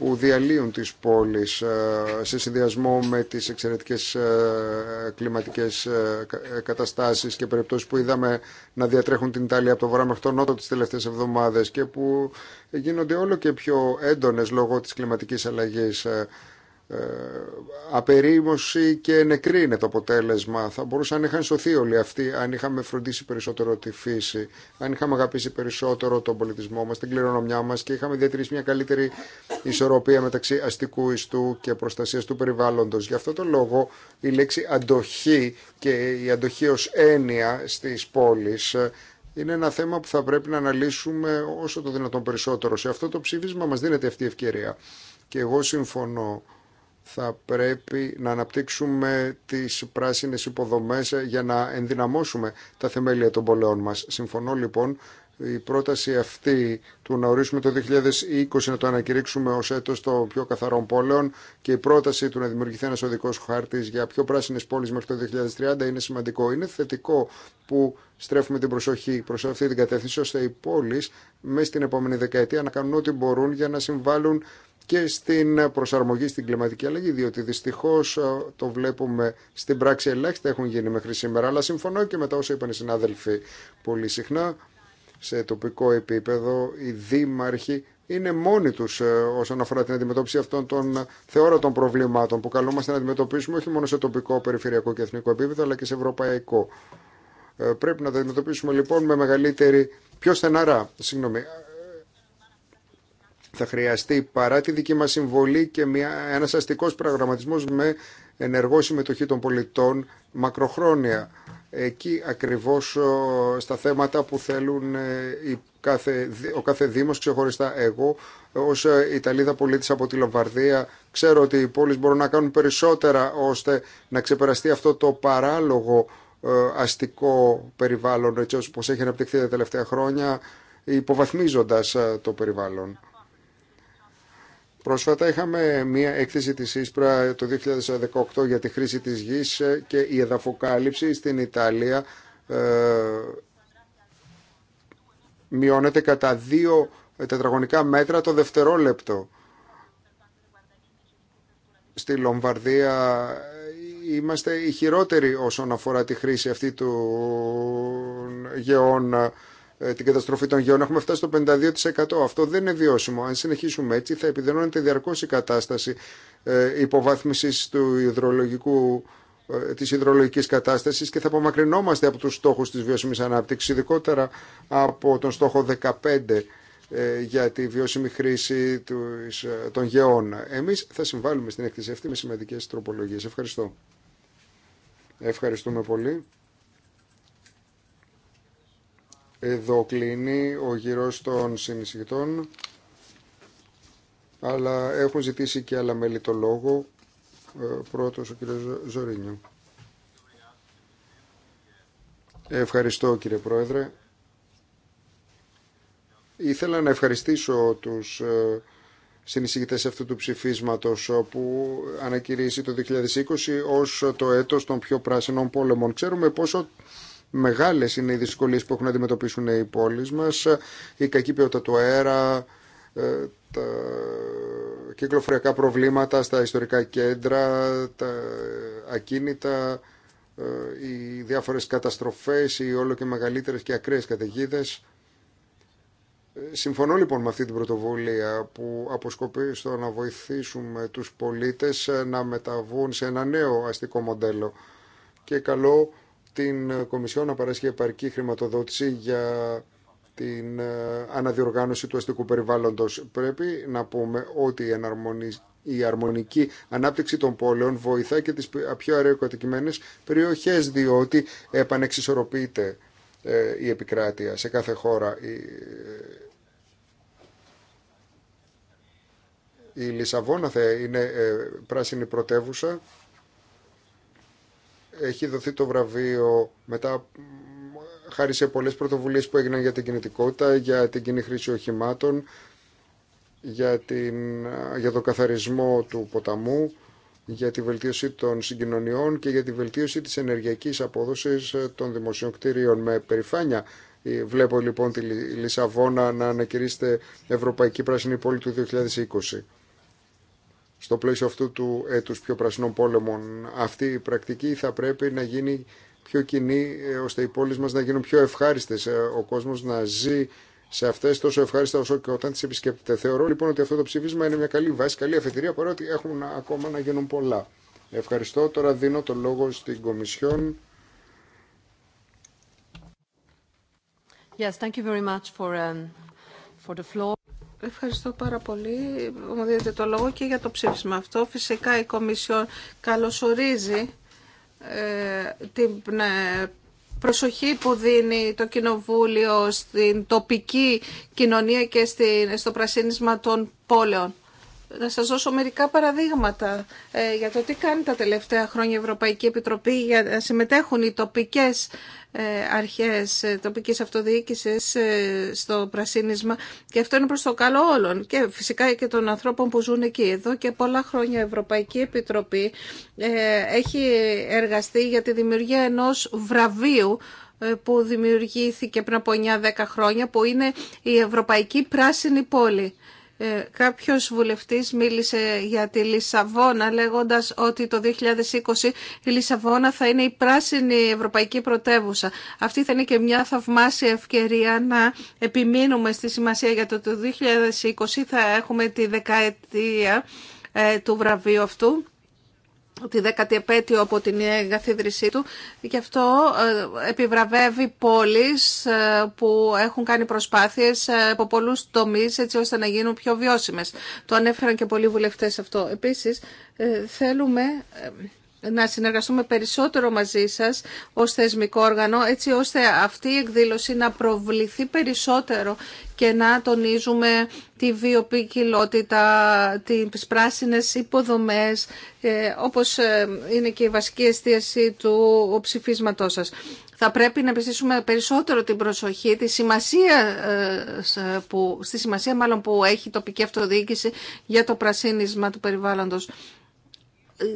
που διαλύουν τις πόλεις ε, σε συνδυασμό με τις εξαιρετικές ε, κλιματικές ε, καταστάσεις και περιπτώσεις που είδαμε να διατρέχουν την Ιταλία από το βορρά μέχρι το νότο τις τελευταίες εβδομάδες και που γίνονται όλο και πιο έντονες λόγω της κλιματικής αλλαγής. Ε, απερίμωση και νεκρή είναι το αποτέλεσμα. Θα μπορούσαν να είχαν σωθεί όλοι αυτοί αν είχαμε φροντίσει περισσότερο τη φύση, αν είχαμε αγαπήσει περισσότερο τον πολιτισμό μα την κληρονομιά μα και είχαμε διατηρήσει μια καλύτερη ισορροπία μεταξύ αστικού ιστού και προστασία του περιβάλλοντο. Γι' αυτό το λόγο η λέξη αντοχή και η αντοχή ω έννοια στι πόλει ε, είναι ένα θέμα που θα πρέπει να αναλύσουμε όσο το δυνατόν περισσότερο. Σε αυτό το ψήφισμα μα δίνεται αυτή η ευκαιρία. Και εγώ συμφωνώ θα πρέπει να αναπτύξουμε τις πράσινες υποδομές για να ενδυναμώσουμε τα θεμέλια των πολεών μας. Συμφωνώ λοιπόν η πρόταση αυτή του να ορίσουμε το 2020 να το ανακηρύξουμε ως έτος των πιο καθαρών πόλεων και η πρόταση του να δημιουργηθεί ένας οδικός χάρτης για πιο πράσινες πόλεις μέχρι το 2030 είναι σημαντικό. Είναι θετικό που στρέφουμε την προσοχή προς αυτή την κατεύθυνση ώστε οι πόλεις μέσα στην επόμενη δεκαετία να κάνουν ό,τι μπορούν για να συμβάλλουν και στην προσαρμογή στην κλιματική αλλαγή, διότι δυστυχώ ε, το βλέπουμε στην πράξη ελάχιστα έχουν γίνει μέχρι σήμερα, αλλά συμφωνώ και με τα όσα είπαν οι συνάδελφοι πολύ συχνά, σε τοπικό επίπεδο οι δήμαρχοι είναι μόνοι τους ε, όσον αφορά την αντιμετώπιση αυτών των θεόρατων προβλημάτων που καλούμαστε να αντιμετωπίσουμε όχι μόνο σε τοπικό, περιφερειακό και εθνικό επίπεδο αλλά και σε ευρωπαϊκό. Ε, πρέπει να τα αντιμετωπίσουμε λοιπόν με μεγαλύτερη, πιο στεναρά, συγγνώμη, θα χρειαστεί παρά τη δική μας συμβολή και μια, ένας αστικός προγραμματισμός με ενεργό συμμετοχή των πολιτών μακροχρόνια. Εκεί ακριβώς στα θέματα που θέλουν ε, οι κάθε, ο κάθε Δήμος ξεχωριστά εγώ ως ε, Ιταλίδα πολίτης από τη Λομβαρδία ξέρω ότι οι πόλεις μπορούν να κάνουν περισσότερα ώστε να ξεπεραστεί αυτό το παράλογο ε, αστικό περιβάλλον έτσι όπως έχει αναπτυχθεί τα τελευταία χρόνια υποβαθμίζοντας το περιβάλλον. Πρόσφατα είχαμε μία έκθεση της ΙΣΠΡΑ το 2018 για τη χρήση της γης και η εδαφοκάλυψη στην Ιταλία ε, μειώνεται κατά δύο τετραγωνικά μέτρα το δευτερόλεπτο. Στη Λομβαρδία είμαστε οι χειρότεροι όσον αφορά τη χρήση αυτή του γεών ε, την καταστροφή των γεών έχουμε φτάσει στο 52%. Αυτό δεν είναι βιώσιμο. Αν συνεχίσουμε έτσι θα επιδεινώνεται διαρκώ η κατάσταση ε, υποβάθμισης του υδρολογικού ε, της υδρολογικής κατάστασης και θα απομακρυνόμαστε από τους στόχους της βιώσιμη ανάπτυξης, ειδικότερα από τον στόχο 15 για τη βιώσιμη χρήση των γεών. Εμεί θα συμβάλλουμε στην εκτίση αυτή με σημαντικέ τροπολογίε. Ευχαριστώ. Ευχαριστούμε πολύ. Εδώ κλείνει ο γύρος των συνεισηγητών, αλλά έχουν ζητήσει και άλλα μέλη το λόγο. Ε, πρώτος ο κύριος Ζωρίνιο. Ευχαριστώ κύριε Πρόεδρε. Ήθελα να ευχαριστήσω τους ε, συνεισηγητές αυτού του ψηφίσματος που ανακηρύσσει το 2020 ως το έτος των πιο πράσινων πόλεμων. Ξέρουμε πόσο Μεγάλες είναι οι δυσκολίες που έχουν να αντιμετωπίσουν οι πόλεις μας, η κακή ποιότητα του αέρα, ε, τα κυκλοφοριακά προβλήματα στα ιστορικά κέντρα, τα ακίνητα, ε, οι διάφορες καταστροφές, οι όλο και μεγαλύτερες και ακραίες καταιγίδε. Ε, συμφωνώ λοιπόν με αυτή την πρωτοβουλία που αποσκοπεί στο να βοηθήσουμε τους πολίτες να μεταβούν σε ένα νέο αστικό μοντέλο και καλό την ε, Κομισιόν να παρέσχει επαρκή χρηματοδότηση για την ε, αναδιοργάνωση του αστικού περιβάλλοντος. Πρέπει να πούμε ότι η, αρμονική ανάπτυξη των πόλεων βοηθά και τις πιο αραιοκατοικημένες περιοχές, διότι επανεξισορροπείται ε, η επικράτεια σε κάθε χώρα. Η Λισαβόνα θα είναι πράσινη πρωτεύουσα έχει δοθεί το βραβείο μετά χάρη σε πολλές πρωτοβουλίες που έγιναν για την κινητικότητα, για την κοινή χρήση οχημάτων, για, την, για τον καθαρισμό του ποταμού, για τη βελτίωση των συγκοινωνιών και για τη βελτίωση της ενεργειακής απόδοσης ε, των δημοσίων κτίριων με περηφάνεια. Ε, βλέπω λοιπόν τη Λισαβόνα να ανακηρύσσεται Ευρωπαϊκή Πράσινη Πόλη του 2020. Στο πλαίσιο αυτού του έτους πιο πρασινών πόλεμων αυτή η πρακτική θα πρέπει να γίνει πιο κοινή ε, ώστε οι πόλεις μας να γίνουν πιο ευχάριστες, ε, ο κόσμος να ζει σε αυτέ. τόσο ευχάριστα όσο και όταν τι επισκέπτεται. Θεωρώ λοιπόν ότι αυτό το ψήφισμα είναι μια καλή βάση, καλή αφετηρία παρότι έχουν ακόμα να γίνουν πολλά. Ευχαριστώ. Τώρα δίνω το λόγο στην Κομισιόν. Yes, thank you very much for, um, for the Ευχαριστώ πάρα πολύ μου δίνετε το λόγο και για το ψήφισμα αυτό. Φυσικά η Κομισιόν καλωσορίζει ε, την ναι, προσοχή που δίνει το Κοινοβούλιο στην τοπική κοινωνία και στο πρασίνισμα των πόλεων να σας δώσω μερικά παραδείγματα ε, για το τι κάνει τα τελευταία χρόνια η Ευρωπαϊκή Επιτροπή για να συμμετέχουν οι τοπικές ε, αρχές ε, τοπικής αυτοδιοίκησης στο πρασίνισμα και αυτό είναι προς το καλό όλων και φυσικά και των ανθρώπων που ζουν εκεί. Εδώ και πολλά χρόνια η Ευρωπαϊκή Επιτροπή έχει εργαστεί για τη δημιουργία ενός βραβείου που δημιουργήθηκε πριν από 9-10 χρόνια που είναι η Ευρωπαϊκή Πράσινη Πόλη. Ε, κάποιος βουλευτής μίλησε για τη Λισαβόνα λέγοντας ότι το 2020 η Λισαβόνα θα είναι η πράσινη ευρωπαϊκή πρωτεύουσα. Αυτή θα είναι και μια θαυμάσια ευκαιρία να επιμείνουμε στη σημασία για το, το 2020 θα έχουμε τη δεκαετία ε, του βραβείου αυτού τη δέκατη επέτειο από την εγκαθίδρυσή του. Γι' αυτό ε, επιβραβεύει πόλεις ε, που έχουν κάνει προσπάθειες ε, από πολλούς τομείς έτσι ώστε να γίνουν πιο βιώσιμες. Το ανέφεραν και πολλοί βουλευτές αυτό. Επίσης, θέλουμε να συνεργαστούμε περισσότερο μαζί σας ως θεσμικό όργανο, έτσι ώστε αυτή η εκδήλωση να προβληθεί περισσότερο και να τονίζουμε τη βιοποικιλότητα, τις πράσινες υποδομές, ε, όπως ε, είναι και η βασική εστίαση του ψηφίσματός σας. Θα πρέπει να επιστήσουμε περισσότερο την προσοχή τη σημασία, ε, που, στη σημασία μάλλον που έχει η τοπική αυτοδιοίκηση για το πρασίνισμα του περιβάλλοντος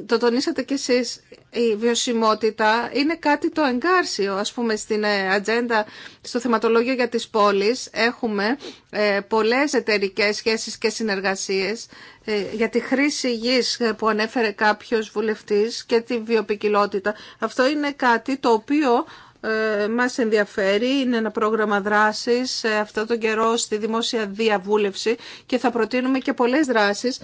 το τονίσατε κι εσείς, η βιωσιμότητα είναι κάτι το εγκάρσιο. Ας πούμε στην ε, ατζέντα, στο θεματολόγιο για τις πόλεις έχουμε ε, πολλές εταιρικέ σχέσεις και συνεργασίες ε, για τη χρήση γης που ανέφερε κάποιος βουλευτής και τη βιοπικιλότητα. Αυτό είναι κάτι το οποίο μας ενδιαφέρει, είναι ένα πρόγραμμα δράσης αυτό τον καιρό στη δημόσια διαβούλευση και θα προτείνουμε και πολλές δράσεις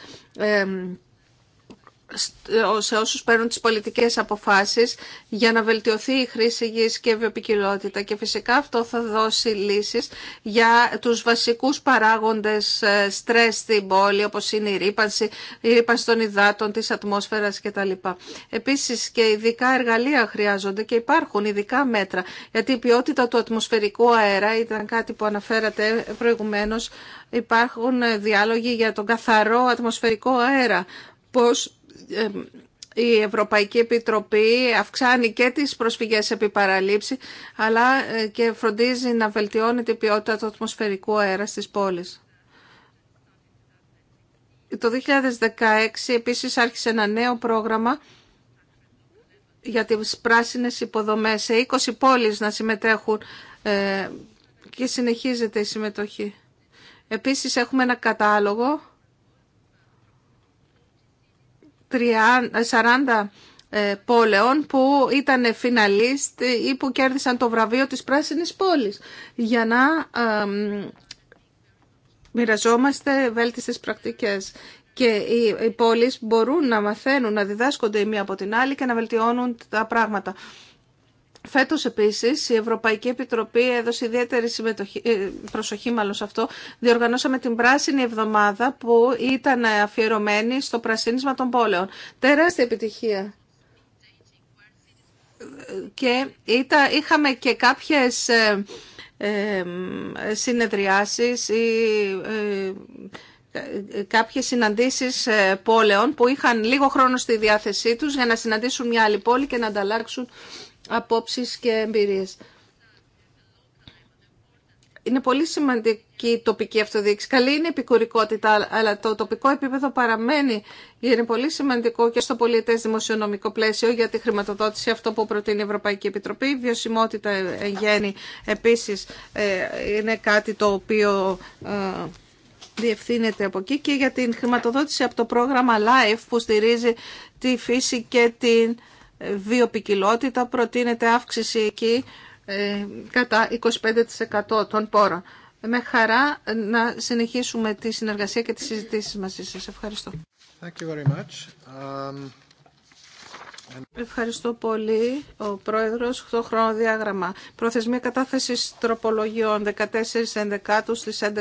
σε όσους παίρνουν τις πολιτικές αποφάσεις για να βελτιωθεί η χρήση γης και βιοπικιλότητα. Και φυσικά αυτό θα δώσει λύσεις για τους βασικούς παράγοντες ε, στρες στην πόλη, όπως είναι η ρήπανση, η ρήπανση των υδάτων, της ατμόσφαιρας κτλ. Επίσης και ειδικά εργαλεία χρειάζονται και υπάρχουν ειδικά μέτρα, γιατί η ποιότητα του ατμοσφαιρικού αέρα ήταν κάτι που αναφέρατε προηγουμένως, υπάρχουν διάλογοι για τον καθαρό ατμοσφαιρικό αέρα. Πώς η Ευρωπαϊκή Επιτροπή αυξάνει και τις προσφυγές επί παραλήψη, αλλά ε, και φροντίζει να βελτιώνει την ποιότητα του ατμοσφαιρικού αέρα στις πόλεις. Το 2016 επίσης άρχισε ένα νέο πρόγραμμα για τις πράσινες υποδομές. Σε 20 πόλεις να συμμετέχουν ε, και συνεχίζεται η συμμετοχή. Επίσης έχουμε ένα κατάλογο 40 ε, πόλεων που ήταν φιναλίστ ή που κέρδισαν το βραβείο της Πράσινης Πόλης για να μοιραζόμαστε βέλτιστες πρακτικές και οι πόλεις μπορούν να μαθαίνουν, να διδάσκονται η μία από την άλλη και να βελτιώνουν τα πράγματα. Φέτος επίσης η Ευρωπαϊκή Επιτροπή έδωσε ιδιαίτερη συμμετοχή, ε, προσοχή μάλλον σε αυτό. Διοργανώσαμε την Πράσινη Εβδομάδα που ήταν αφιερωμένη στο πρασίνισμα των πόλεων. Τεράστια επιτυχία. Και είχαμε και κάποιες συνεδριάσει συνεδριάσεις ή ε, ε, κάποιες συναντήσεις πόλεων που είχαν λίγο χρόνο στη διάθεσή τους για να συναντήσουν μια άλλη πόλη και να ανταλλάξουν απόψεις και εμπειρίες. Είναι πολύ σημαντική η τοπική αυτοδιοίκηση. Καλή είναι η επικουρικότητα, αλλά το τοπικό επίπεδο παραμένει. Είναι πολύ σημαντικό και στο πολιτέ δημοσιονομικό πλαίσιο για τη χρηματοδότηση αυτό που προτείνει η Ευρωπαϊκή Επιτροπή. Η βιωσιμότητα ε, εν γέννη επίση ε, είναι κάτι το οποίο ε, διευθύνεται από εκεί και για την χρηματοδότηση από το πρόγραμμα LIFE που στηρίζει τη φύση και την βιοπικιλότητα προτείνεται αύξηση εκεί ε, κατά 25% των πόρων. Με χαρά να συνεχίσουμε τη συνεργασία και τις συζητήσεις μαζί σας. Ευχαριστώ. Thank you very much. Um... Ευχαριστώ πολύ, ο Πρόεδρος. 8 χρόνο διάγραμμα. Προθεσμία κατάθεσης τροπολογιών 14-11 στις 11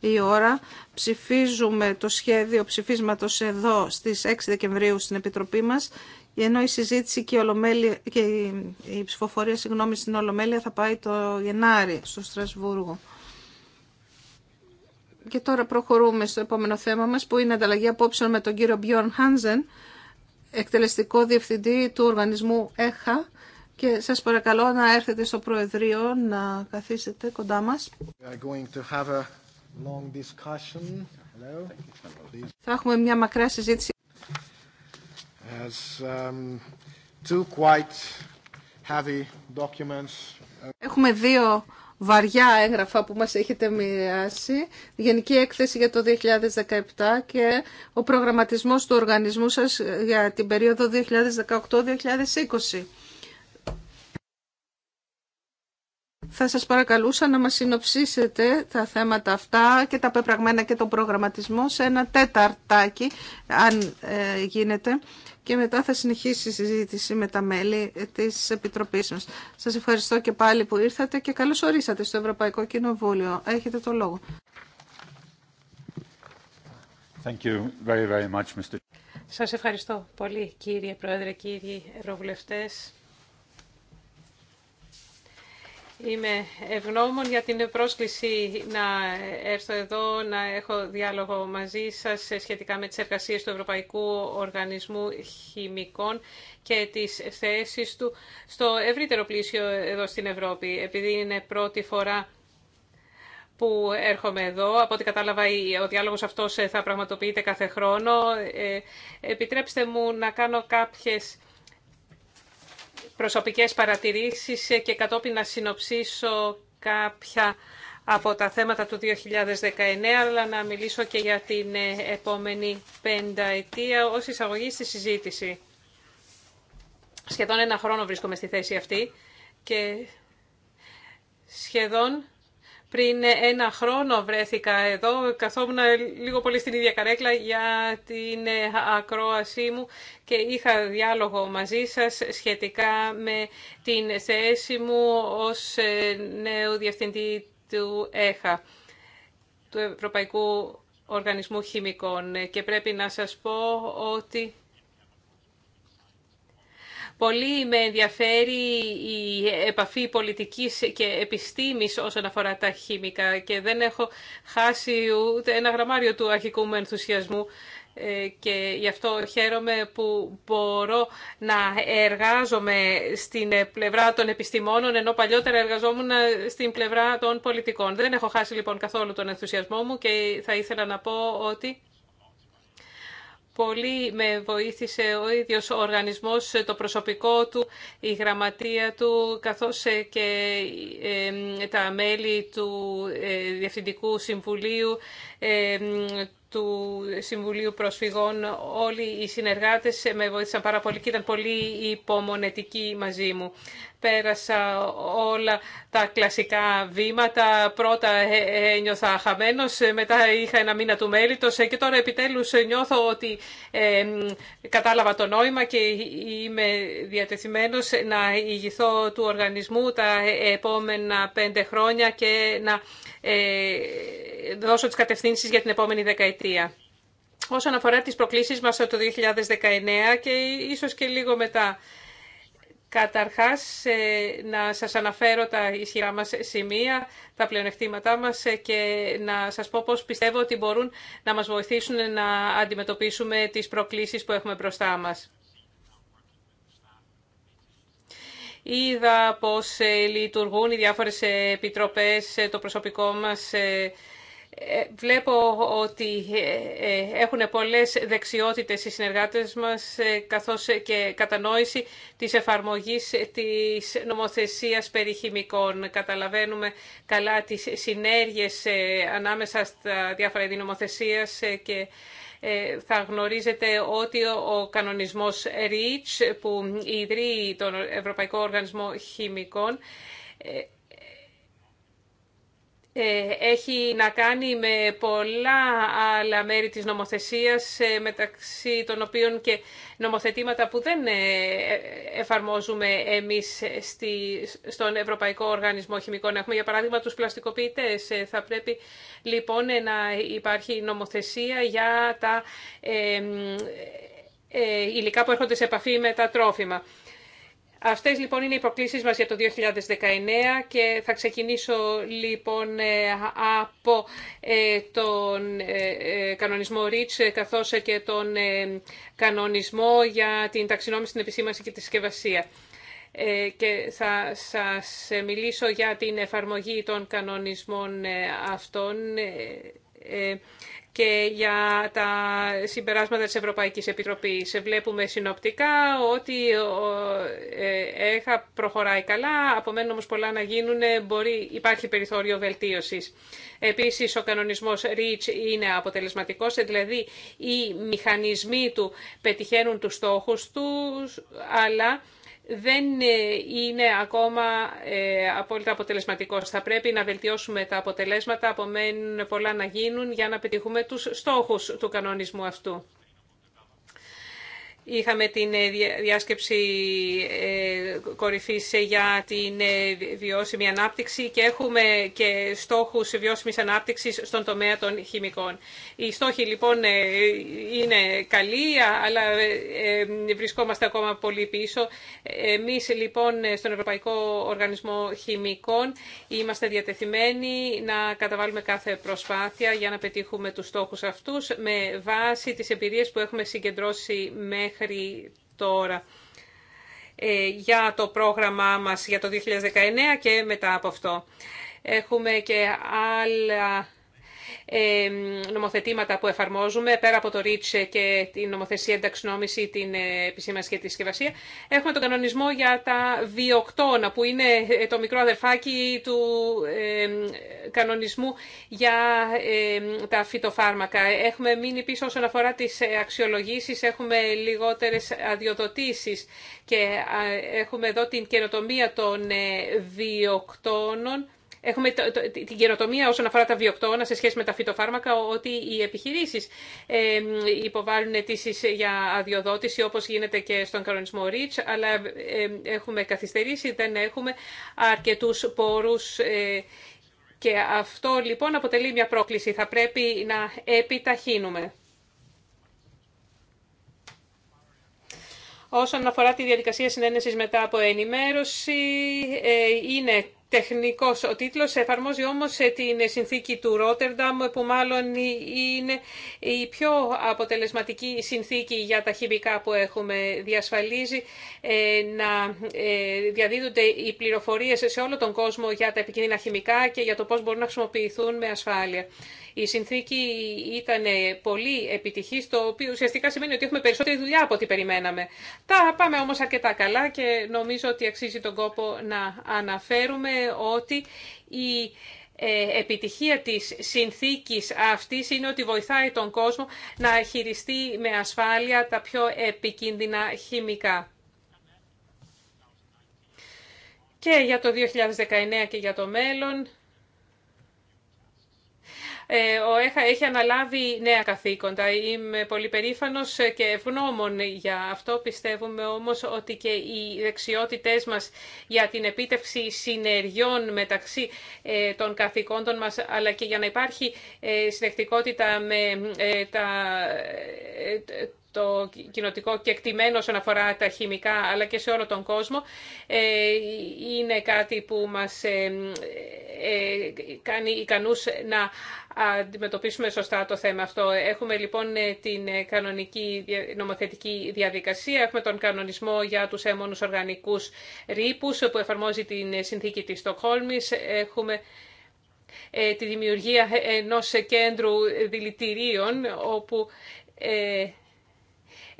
η ώρα. Ψηφίζουμε το σχέδιο ψηφίσματος εδώ στις 6 Δεκεμβρίου στην Επιτροπή μας ενώ η συζήτηση και ολομέλεια, και η ψηφοφορία συγγνώμη, στην Ολομέλεια θα πάει το Γενάρη στο Στρασβούργο. Και τώρα προχωρούμε στο επόμενο θέμα μας που είναι ανταλλαγή απόψεων με τον κύριο Μπιόρν Χάνζεν, εκτελεστικό διευθυντή του οργανισμού ΕΧΑ και σας παρακαλώ να έρθετε στο Προεδρείο να καθίσετε κοντά μας. Θα έχουμε μια μακρά συζήτηση. Um, Έχουμε δύο βαριά έγγραφα που μας έχετε μοιράσει, Γενική Έκθεση για το 2017 και ο προγραμματισμός του οργανισμού σας για την περίοδο 2018-2020. Θα σας παρακαλούσα να μας συνοψίσετε τα θέματα αυτά και τα πεπραγμένα και τον προγραμματισμό σε ένα τέταρτάκι, αν ε, γίνεται. Και μετά θα συνεχίσει η συζήτηση με τα μέλη της Επιτροπής μας. Σας ευχαριστώ και πάλι που ήρθατε και καλώς ορίσατε στο Ευρωπαϊκό Κοινοβούλιο. Έχετε το λόγο. Thank you very, very much, Mr. Σας ευχαριστώ πολύ κύριε Πρόεδρε, κύριοι Ευρωβουλευτές. Είμαι ευγνώμων για την πρόσκληση να έρθω εδώ, να έχω διάλογο μαζί σας σχετικά με τις εργασίες του Ευρωπαϊκού Οργανισμού Χημικών και τις θέσεις του στο ευρύτερο πλήσιο εδώ στην Ευρώπη. Επειδή είναι πρώτη φορά που έρχομαι εδώ, από ό,τι κατάλαβα ο διάλογος αυτός θα πραγματοποιείται κάθε χρόνο, ε, επιτρέψτε μου να κάνω κάποιες προσωπικές παρατηρήσεις και κατόπιν να συνοψίσω κάποια από τα θέματα του 2019, αλλά να μιλήσω και για την επόμενη πενταετία ως εισαγωγή στη συζήτηση. Σχεδόν ένα χρόνο βρίσκομαι στη θέση αυτή και σχεδόν πριν ένα χρόνο βρέθηκα εδώ, καθόμουν λίγο πολύ στην ίδια καρέκλα για την ακρόασή μου και είχα διάλογο μαζί σας σχετικά με την θέση μου ως νέου διευθυντή του ΕΧΑ, του Ευρωπαϊκού Οργανισμού Χημικών. Και πρέπει να σας πω ότι Πολύ με ενδιαφέρει η επαφή πολιτικής και επιστήμης όσον αφορά τα χημικά και δεν έχω χάσει ούτε ένα γραμμάριο του αρχικού μου ενθουσιασμού ε, και γι' αυτό χαίρομαι που μπορώ να εργάζομαι στην πλευρά των επιστημόνων ενώ παλιότερα εργαζόμουν στην πλευρά των πολιτικών. Δεν έχω χάσει λοιπόν καθόλου τον ενθουσιασμό μου και θα ήθελα να πω ότι Πολύ με βοήθησε ο ίδιος ο οργανισμός, το προσωπικό του, η γραμματεία του, καθώς ε, και ε, τα μέλη του ε, Διευθυντικού Συμβουλίου, του Συμβουλίου Προσφυγών. Όλοι οι συνεργάτες με βοήθησαν πάρα πολύ και ήταν πολύ υπομονετικοί μαζί μου πέρασα όλα τα κλασικά βήματα. Πρώτα ε, ε, ένιωθα χαμένος, μετά είχα ένα μήνα του μέλητος ε, και τώρα επιτέλους νιώθω ότι κατάλαβα το νόημα και είμαι διατεθειμένος να ηγηθώ του οργανισμού τα επόμενα πέντε χρόνια και να δώσω τις κατευθύνσεις για την επόμενη δεκαετία. Όσον αφορά τις προκλήσεις μας το 2019 και ίσως και λίγο μετά, Καταρχάς, ε, να σας αναφέρω τα ισχυρά μας σημεία, τα πλεονεκτήματά μας ε, και να σας πω πώς πιστεύω ότι μπορούν να μας βοηθήσουν να αντιμετωπίσουμε τις προκλήσεις που έχουμε μπροστά μας. Είδα πώς ε, λειτουργούν οι διάφορες επιτροπές, το προσωπικό μας ε, βλέπω ότι ε, ε, έχουν πολλές δεξιότητες οι συνεργάτες μας, καθώς και κατανόηση της εφαρμογής της νομοθεσίας περί χημικών. Καταλαβαίνουμε καλά τις συνέργειες ανάμεσα στα διάφορα είδη νομοθεσίας και θα γνωρίζετε ότι ο κανονισμός REACH που ιδρύει τον Ευρωπαϊκό Οργανισμό Χημικών ε, έχει να κάνει με πολλά άλλα μέρη της νομοθεσίας, ε, μεταξύ των οποίων και νομοθετήματα που δεν ε, εφαρμόζουμε εμείς στη, στον Ευρωπαϊκό Οργανισμό Χημικών. Έχουμε για παράδειγμα τους πλαστικοποιητές. Θα πρέπει λοιπόν να υπάρχει νομοθεσία για τα ε, ε, υλικά που έρχονται σε επαφή με τα τρόφιμα. Αυτές λοιπόν είναι οι προκλήσεις μας για το 2019 και θα ξεκινήσω λοιπόν ε, από ε, τον ε, κανονισμό REACH καθώς και τον κανονισμό για την ταξινόμηση, την επισήμαση και τη συσκευασία. Και θα σας μιλήσω για την εφαρμογή των κανονισμών αυτών και για τα συμπεράσματα της Ευρωπαϊκής Επιτροπής. Βλέπουμε συνοπτικά ότι ε, έχα προχωράει καλά, απομένουν όμως πολλά να γίνουν, μπορεί, υπάρχει περιθώριο βελτίωσης. Επίσης, ο κανονισμός REACH είναι αποτελεσματικός, δηλαδή οι μηχανισμοί του πετυχαίνουν τους στόχους τους, αλλά δεν ε, είναι ακόμα ε, απόλυτα αποτελεσματικό. Θα πρέπει να βελτιώσουμε τα αποτελέσματα, απομένουν πολλά να γίνουν για να πετύχουμε τους στόχους του κανονισμού αυτού. Είχαμε την ε, διάσκεψη ε, κορυφής ε, για την βιώσιμη ανάπτυξη και έχουμε και στόχους βιώσιμης ανάπτυξης στον τομέα των χημικών. Οι στόχοι λοιπόν είναι καλοί, αλλά βρισκόμαστε ακόμα πολύ πίσω. Εμείς λοιπόν στον Ευρωπαϊκό Οργανισμό Χημικών είμαστε διατεθειμένοι να καταβάλουμε κάθε προσπάθεια για να πετύχουμε τους στόχους αυτούς με βάση τις εμπειρίες που έχουμε συγκεντρώσει μέχρι μέχρι τώρα ε, για το πρόγραμμά μας για το 2019 και μετά από αυτό. Έχουμε και άλλα νομοθετήματα που εφαρμόζουμε, πέρα από το ΡΙΤΣΕ και την νομοθεσία ενταξινόμηση, την ε, επισήμανση και τη συσκευασία, έχουμε τον κανονισμό για τα βιοκτώνα, που είναι ε, το μικρό αδερφάκι του κανονισμού για τα φυτοφάρμακα. Έχουμε μείνει πίσω όσον αφορά τις ε, αξιολογήσεις, έχουμε λιγότερες αδειοδοτήσεις και έχουμε εδώ την καινοτομία των βιοκτώνων Έχουμε το, το, την καινοτομία όσον αφορά τα βιοκτώνα σε σχέση με τα φυτοφάρμακα, ότι οι επιχειρήσεις ε, υποβάλλουν αιτήσει για αδειοδότηση, όπως γίνεται και στον κανονισμό REACH, αλλά έχουμε καθυστερήσει, δεν έχουμε αρκετούς πόρους ε, και αυτό λοιπόν αποτελεί μια πρόκληση. Θα πρέπει να επιταχύνουμε. Όσον αφορά τη διαδικασία συνένεσης μετά από ενημέρωση, ε, είναι τεχνικός ο τίτλος, εφαρμόζει όμως ε, την συνθήκη του Ρότερνταμ που μάλλον ε, είναι η πιο αποτελεσματική συνθήκη για τα χημικά που έχουμε. Διασφαλίζει ε, να διαδίδονται οι πληροφορίες σε όλο τον κόσμο για τα επικίνδυνα χημικά και για το πώς μπορούν να χρησιμοποιηθούν με ασφάλεια. Η συνθήκη ήταν πολύ επιτυχής, το οποίο ουσιαστικά σημαίνει ότι έχουμε περισσότερη δουλειά από ό,τι περιμέναμε. Τα πάμε όμως αρκετά καλά και νομίζω ότι αξίζει τον κόπο να αναφέρουμε ότι η ε, επιτυχία της συνθήκης αυτής είναι ότι βοηθάει τον κόσμο να χειριστεί με ασφάλεια τα πιο επικίνδυνα χημικά. Και για το 2019 και για το μέλλον ε, ο ΕΧΑ έχει αναλάβει νέα καθήκοντα. Είμαι πολύ περήφανος και ευγνώμων για αυτό. Πιστεύουμε όμως ότι και οι δεξιότητές μας για την επίτευξη συνεργειών μεταξύ ε, των καθηκόντων μας, αλλά και για να υπάρχει ε, συνεκτικότητα με τα το κοινοτικό εκτιμένο όσον αφορά τα χημικά αλλά και σε όλο τον κόσμο ε, είναι κάτι που μας ε, ε, κάνει ικανούς να αντιμετωπίσουμε σωστά το θέμα αυτό. Έχουμε λοιπόν την κανονική νομοθετική διαδικασία, έχουμε τον κανονισμό για τους έμονους οργανικούς ρήπους που εφαρμόζει την συνθήκη της Στοκχόλμης, έχουμε τη δημιουργία ενός κέντρου δηλητηρίων όπου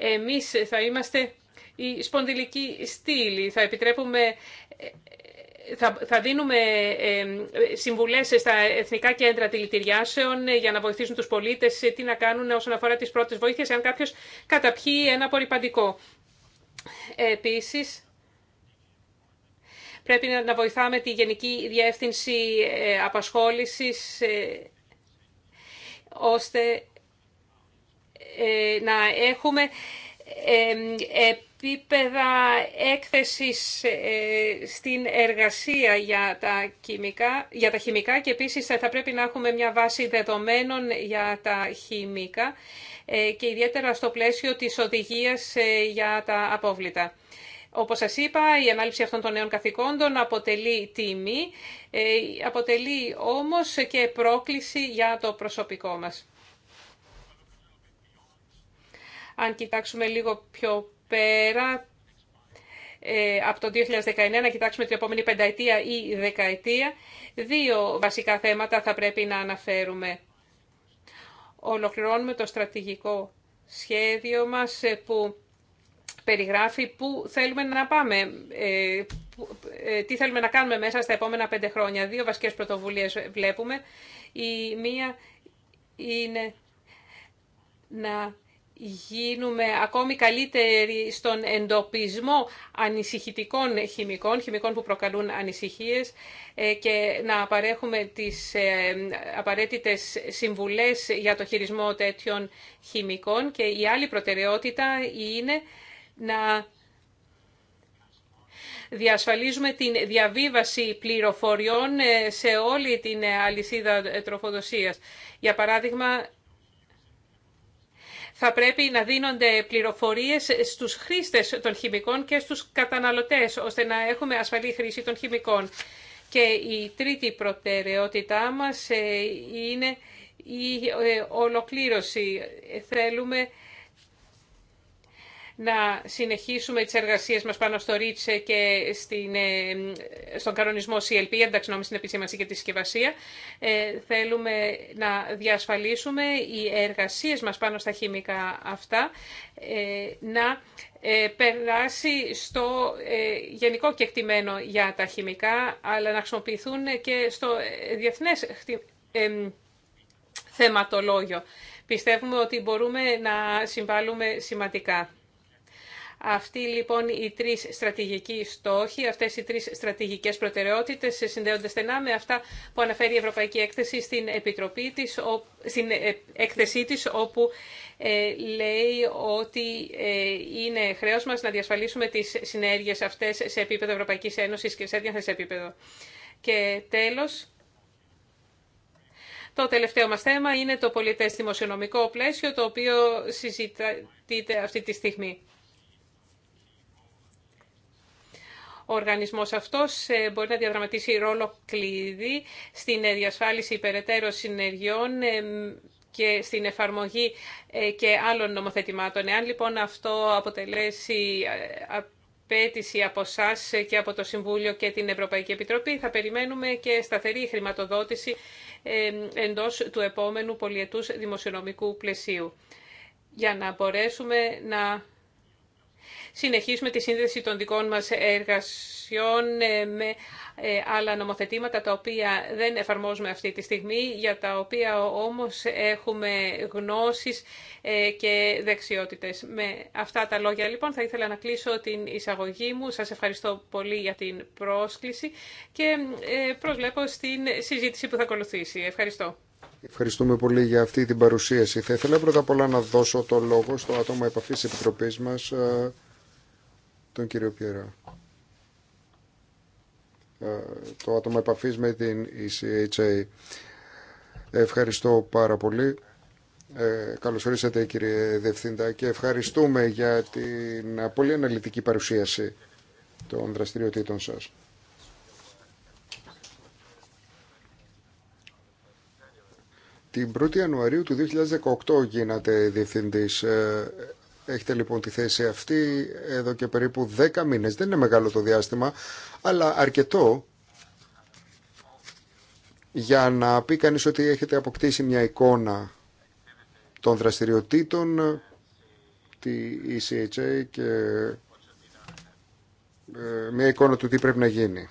εμείς θα είμαστε η σπονδυλική στήλη. Θα επιτρέπουμε θα, θα δίνουμε συμβουλές στα εθνικά κέντρα δηλητηριάσεων για να βοηθήσουν τους πολίτες τι να κάνουν όσον αφορά τις πρώτες βοήθειες, αν κάποιος καταπιεί ένα απορριπαντικό. Επίσης, πρέπει να βοηθάμε τη Γενική Διεύθυνση ε, Απασχόλησης ε, ώστε ε, να έχουμε ε, επίπεδα έκθεσης ε, στην εργασία για τα, χημικά, για τα χημικά και επίσης θα πρέπει να έχουμε μια βάση δεδομένων για τα χημικά και ιδιαίτερα στο πλαίσιο της οδηγίας για τα απόβλητα. Όπως σας είπα, η ανάληψη αυτών των νέων καθηκόντων αποτελεί τιμή, αποτελεί όμως και πρόκληση για το προσωπικό μας. Αν κοιτάξουμε λίγο πιο πέρα, ε, από το 2019, να κοιτάξουμε την επόμενη πενταετία ή δεκαετία, δύο βασικά θέματα θα πρέπει να αναφέρουμε. Ολοκληρώνουμε το στρατηγικό σχέδιο μας ε, που περιγράφει πού θέλουμε να πάμε, ε, τι θέλουμε να κάνουμε μέσα στα επόμενα πέντε χρόνια. Δύο βασικές πρωτοβουλίες βλέπουμε. Η μία είναι να γίνουμε ακόμη καλύτεροι στον εντοπισμό ανησυχητικών χημικών, χημικών που προκαλούν ανησυχίες ε, και να παρέχουμε τις ε, απαραίτητες συμβουλές για το χειρισμό τέτοιων χημικών και η άλλη προτεραιότητα είναι να διασφαλίζουμε την διαβίβαση πληροφοριών ε, σε όλη την αλυσίδα τροφοδοσίας. Για παράδειγμα, θα πρέπει να δίνονται πληροφορίες στους χρήστες των χημικών και στους καταναλωτές, ώστε να έχουμε ασφαλή χρήση των χημικών. Και η τρίτη προτεραιότητά μας ε, είναι η ε, ολοκλήρωση. Θέλουμε να συνεχίσουμε τις εργασίες μας πάνω στο ΡΙΤΣΕ και στην, ε, στον κανονισμό CLP, εντάξει νόμιση στην επισήμανση και τη συσκευασία. Ε, θέλουμε να διασφαλίσουμε οι εργασίες μας πάνω στα χημικά αυτά ε, να περάσει στο γενικό κεκτημένο για τα χημικά, αλλά να χρησιμοποιηθούν και στο διεθνές θεματολόγιο. Πιστεύουμε ότι μπορούμε να συμβάλλουμε σημαντικά. Αυτοί λοιπόν οι τρεις στρατηγικοί στόχοι, αυτές οι τρεις στρατηγικές προτεραιότητες συνδέονται στενά με αυτά που αναφέρει η Ευρωπαϊκή Έκθεση στην, επιτροπή της, στην ε, έκθεσή τη, όπου ε, λέει ότι ε, είναι χρέο μα να διασφαλίσουμε τις συνέργειε αυτές σε επίπεδο Ευρωπαϊκής Ένωσης και σε διάθεση επίπεδο. Και τέλο. το τελευταίο μας θέμα είναι το πολιτές πλαίσιο το οποίο συζητείται αυτή τη στιγμή. οργανισμός αυτός ε, μπορεί να διαδραματίσει ρόλο κλειδί στην ε, διασφάλιση υπεραιτέρω συνεργειών ε, και στην εφαρμογή και άλλων νομοθετημάτων. Εάν λοιπόν αυτό αποτελέσει απέτηση από εσά και από το Συμβούλιο και την Ευρωπαϊκή Επιτροπή, θα περιμένουμε και σταθερή χρηματοδότηση εντός του επόμενου πολιετούς δημοσιονομικού πλαισίου για να μπορέσουμε να συνεχίζουμε τη σύνδεση των δικών μας εργασιών ε, με ε, άλλα νομοθετήματα τα οποία δεν εφαρμόζουμε αυτή τη στιγμή, για τα οποία όμως έχουμε γνώσεις ε, και δεξιότητες. Με αυτά τα λόγια λοιπόν θα ήθελα να κλείσω την εισαγωγή μου. Σας ευχαριστώ πολύ για την πρόσκληση και προσβλέπω στην συζήτηση που θα ακολουθήσει. Ευχαριστώ. Ευχαριστούμε πολύ για αυτή την παρουσίαση. Θα ήθελα πρώτα απ' όλα να δώσω το λόγο στο άτομο επαφής τη Επιτροπής μας, ε, τον κύριο Πιερά. Ε, το άτομο επαφής με την ECHA. Ευχαριστώ πάρα πολύ. Ε, καλώς ορίσατε κύριε Δευθυντά και ευχαριστούμε για την πολύ αναλυτική παρουσίαση των δραστηριοτήτων σας. Την 1η Ιανουαρίου του 2018 γίνατε διευθυντής. Ε, έχετε λοιπόν τη θέση αυτή εδώ και περίπου 10 μήνες. Δεν είναι μεγάλο το διάστημα, αλλά αρκετό για να πει κανείς ότι έχετε αποκτήσει μια εικόνα των δραστηριοτήτων τη ECHA και ε, μια εικόνα του τι πρέπει να γίνει.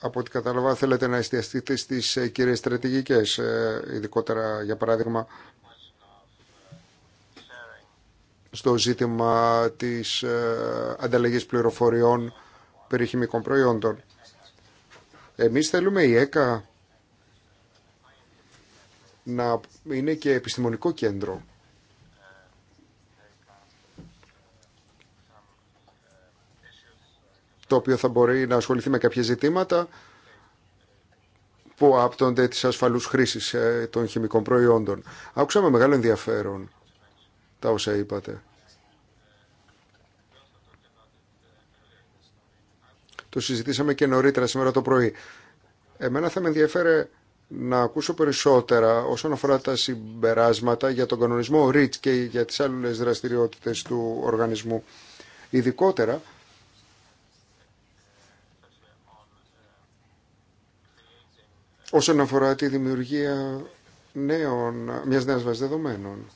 από ό,τι κατάλαβα θέλετε να εστιαστείτε στις ε, κυρίες στρατηγικές, ε, ειδικότερα για παράδειγμα στο ζήτημα της ε, ανταλλαγής πληροφοριών περί χημικών προϊόντων. Εμείς θέλουμε η ΕΚΑ να είναι και επιστημονικό κέντρο το οποίο θα μπορεί να ασχοληθεί με κάποια ζητήματα που άπτονται της ασφαλούς χρήσης ε, των χημικών προϊόντων. Άκουσα με μεγάλο ενδιαφέρον τα όσα είπατε. Το συζητήσαμε και νωρίτερα σήμερα το πρωί. Εμένα θα με ενδιαφέρε να ακούσω περισσότερα όσον αφορά τα συμπεράσματα για τον κανονισμό REACH και για τις άλλες δραστηριότητες του οργανισμού. Ειδικότερα όσον αφορά τη δημιουργία νέων, μιας νέας βάσης δεδομένων.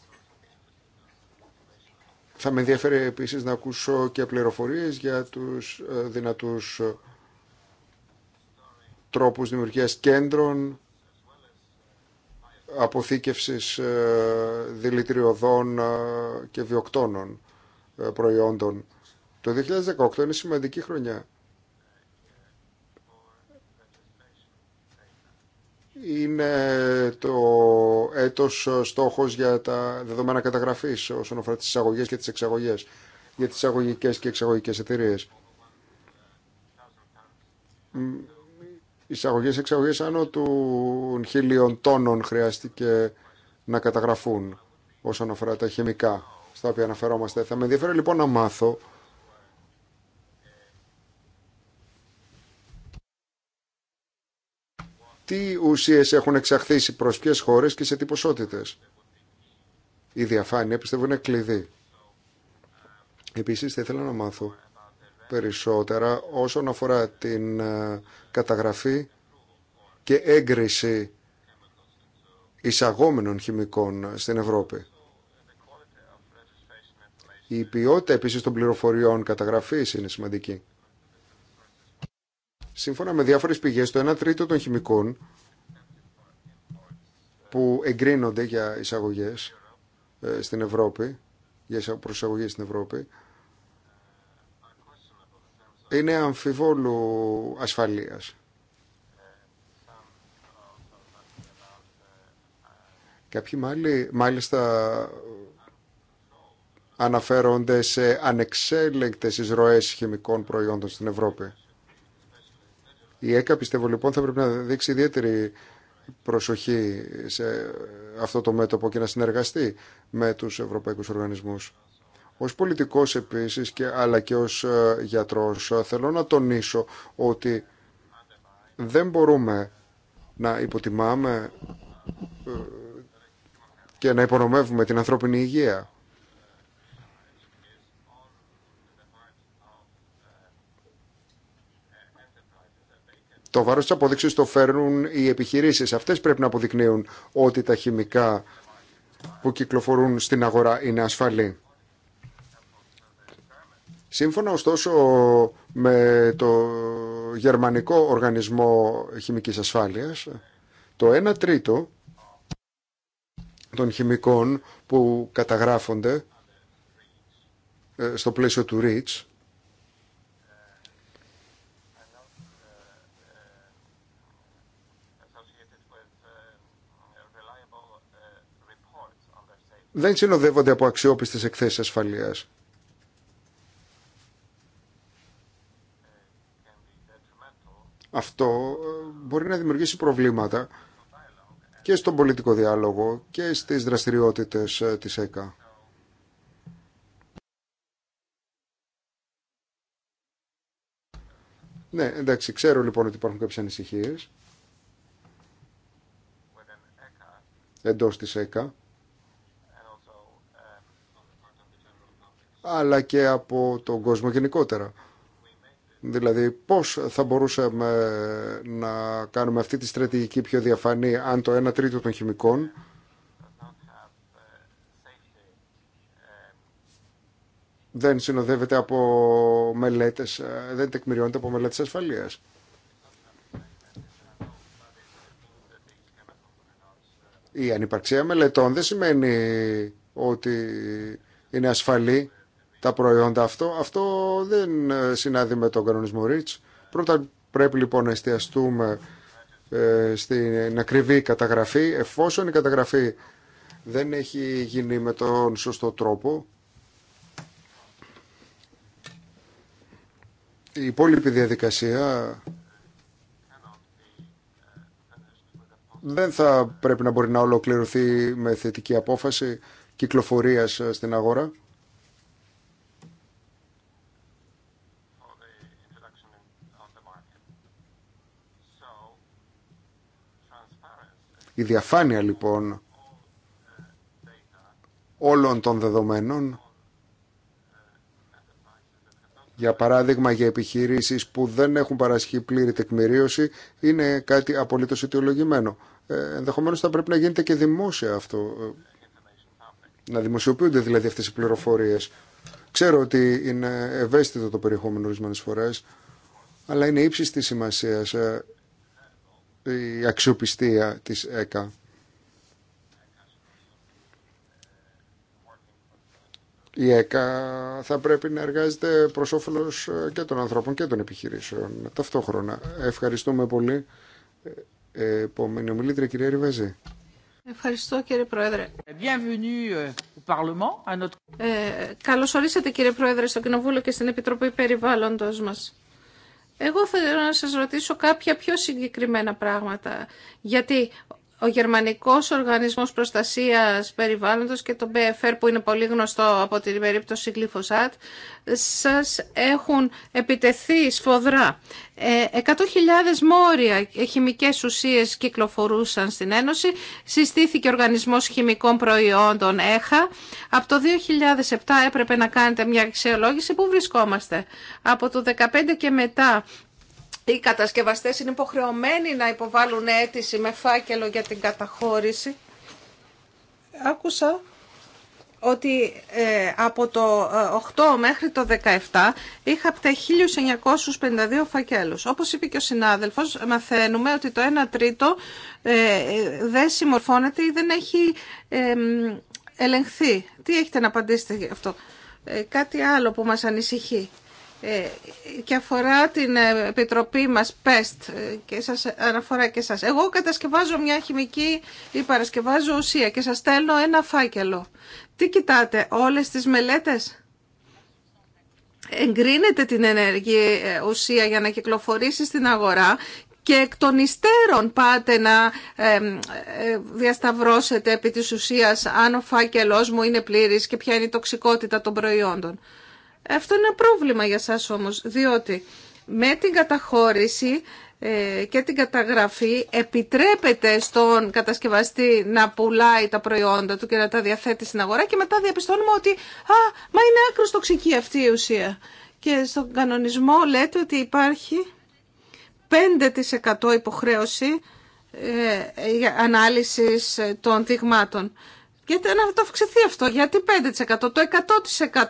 Θα με ενδιαφέρει επίσης να ακούσω και πληροφορίες για τους ε, δυνατούς ε, τρόπους δημιουργίας κέντρων, αποθήκευσης ε, δηλητριωδών και βιοκτώνων προϊόντων. Το 2018 είναι σημαντική χρονιά είναι το έτος ε, στόχος για τα δεδομένα καταγραφής όσον αφορά τις εισαγωγές και τις εξαγωγές για τις εισαγωγικές και εξαγωγικές εταιρείε. Εισαγωγές εξαγωγές άνω των χίλιων τόνων χρειάστηκε να καταγραφούν όσον αφορά τα χημικά στα οποία αναφερόμαστε. Θα με ενδιαφέρει λοιπόν να μάθω τι ουσίες έχουν εξαχθεί προς ποιες χώρες και σε τι ποσότητες. Η διαφάνεια πιστεύω είναι κλειδί. Επίσης θα ήθελα να μάθω περισσότερα όσον αφορά την ε, καταγραφή και έγκριση εισαγόμενων χημικών στην Ευρώπη. Η ποιότητα επίσης των πληροφοριών καταγραφής είναι σημαντική. Σύμφωνα με διάφορες πηγές, το 1 τρίτο των χημικών που εγκρίνονται για εισαγωγές ε, στην Ευρώπη, για προσαγωγές στην Ευρώπη, είναι αμφιβόλου ασφαλείας. Κάποιοι μάλιστα αναφέρονται σε ανεξέλεγκτες εισρωές χημικών προϊόντων στην Ευρώπη. Η ΕΚΑ πιστεύω λοιπόν θα πρέπει να δείξει ιδιαίτερη προσοχή σε αυτό το μέτωπο και να συνεργαστεί με τους ευρωπαϊκούς οργανισμούς. Ως πολιτικός επίσης και, αλλά και ως ε, γιατρός θέλω να τονίσω ότι δεν μπορούμε να υποτιμάμε ε, και να υπονομεύουμε την ανθρώπινη υγεία. Το βάρος τη αποδείξη το φέρνουν οι επιχειρήσεις. Αυτές πρέπει να αποδεικνύουν ότι τα χημικά που κυκλοφορούν στην αγορά είναι ασφαλή. Σύμφωνα ωστόσο με το Γερμανικό Οργανισμό Χημικής Ασφάλειας, το 1 τρίτο των χημικών που καταγράφονται ε, στο πλαίσιο του REACH δεν συνοδεύονται από αξιόπιστες εκθέσεις ασφαλείας. Αυτό ε, μπορεί να δημιουργήσει προβλήματα και στον πολιτικό διάλογο και στις δραστηριότητες ε, της ΕΚΑ. Ναι, εντάξει, ξέρω λοιπόν ότι υπάρχουν κάποιες ανησυχίες εντός της ΕΚΑ αλλά και από τον κόσμο γενικότερα. Δηλαδή πώς θα μπορούσαμε να κάνουμε αυτή τη στρατηγική πιο διαφανή αν το 1 τρίτο των χημικών δεν συνοδεύεται από μελέτες, δεν τεκμηριώνεται από μελέτες ασφαλείας. Η ανυπαρξία μελετών δεν σημαίνει ότι είναι ασφαλή τα προϊόντα αυτό. Αυτό δεν ε, συνάδει με τον κανονισμό REACH. Πρώτα πρέπει λοιπόν να εστιαστούμε ε, στην ακριβή καταγραφή. Εφόσον η καταγραφή δεν έχει γίνει με τον σωστό τρόπο, η υπόλοιπη διαδικασία δεν θα πρέπει να μπορεί να ολοκληρωθεί με θετική απόφαση κυκλοφορίας ε, στην αγορά. Η διαφάνεια λοιπόν όλων των δεδομένων για παράδειγμα για επιχειρήσεις που δεν έχουν παρασχεί πλήρη τεκμηρίωση είναι κάτι απολύτως αιτιολογημένο. Ε, ενδεχομένως θα πρέπει να γίνεται και δημόσια αυτό. Ε, να δημοσιοποιούνται δηλαδή αυτές οι πληροφορίες. Ξέρω ότι είναι ευαίσθητο το περιεχόμενο ορισμένε φορές, αλλά είναι ύψης της σημασίας ε, η αξιοπιστία της ΕΚΑ. Η ΕΚΑ θα πρέπει να εργάζεται προς όφελος ε, και των ανθρώπων και των επιχειρήσεων ταυτόχρονα. Ευχαριστούμε πολύ. Ε, επόμενη ομιλήτρια, κυρία Ριβαζή. Ευχαριστώ κύριε Πρόεδρε. Ε, ε, καλώς ορίσατε κύριε Πρόεδρε στο Κοινοβούλιο και στην Επιτροπή Περιβάλλοντος μας. Εγώ θέλω να σας ρωτήσω κάποια πιο συγκεκριμένα πράγματα, γιατί ο Γερμανικός Οργανισμός Προστασίας Περιβάλλοντος και το BFR που είναι πολύ γνωστό από την περίπτωση Glyphosat σας έχουν επιτεθεί σφοδρά. 100.000 ε, μόρια χημικές ουσίες κυκλοφορούσαν στην Ένωση. Συστήθηκε ο Οργανισμός Χημικών Προϊόντων ΕΧΑ. Από το 2007 έπρεπε να κάνετε μια αξιολόγηση. Πού βρισκόμαστε. Από το 2015 και μετά οι κατασκευαστές είναι υποχρεωμένοι να υποβάλουν αίτηση με φάκελο για την καταχώρηση. Άκουσα ότι ε, από το 8 ε, μέχρι το 17 είχατε 1952 φακέλους. Όπως είπε και ο συνάδελφος, μαθαίνουμε ότι το 1 τρίτο ε, δεν συμμορφώνεται ή δεν έχει ελεγχθεί. Τι έχετε να απαντήσετε γι' αυτό. κάτι άλλο που μας ανησυχεί. Ε, και αφορά την ε, επιτροπή μας PEST ε, και σας αναφορά και σας. Εγώ κατασκευάζω μια χημική ή παρασκευάζω ουσία και σας στέλνω ένα φάκελο. Τι κοιτάτε, όλες τις μελέτες. Εγκρίνετε την ενέργεια ουσία για να κυκλοφορήσει στην αγορά και εκ των υστέρων πάτε να διασταυρώσετε επί της ουσίας αν ο φάκελός μου είναι πλήρης και ποια είναι η τοξικότητα των προϊόντων. Αυτό είναι ένα πρόβλημα για σας όμως, διότι με την καταχώρηση ε, και την καταγραφή επιτρέπεται στον κατασκευαστή να πουλάει τα προϊόντα του και να τα διαθέτει στην αγορά και μετά διαπιστώνουμε ότι «Α, μα είναι άκρος τοξική αυτή η ουσία». Και στον κανονισμό λέτε ότι υπάρχει 5% υποχρέωση ε, ανάλυσης των δειγμάτων. Γιατί να το αυξηθεί αυτό, γιατί 5%, το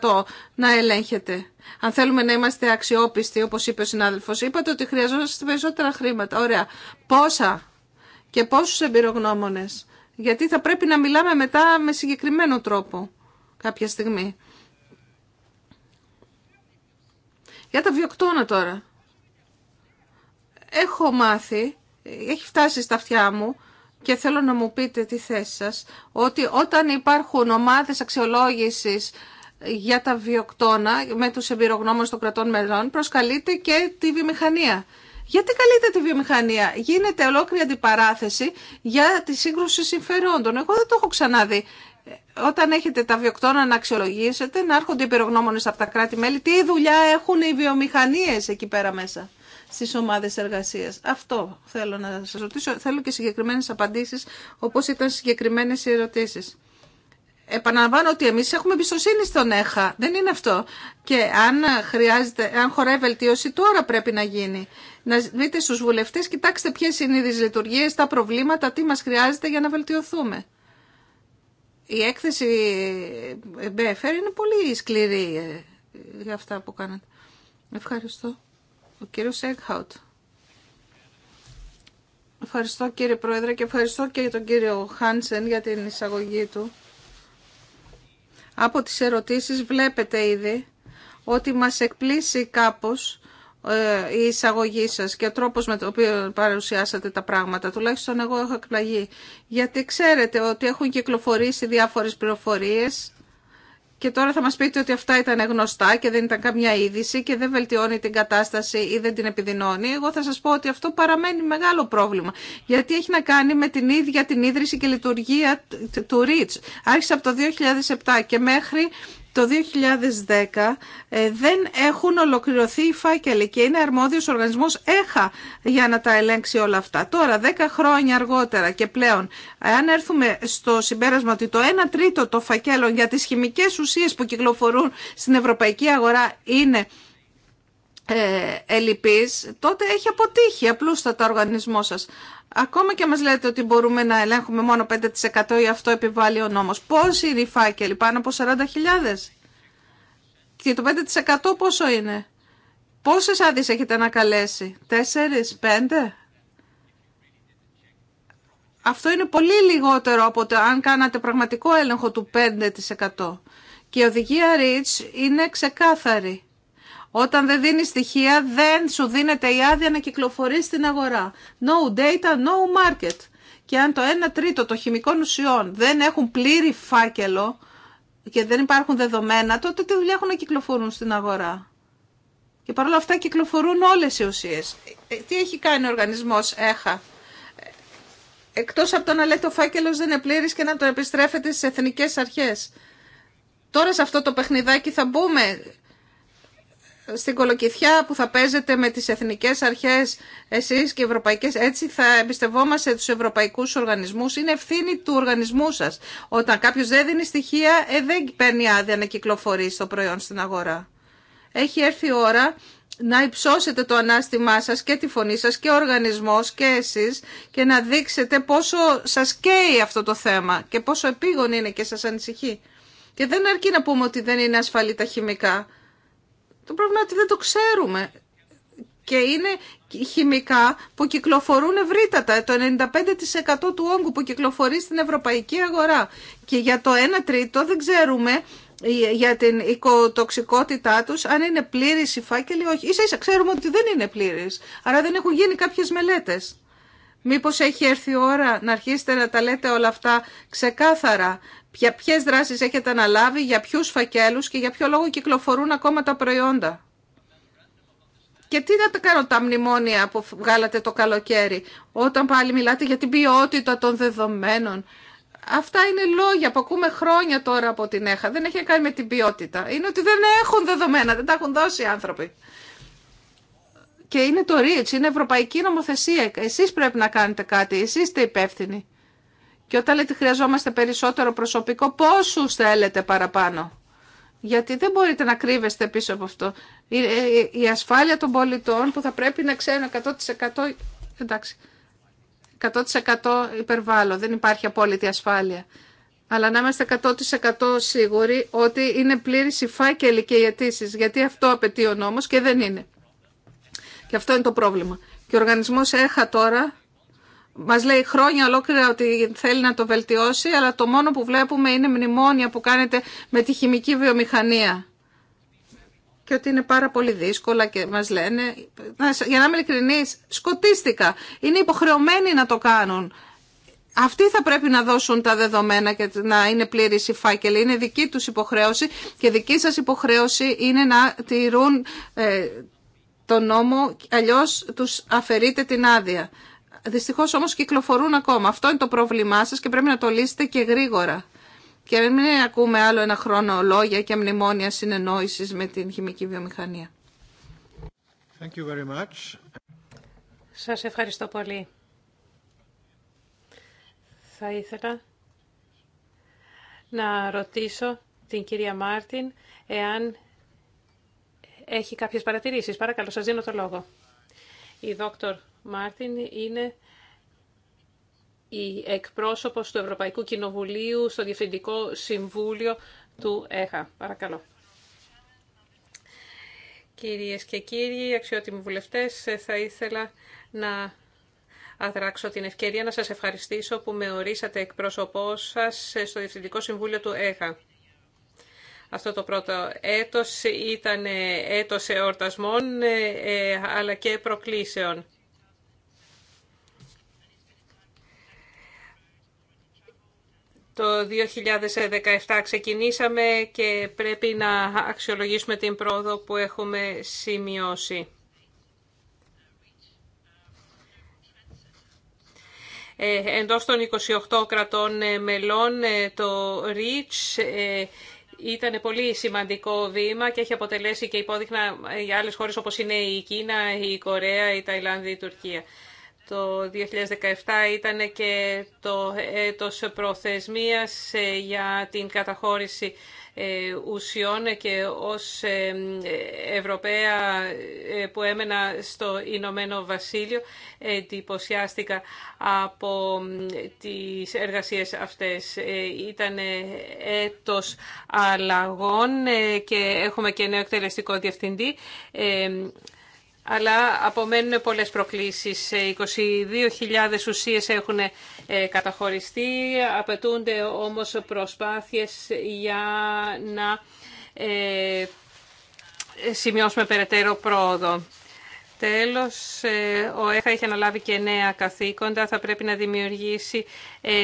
100% να ελέγχεται. Αν θέλουμε να είμαστε αξιόπιστοι, όπως είπε ο συνάδελφος, είπατε ότι χρειαζόμαστε περισσότερα χρήματα. Ωραία. Πόσα και πόσους εμπειρογνώμονες. Γιατί θα πρέπει να μιλάμε μετά με συγκεκριμένο τρόπο κάποια στιγμή. Για τα βιοκτώνα τώρα. Έχω μάθει, έχει φτάσει στα αυτιά μου, και θέλω να μου πείτε τη θέση σας, ότι όταν υπάρχουν ομάδες αξιολόγησης για τα βιοκτώνα με τους εμπειρογνώμονες των κρατών μελών, προσκαλείται και τη βιομηχανία. Γιατί καλείται τη βιομηχανία. Γίνεται ολόκληρη αντιπαράθεση για τη σύγκρουση συμφερόντων. Εγώ δεν το έχω ξαναδεί. Όταν έχετε τα βιοκτώνα να αξιολογήσετε, να έρχονται οι από τα κράτη-μέλη, τι δουλειά έχουν οι βιομηχανίες εκεί πέρα μέσα στις ομάδες εργασίας. Αυτό θέλω να σας ρωτήσω. Θέλω και συγκεκριμένες απαντήσεις, όπως ήταν συγκεκριμένες οι ερωτήσεις. Επαναλαμβάνω ότι εμείς έχουμε εμπιστοσύνη στον ΕΧΑ. Δεν είναι αυτό. Και αν, χρειάζεται, αν χωράει βελτίωση, τώρα πρέπει να γίνει. Να δείτε στους βουλευτές, κοιτάξτε ποιες είναι οι δυσλειτουργίες, τα προβλήματα, τι μας χρειάζεται για να βελτιωθούμε. Η έκθεση BFR είναι πολύ σκληρή ε, για αυτά που κάνατε. Ευχαριστώ. Ο κύριος Έγχαουτ. Ευχαριστώ κύριε Πρόεδρε και ευχαριστώ και τον κύριο Χάνσεν για την εισαγωγή του. Από τις ερωτήσεις βλέπετε ήδη ότι μας εκπλήσει κάπως ε, η εισαγωγή σας και ο τρόπος με τον οποίο παρουσιάσατε τα πράγματα. Τουλάχιστον εγώ έχω εκπλαγεί. Γιατί ξέρετε ότι έχουν κυκλοφορήσει διάφορες πληροφορίες και τώρα θα μας πείτε ότι αυτά ήταν γνωστά και δεν ήταν καμιά είδηση και δεν βελτιώνει την κατάσταση ή δεν την επιδεινώνει. Εγώ θα σας πω ότι αυτό παραμένει μεγάλο πρόβλημα. Γιατί έχει να κάνει με την ίδια την ίδρυση και λειτουργία του REACH. Άρχισε από το 2007 και μέχρι το 2010 ε, δεν έχουν ολοκληρωθεί οι φάκελοι και είναι αρμόδιος οργανισμός ΕΧΑ για να τα ελέγξει όλα αυτά. Τώρα, 10 χρόνια αργότερα και πλέον, ε, αν έρθουμε στο συμπέρασμα ότι το 1 τρίτο των φακέλων για τις χημικές ουσίες που κυκλοφορούν στην ευρωπαϊκή αγορά είναι ε, τότε έχει αποτύχει απλούστατα ο οργανισμός σας. Ακόμα και μας λέτε ότι μπορούμε να ελέγχουμε μόνο 5% ή αυτό επιβάλλει ο νόμος. Πόσοι είναι οι φάκελοι, πάνω από 40.000. Και το 5% πόσο είναι. Πόσες άδειες έχετε ανακαλέσει, 4, 5. Αυτό είναι πολύ λιγότερο από το αν κάνατε πραγματικό έλεγχο του 5%. Και η οδηγία REACH είναι ξεκάθαρη. Όταν δεν δίνει στοιχεία, δεν σου δίνεται η άδεια να κυκλοφορεί στην αγορά. No data, no market. Και αν το 1 τρίτο των χημικών ουσιών δεν έχουν πλήρη φάκελο και δεν υπάρχουν δεδομένα, τότε τι δουλειά έχουν να κυκλοφορούν στην αγορά. Και παρόλα αυτά κυκλοφορούν όλε οι ουσίες. Ε, τι έχει κάνει ο οργανισμός ΕΧΑ. Εκτό από το να λέει το φάκελο δεν είναι πλήρη και να το επιστρέφεται στι εθνικέ αρχέ. Τώρα σε αυτό το παιχνιδάκι θα μπούμε στην κολοκυθιά που θα παίζετε με τις εθνικές αρχές εσείς και ευρωπαϊκές, έτσι θα εμπιστευόμαστε τους ευρωπαϊκούς οργανισμούς. Είναι ευθύνη του οργανισμού σας. Όταν κάποιος δεν δίνει στοιχεία, ε, δεν παίρνει άδεια να κυκλοφορεί στο προϊόν στην αγορά. Έχει έρθει η ώρα να υψώσετε το ανάστημά σας και τη φωνή σας και ο οργανισμός και εσείς και να δείξετε πόσο σας καίει αυτό το θέμα και πόσο επίγον είναι και σας ανησυχεί. Και δεν αρκεί να πούμε ότι δεν είναι ασφαλή τα χημικά. Το πρόβλημα είναι ότι δεν το ξέρουμε και είναι χημικά που κυκλοφορούν ευρύτατα, το 95% του όγκου που κυκλοφορεί στην ευρωπαϊκή αγορά. Και για το 1 τρίτο δεν ξέρουμε για την οικοτοξικότητά τους, αν είναι πλήρης η φάκελη, όχι. Ίσα ίσα ξέρουμε ότι δεν είναι πλήρης, άρα δεν έχουν γίνει κάποιες μελέτες. Μήπως έχει έρθει η ώρα να αρχίσετε να τα λέτε όλα αυτά ξεκάθαρα, για ποιες δράσεις έχετε αναλάβει, για ποιους φακέλους και για ποιο λόγο κυκλοφορούν ακόμα τα προϊόντα. Και τι να τα κάνω τα μνημόνια που βγάλατε το καλοκαίρι, όταν πάλι μιλάτε για την ποιότητα των δεδομένων. Αυτά είναι λόγια που ακούμε χρόνια τώρα από την ΕΧΑ. Δεν έχει να κάνει με την ποιότητα. Είναι ότι δεν έχουν δεδομένα, δεν τα έχουν δώσει οι άνθρωποι. Και είναι το REACH, είναι ευρωπαϊκή νομοθεσία. Εσείς πρέπει να κάνετε κάτι, εσείς είστε υπεύθυνοι. Και όταν λέτε χρειαζόμαστε περισσότερο προσωπικό, πόσου θέλετε παραπάνω. Γιατί δεν μπορείτε να κρύβεστε πίσω από αυτό. Η ε, ασφάλεια των πολιτών που θα πρέπει να ξέρουν 100%, εντάξει, 100% υπερβάλλω, δεν υπάρχει απόλυτη ασφάλεια. Αλλά να είμαστε 100% σίγουροι ότι είναι πλήρη η φάκελη και οι αιτήσει, γιατί αυτό απαιτεί ο νόμο και δεν είναι. Και αυτό είναι το πρόβλημα. Και ο οργανισμό ΕΧΑ τώρα μας λέει χρόνια ολόκληρα ότι θέλει να το βελτιώσει, αλλά το μόνο που βλέπουμε είναι μνημόνια που κάνετε με τη χημική βιομηχανία. Και ότι είναι πάρα πολύ δύσκολα και μας λένε, για να είμαι ειλικρινής, σκοτίστηκα. Είναι υποχρεωμένοι να το κάνουν. Αυτοί θα πρέπει να δώσουν τα δεδομένα και να είναι πλήρη η φάκελη. Είναι δική τους υποχρέωση και δική σας υποχρέωση είναι να τηρούν ε, τον νόμο, αλλιώς τους αφαιρείτε την άδεια. Δυστυχώς όμως κυκλοφορούν ακόμα. Αυτό είναι το πρόβλημά σας και πρέπει να το λύσετε και γρήγορα. Και μην ακούμε άλλο ένα χρόνο λόγια και μνημόνια συνεννόησης με την χημική βιομηχανία. Thank you very much. Σας ευχαριστώ πολύ. Θα ήθελα να ρωτήσω την κυρία Μάρτιν εάν έχει κάποιες παρατηρήσεις. Παρακαλώ, σας δίνω το λόγο. Η δόκτωρ Μάρτιν είναι η εκπρόσωπος του Ευρωπαϊκού Κοινοβουλίου στο Διευθυντικό Συμβούλιο του ΕΧΑ. Παρακαλώ. Κυρίες και κύριοι, αξιότιμοι βουλευτές, θα ήθελα να αδράξω την ευκαιρία να σας ευχαριστήσω που με ορίσατε εκπρόσωπό σας στο Διευθυντικό Συμβούλιο του ΕΧΑ. Αυτό το πρώτο έτος ήταν έτος εορτασμών ε, αλλά και προκλήσεων. Το 2017 ξεκινήσαμε και πρέπει να αξιολογήσουμε την πρόοδο που έχουμε σημειώσει. Ε, εντός των 28 κρατών ε, μελών ε, το REACH ήταν πολύ σημαντικό βήμα και έχει αποτελέσει και υπόδειχνα για άλλες χώρες όπως είναι η Κίνα, η Κορέα, η Ταϊλάνδη, η Τουρκία. Το 2017 ήταν και το έτος προθεσμίας ε, για την καταχώρηση ε, ουσιών και ως ε, Ευρωπαία που έμενα στο Ηνωμένο Βασίλειο εντυπωσιάστηκα από τις εργασίες αυτές. Ήταν έτος αλλαγών και έχουμε και νέο εκτελεστικό διευθυντή αλλά απομένουν πολλές προκλήσεις. 22.000 ουσίες έχουν ε, καταχωριστεί, απαιτούνται όμως προσπάθειες για να ε, σημειώσουμε περαιτέρω πρόοδο. Τέλος, ε, ο ΕΧΑ έχει αναλάβει και νέα καθήκοντα. Θα πρέπει να δημιουργήσει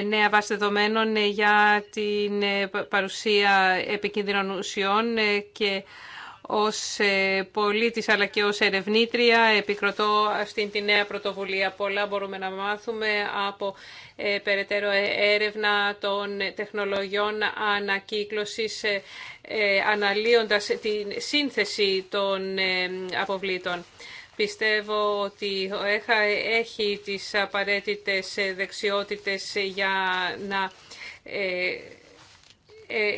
νέα βάση δεδομένων για την παρουσία επικίνδυνων ουσιών και ως ε, πολίτης αλλά και ως ερευνήτρια επικροτώ αυτήν τη νέα πρωτοβουλία. Πολλά μπορούμε να μάθουμε από ε, περαιτέρω ε, έρευνα των τεχνολογιών ανακύκλωσης αναλύοντας τη σύνθεση των αποβλήτων. Πιστεύω ότι ο ΕΧΑ έχει τις απαραίτητες δεξιότητες για να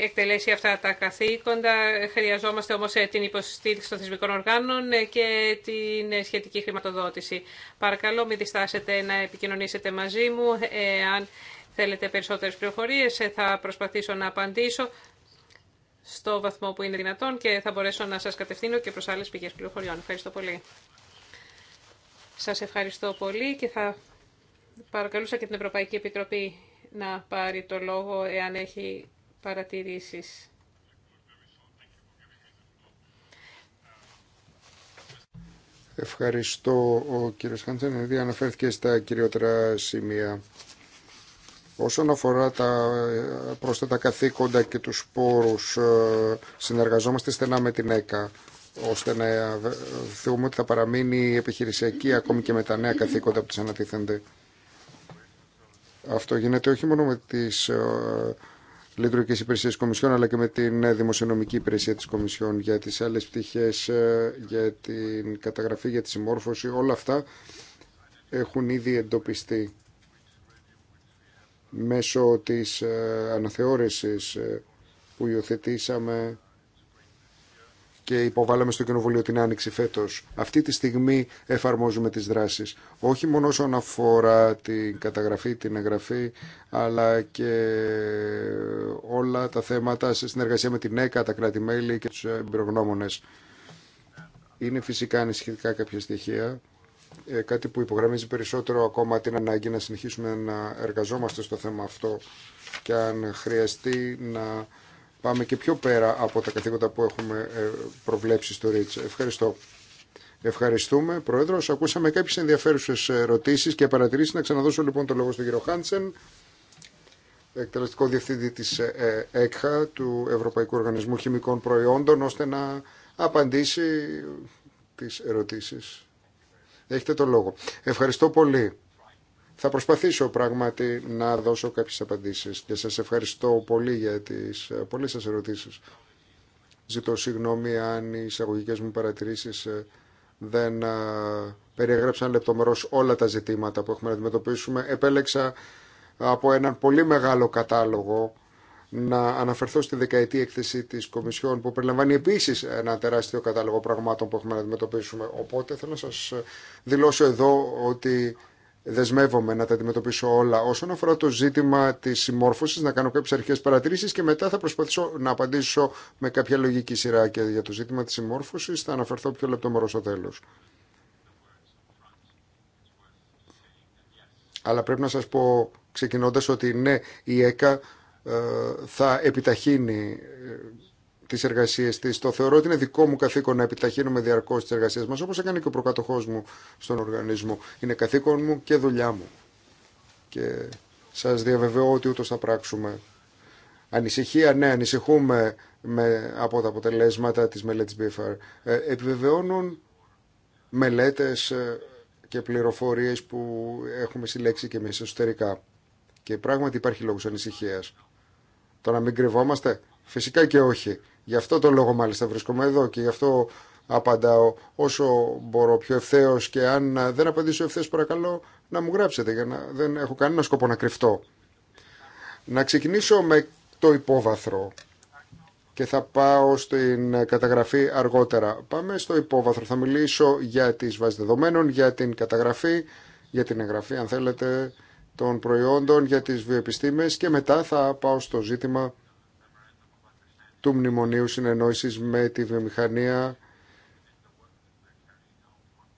εκτελέσει αυτά τα καθήκοντα. Χρειαζόμαστε όμως ε, την υποστήριξη των θεσμικών οργάνων ε, και την ε, σχετική χρηματοδότηση. Παρακαλώ μην διστάσετε να επικοινωνήσετε μαζί μου. Αν θέλετε περισσότερες πληροφορίες θα προσπαθήσω να απαντήσω στο βαθμό που είναι δυνατόν και θα μπορέσω να σας κατευθύνω και προς άλλες πηγές πληροφοριών. Ευχαριστώ πολύ. Σας ευχαριστώ πολύ και θα παρακαλούσα και την Ευρωπαϊκή Επιτροπή να πάρει το λόγο εάν έχει παρατηρήσεις. Ευχαριστώ. Ο κύριος Χάντσεν αναφέρθηκε στα κυριότερα σημεία. Όσον αφορά τα πρόσθετα καθήκοντα και τους πόρους, ε, συνεργαζόμαστε στενά με την ΕΚΑ, ώστε να θεωρούμε ότι θα παραμείνει επιχειρησιακή ακόμη και με τα νέα καθήκοντα που τις ανατίθενται. Αυτό γίνεται όχι μόνο με τις ε, Λειτουργικέ Υπηρεσίε Κομισιόν αλλά και με την ε, δημοσιονομική υπηρεσία της Κομισιόν για τις άλλε πτυχέ ε, για την καταγραφή, για τη συμμόρφωση. Όλα αυτά έχουν ήδη εντοπιστεί μέσω της ε, αναθεώρησης που υιοθετήσαμε και υποβάλαμε στο Κοινοβουλίο την Άνοιξη φέτο. Αυτή τη στιγμή εφαρμόζουμε τι δράσει. Όχι μόνο όσον αφορά την καταγραφή, την εγγραφή, αλλά και όλα τα θέματα σε συνεργασία με την ΕΚΑ, τα κράτη-μέλη και του εμπειρογνώμονε. Είναι φυσικά ανησυχητικά κάποια στοιχεία. Ε, κάτι που υπογραμμίζει περισσότερο ακόμα την ανάγκη να συνεχίσουμε να εργαζόμαστε στο θέμα αυτό και αν χρειαστεί να πάμε και πιο πέρα από τα καθήκοντα που έχουμε ε, προβλέψει στο ΡΙΤΣ. Ευχαριστώ. Ευχαριστούμε, Πρόεδρο. Ακούσαμε κάποιε ενδιαφέρουσε ερωτήσει και παρατηρήσει. Να ξαναδώσω λοιπόν το λόγο στον κύριο Χάντσεν, εκτελεστικό διευθύντη τη ε, ε, ΕΚΧΑ, του Ευρωπαϊκού Οργανισμού Χημικών Προϊόντων, ώστε να απαντήσει τι ερωτήσει. Έχετε το λόγο. Ευχαριστώ πολύ. Θα προσπαθήσω πράγματι να δώσω κάποιες απαντήσεις και σας ευχαριστώ πολύ για τις ε, πολλές σας ερωτήσεις. Ζητώ συγγνώμη αν οι εισαγωγικές μου παρατηρήσεις ε, δεν ε, περιέγραψαν λεπτομερώς όλα τα ζητήματα που έχουμε να αντιμετωπίσουμε. Επέλεξα από έναν πολύ μεγάλο κατάλογο να αναφερθώ στη δεκαετή έκθεση της Κομισιόν που περιλαμβάνει επίσης ένα τεράστιο κατάλογο πραγμάτων που έχουμε να αντιμετωπίσουμε. Οπότε θέλω να σας δηλώσω εδώ ότι δεσμεύομαι να τα αντιμετωπίσω όλα. Όσον αφορά το ζήτημα τη συμμόρφωση, να κάνω κάποιε αρχέ παρατηρήσει και μετά θα προσπαθήσω να απαντήσω με κάποια λογική σειρά. Και για το ζήτημα τη συμμόρφωση θα αναφερθώ πιο λεπτομερό στο τέλο. Αλλά πρέπει να σας πω ξεκινώντας ότι ναι, η ΕΚΑ ε, θα επιταχύνει ε, τι εργασίε τη. Το θεωρώ ότι είναι δικό μου καθήκον να επιταχύνουμε διαρκώ τι εργασίε μα, όπω έκανε και ο προκατοχό μου στον οργανισμό. Είναι καθήκον μου και δουλειά μου. Και σα διαβεβαιώ ότι ούτω θα πράξουμε. Ανησυχία, ναι, ανησυχούμε με, από τα αποτελέσματα της μελέτης BFR. Ε, επιβεβαιώνουν μελέτες ε, και πληροφορίες που έχουμε συλλέξει και εμείς εσωτερικά. Και πράγματι υπάρχει λόγος ανησυχίας. Το να μην κρυβόμαστε Φυσικά και όχι. Γι' αυτό το λόγο μάλιστα βρίσκομαι εδώ και γι' αυτό απαντάω όσο μπορώ πιο ευθέω και αν δεν απαντήσω ευθέω παρακαλώ να μου γράψετε για να δεν έχω κανένα σκοπό να κρυφτώ. Να ξεκινήσω με το υπόβαθρο και θα πάω στην καταγραφή αργότερα. Πάμε στο υπόβαθρο. Θα μιλήσω για τις βάσεις δεδομένων, για την καταγραφή, για την εγγραφή αν θέλετε των προϊόντων, για τις βιοεπιστήμες και μετά θα πάω στο ζήτημα του Μνημονίου Συνεννόησης με τη βιομηχανία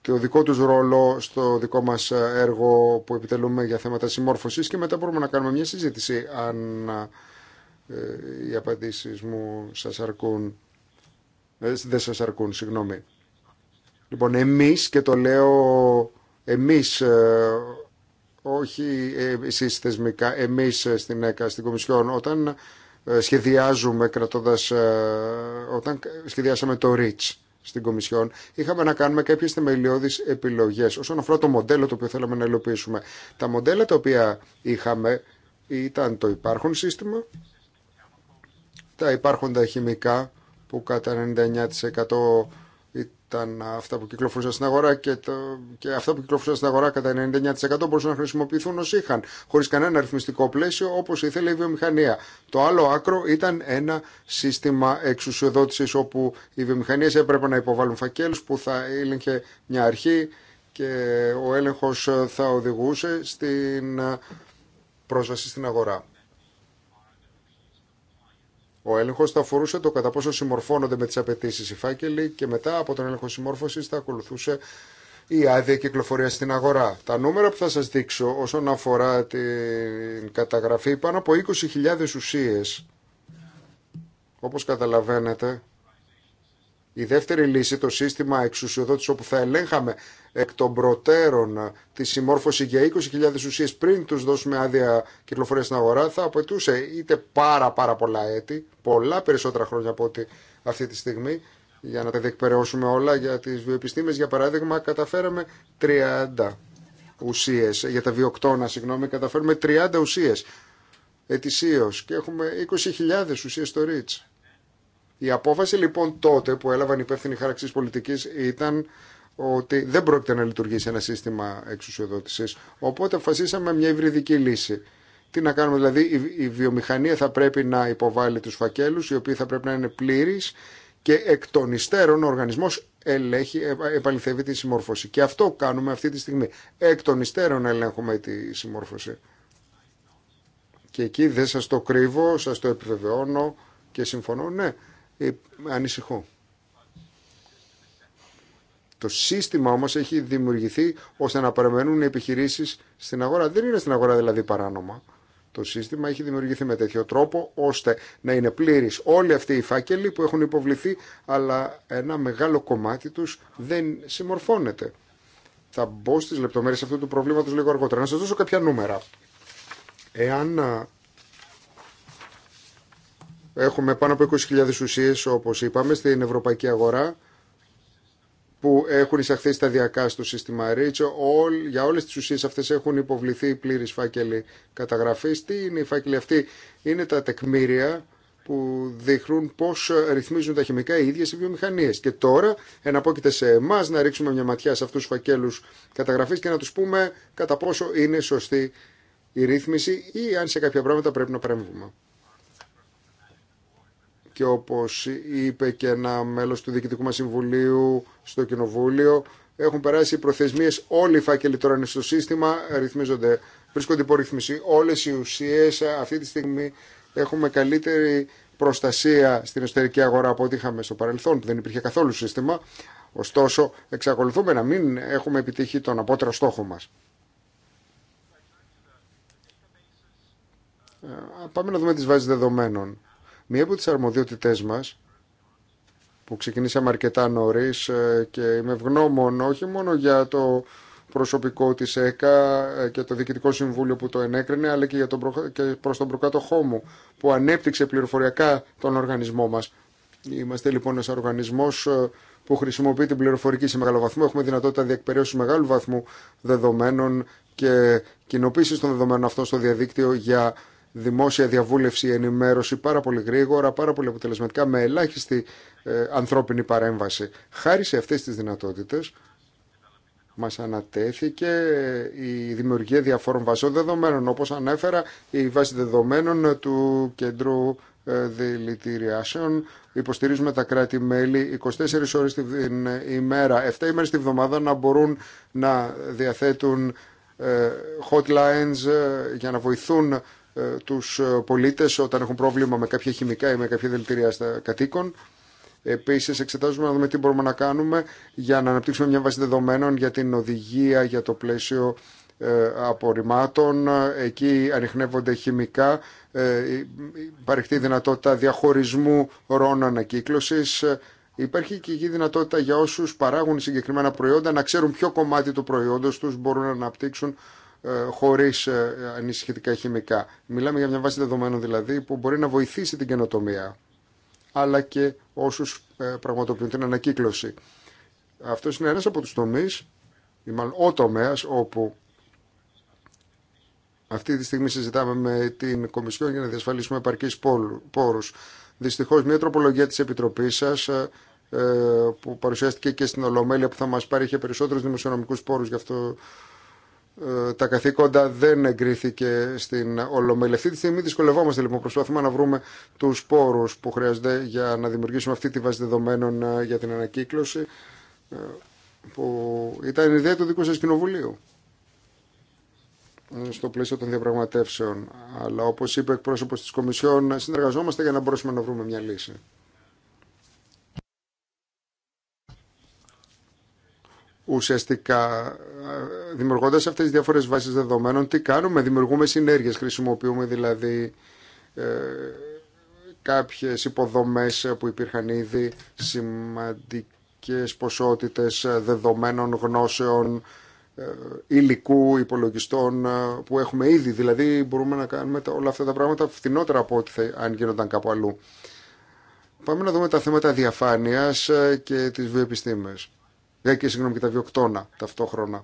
και ο δικό τους ρόλο στο δικό μας έργο που επιτελούμε για θέματα συμμόρφωσης και μετά μπορούμε να κάνουμε μια συζήτηση αν ε, οι απαντήσεις μου σας αρκούν. Ε, δεν σας αρκούν, συγγνώμη. Λοιπόν, εμείς και το λέω εμείς, ε, όχι εσείς θεσμικά, εμείς στην ΕΚΑ, στην Κομισιόν, όταν ε, σχεδιάζουμε κρατώντας, ε, όταν σχεδιάσαμε το REACH στην Κομισιόν, είχαμε να κάνουμε κάποιες θεμελιώδεις επιλογές όσον αφορά το μοντέλο το οποίο θέλαμε να υλοποιήσουμε. Τα μοντέλα τα οποία είχαμε ήταν το υπάρχον σύστημα, τα υπάρχοντα χημικά που κατά 99% ήταν αυτά που κυκλοφορούσαν στην αγορά και, το, και αυτά που κυκλοφορούσαν στην αγορά κατά 99% μπορούσαν να χρησιμοποιηθούν ως είχαν, χωρίς κανένα αριθμιστικό πλαίσιο όπως ήθελε η βιομηχανία. Το άλλο άκρο ήταν ένα σύστημα εξουσιοδότησης όπου οι βιομηχανίες έπρεπε να υποβάλουν φακέλους που θα έλεγχε μια αρχή και ο έλεγχος θα οδηγούσε στην ε, πρόσβαση στην αγορά. Ο έλεγχο θα αφορούσε το κατά πόσο συμμορφώνονται με τι απαιτήσει οι φάκελοι και μετά από τον έλεγχο συμμόρφωση θα ακολουθούσε η άδεια κυκλοφορία στην αγορά. Τα νούμερα που θα σα δείξω όσον αφορά την καταγραφή πάνω από 20.000 ουσίε. Όπως καταλαβαίνετε, η δεύτερη λύση, το σύστημα εξουσιοδότηση όπου θα ελέγχαμε εκ των προτέρων τη συμμόρφωση για 20.000 ουσίε πριν του δώσουμε άδεια κυκλοφορία στην αγορά, θα απαιτούσε είτε πάρα πάρα πολλά έτη, πολλά περισσότερα χρόνια από ότι αυτή τη στιγμή, για να τα διεκπαιρεώσουμε όλα, για τι βιοεπιστήμε. για παράδειγμα, καταφέραμε 30 ουσίες, για τα βιοκτώνα, συγγνώμη, καταφέρουμε 30 ουσίες ετησίως και έχουμε 20.000 ουσίες στο REACH. Η απόφαση λοιπόν τότε που έλαβαν υπεύθυνοι χάραξη πολιτική ήταν ότι δεν πρόκειται να λειτουργήσει ένα σύστημα εξουσιοδότηση. Οπότε αποφασίσαμε μια υβριδική λύση. Τι να κάνουμε, δηλαδή η βιομηχανία θα πρέπει να υποβάλει τους φακέλους οι οποίοι θα πρέπει να είναι πλήρεις και εκ των υστέρων ο οργανισμό ε, επαληθεύει τη συμμόρφωση. Και αυτό κάνουμε αυτή τη στιγμή. Εκ των υστέρων ελέγχουμε τη συμμόρφωση. Και εκεί δεν σας το κρύβω, σας το επιβεβαιώνω και συμφωνώ, ναι ε, ανησυχώ. Το σύστημα όμως έχει δημιουργηθεί ώστε να παραμένουν οι επιχειρήσεις στην αγορά. Δεν είναι στην αγορά δηλαδή παράνομα. Το σύστημα έχει δημιουργηθεί με τέτοιο τρόπο ώστε να είναι πλήρης όλοι αυτοί οι φάκελοι που έχουν υποβληθεί αλλά ένα μεγάλο κομμάτι τους δεν συμμορφώνεται. Θα μπω στις λεπτομέρειες αυτού του προβλήματος λίγο αργότερα. Να σας δώσω κάποια νούμερα. Εάν Έχουμε πάνω από 20.000 ουσίες, όπως είπαμε, στην ευρωπαϊκή αγορά που έχουν εισαχθεί σταδιακά στο σύστημα REACH. για όλες τις ουσίες αυτές έχουν υποβληθεί πλήρης φάκελοι καταγραφής. Τι είναι οι φάκελοι αυτοί. Είναι τα τεκμήρια που δείχνουν πώς ρυθμίζουν τα χημικά οι ίδιες οι βιομηχανίες. Και τώρα εναπόκειται σε εμά να ρίξουμε μια ματιά σε αυτούς τους φακέλους καταγραφής και να τους πούμε κατά πόσο είναι σωστή η ρύθμιση ή αν σε κάποια πράγματα πρέπει να παρέμβουμε και όπως είπε και ένα μέλος του Διοικητικού μας Συμβουλίου στο Κοινοβούλιο, έχουν περάσει οι προθεσμίες, όλοι οι φάκελοι τώρα είναι στο σύστημα, ρυθμίζονται, βρίσκονται υπό ρυθμισή, όλες οι ουσίες αυτή τη στιγμή έχουμε καλύτερη προστασία στην εσωτερική αγορά από ό,τι είχαμε στο παρελθόν, που δεν υπήρχε καθόλου σύστημα. Ωστόσο, εξακολουθούμε να μην έχουμε επιτύχει τον απότερο στόχο μας. Ε, πάμε να δούμε τις βάσεις δεδομένων. Μία από τις αρμοδιότητές μας που ξεκινήσαμε αρκετά νωρίς ε, και είμαι ευγνώμων όχι μόνο για το προσωπικό της ΕΚΑ ε, και το Διοικητικό Συμβούλιο που το ενέκρινε, αλλά και, για προ... και προς τον προκάτοχό μου, που ανέπτυξε πληροφοριακά τον οργανισμό μας. Είμαστε λοιπόν ένας οργανισμός ε, που χρησιμοποιεί την πληροφορική σε μεγάλο βαθμό. Έχουμε δυνατότητα διεκπαιρέωση μεγάλου βαθμού δεδομένων και κοινοποίηση των δεδομένων αυτών στο διαδίκτυο για δημόσια διαβούλευση, ενημέρωση πάρα πολύ γρήγορα, πάρα πολύ αποτελεσματικά, με ελάχιστη ε, ανθρώπινη παρέμβαση. Χάρη σε αυτές τις δυνατότητες μας ανατέθηκε ε, η δημιουργία διαφόρων βασών δεδομένων, όπως ανέφερα η βάση δεδομένων του κέντρου ε, δηλητηριάσεων. Υποστηρίζουμε τα κράτη-μέλη 24 ώρες την ημέρα, 7 ημέρες τη εβδομάδα να μπορούν να διαθέτουν hotlines για να βοηθούν ε, του ε, πολίτε όταν έχουν πρόβλημα με κάποια χημικά ή με κάποια δηλητηρία στα κατοίκων. Επίση, εξετάζουμε να δούμε τι μπορούμε να κάνουμε για να αναπτύξουμε μια βάση δεδομένων για την οδηγία, για το πλαίσιο ε, απορριμμάτων. Εκεί ανοιχνεύονται χημικά, υπάρχει δυνατότητα διαχωρισμού ροών ανακύκλωση. Υπάρχει και η δυνατότητα για όσους παράγουν συγκεκριμένα προϊόντα να ξέρουν ποιο κομμάτι του προϊόντος τους μπορούν να αναπτύξουν ε, Χωρί ε, ανησυχητικά χημικά. Μιλάμε για μια βάση δεδομένων δηλαδή που μπορεί να βοηθήσει την καινοτομία αλλά και όσου ε, πραγματοποιούν την ανακύκλωση. Αυτό είναι ένα από του τομεί, ή μάλλον ο τομέα όπου αυτή τη στιγμή συζητάμε με την Κομισιόν για να διασφαλίσουμε επαρκείς πόρου. Δυστυχώ μια τροπολογία τη επιτροπή σα που παρουσιάστηκε και στην Ολομέλεια που θα μας πάρει είχε περισσότερους δημοσιονομικούς πόρους, γι' αυτό ε, τα καθήκοντα δεν εγκρίθηκε στην Ολομέλεια. Αυτή τη στιγμή δυσκολευόμαστε λοιπόν. Προσπαθούμε να βρούμε του πόρου που χρειάζονται για να δημιουργήσουμε αυτή τη βάση δεδομένων ε, για την ανακύκλωση ε, που ήταν ιδέα του δικού σα κοινοβουλίου στο πλαίσιο των διαπραγματεύσεων. Αλλά όπως είπε ο εκπρόσωπος της Κομισιόν, συνεργαζόμαστε για να μπορέσουμε να βρούμε μια λύση. ουσιαστικά ε, δημιουργώντα αυτές τις διαφορέ βάσεις δεδομένων, τι κάνουμε, δημιουργούμε συνέργειες, χρησιμοποιούμε δηλαδή ε, κάποιες υποδομές που υπήρχαν ήδη, σημαντικές ποσότητες δεδομένων, γνώσεων, ε, υλικού, υπολογιστών ε, που έχουμε ήδη. Δηλαδή μπορούμε να κάνουμε όλα αυτά τα πράγματα φθηνότερα από ό,τι αν γίνονταν κάπου αλλού. Πάμε να δούμε τα θέματα διαφάνειας και της βιοεπιστήμης. Ε, και συγγνώμη και τα βιοκτώνα ταυτόχρονα.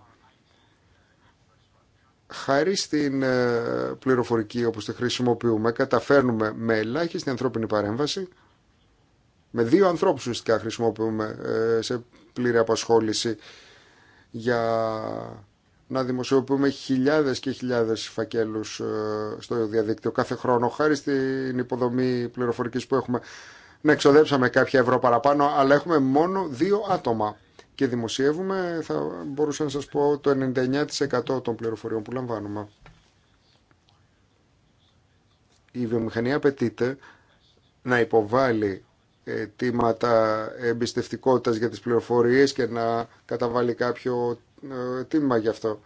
Χάρη στην ε, πληροφορική όπως τη χρησιμοποιούμε, καταφέρνουμε με ελάχιστη ανθρώπινη παρέμβαση, με δύο ανθρώπους ουσιαστικά χρησιμοποιούμε ε, σε πλήρη απασχόληση για να δημοσιοποιούμε χιλιάδες και χιλιάδες φακέλους στο διαδίκτυο κάθε χρόνο χάρη στην υποδομή πληροφορικής που έχουμε. Να εξοδέψαμε κάποια ευρώ παραπάνω, αλλά έχουμε μόνο δύο άτομα και δημοσιεύουμε, θα μπορούσα να σας πω το 99% των πληροφοριών που λαμβάνουμε. Η βιομηχανία απαιτείται να υποβάλει αιτήματα εμπιστευτικότητας για τις πληροφορίες και να καταβάλει κάποιο ε, τίμημα γι' αυτό.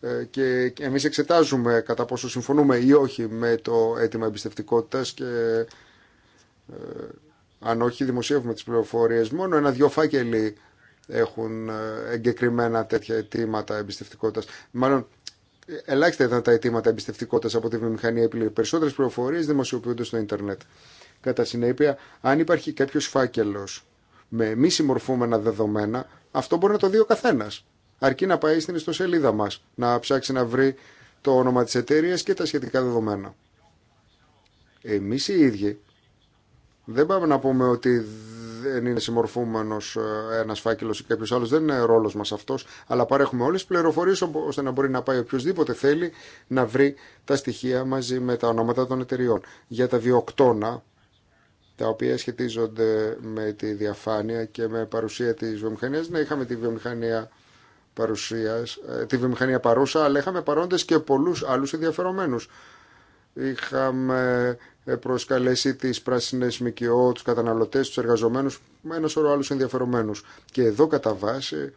Ε, και εμείς εξετάζουμε κατά πόσο συμφωνούμε ή όχι με το αίτημα εμπιστευτικότητας και ε, αν όχι δημοσιεύουμε τις πληροφορίες. Μόνο ένα-δυο φάκελοι έχουν ε, εγκεκριμένα τέτοια αιτήματα εμπιστευτικότητα. Μάλλον ελάχιστα ήταν τα αιτήματα εμπιστευτικότητα από τη βιομηχανία επιλογή. Περισσότερε πληροφορίε δημοσιοποιούνται στο Ιντερνετ. Κατά συνέπεια, αν υπάρχει κάποιο φάκελο με μη συμμορφούμενα δεδομένα, αυτό μπορεί να το δει ο καθένα. Αρκεί να πάει στην ιστοσελίδα μα, να ψάξει να βρει το όνομα τη εταιρεία και τα σχετικά δεδομένα. Εμεί οι ίδιοι δεν πάμε να πούμε ότι δεν είναι συμμορφούμενο ε, ένα φάκελο ή κάποιο άλλο, δεν είναι ρόλο μα αυτό, αλλά παρέχουμε όλε τι πληροφορίε ώστε να μπορεί να πάει οποιοδήποτε θέλει να βρει τα στοιχεία μαζί με τα ονόματα των εταιριών. Για τα βιοκτώνα, τα οποία σχετίζονται με τη διαφάνεια και με παρουσία τη βιομηχανία, ναι, είχαμε τη βιομηχανία. Παρουσίας, ε, τη βιομηχανία παρούσα, αλλά είχαμε παρόντες και πολλούς άλλους ενδιαφερομένους. Είχαμε ε, προσκαλέσει τις πράσινες ΜΚΟ, καταναλωτέ, καταναλωτές, εργαζομένου με ένα σωρό άλλου ενδιαφερομένους. Και εδώ κατά βάση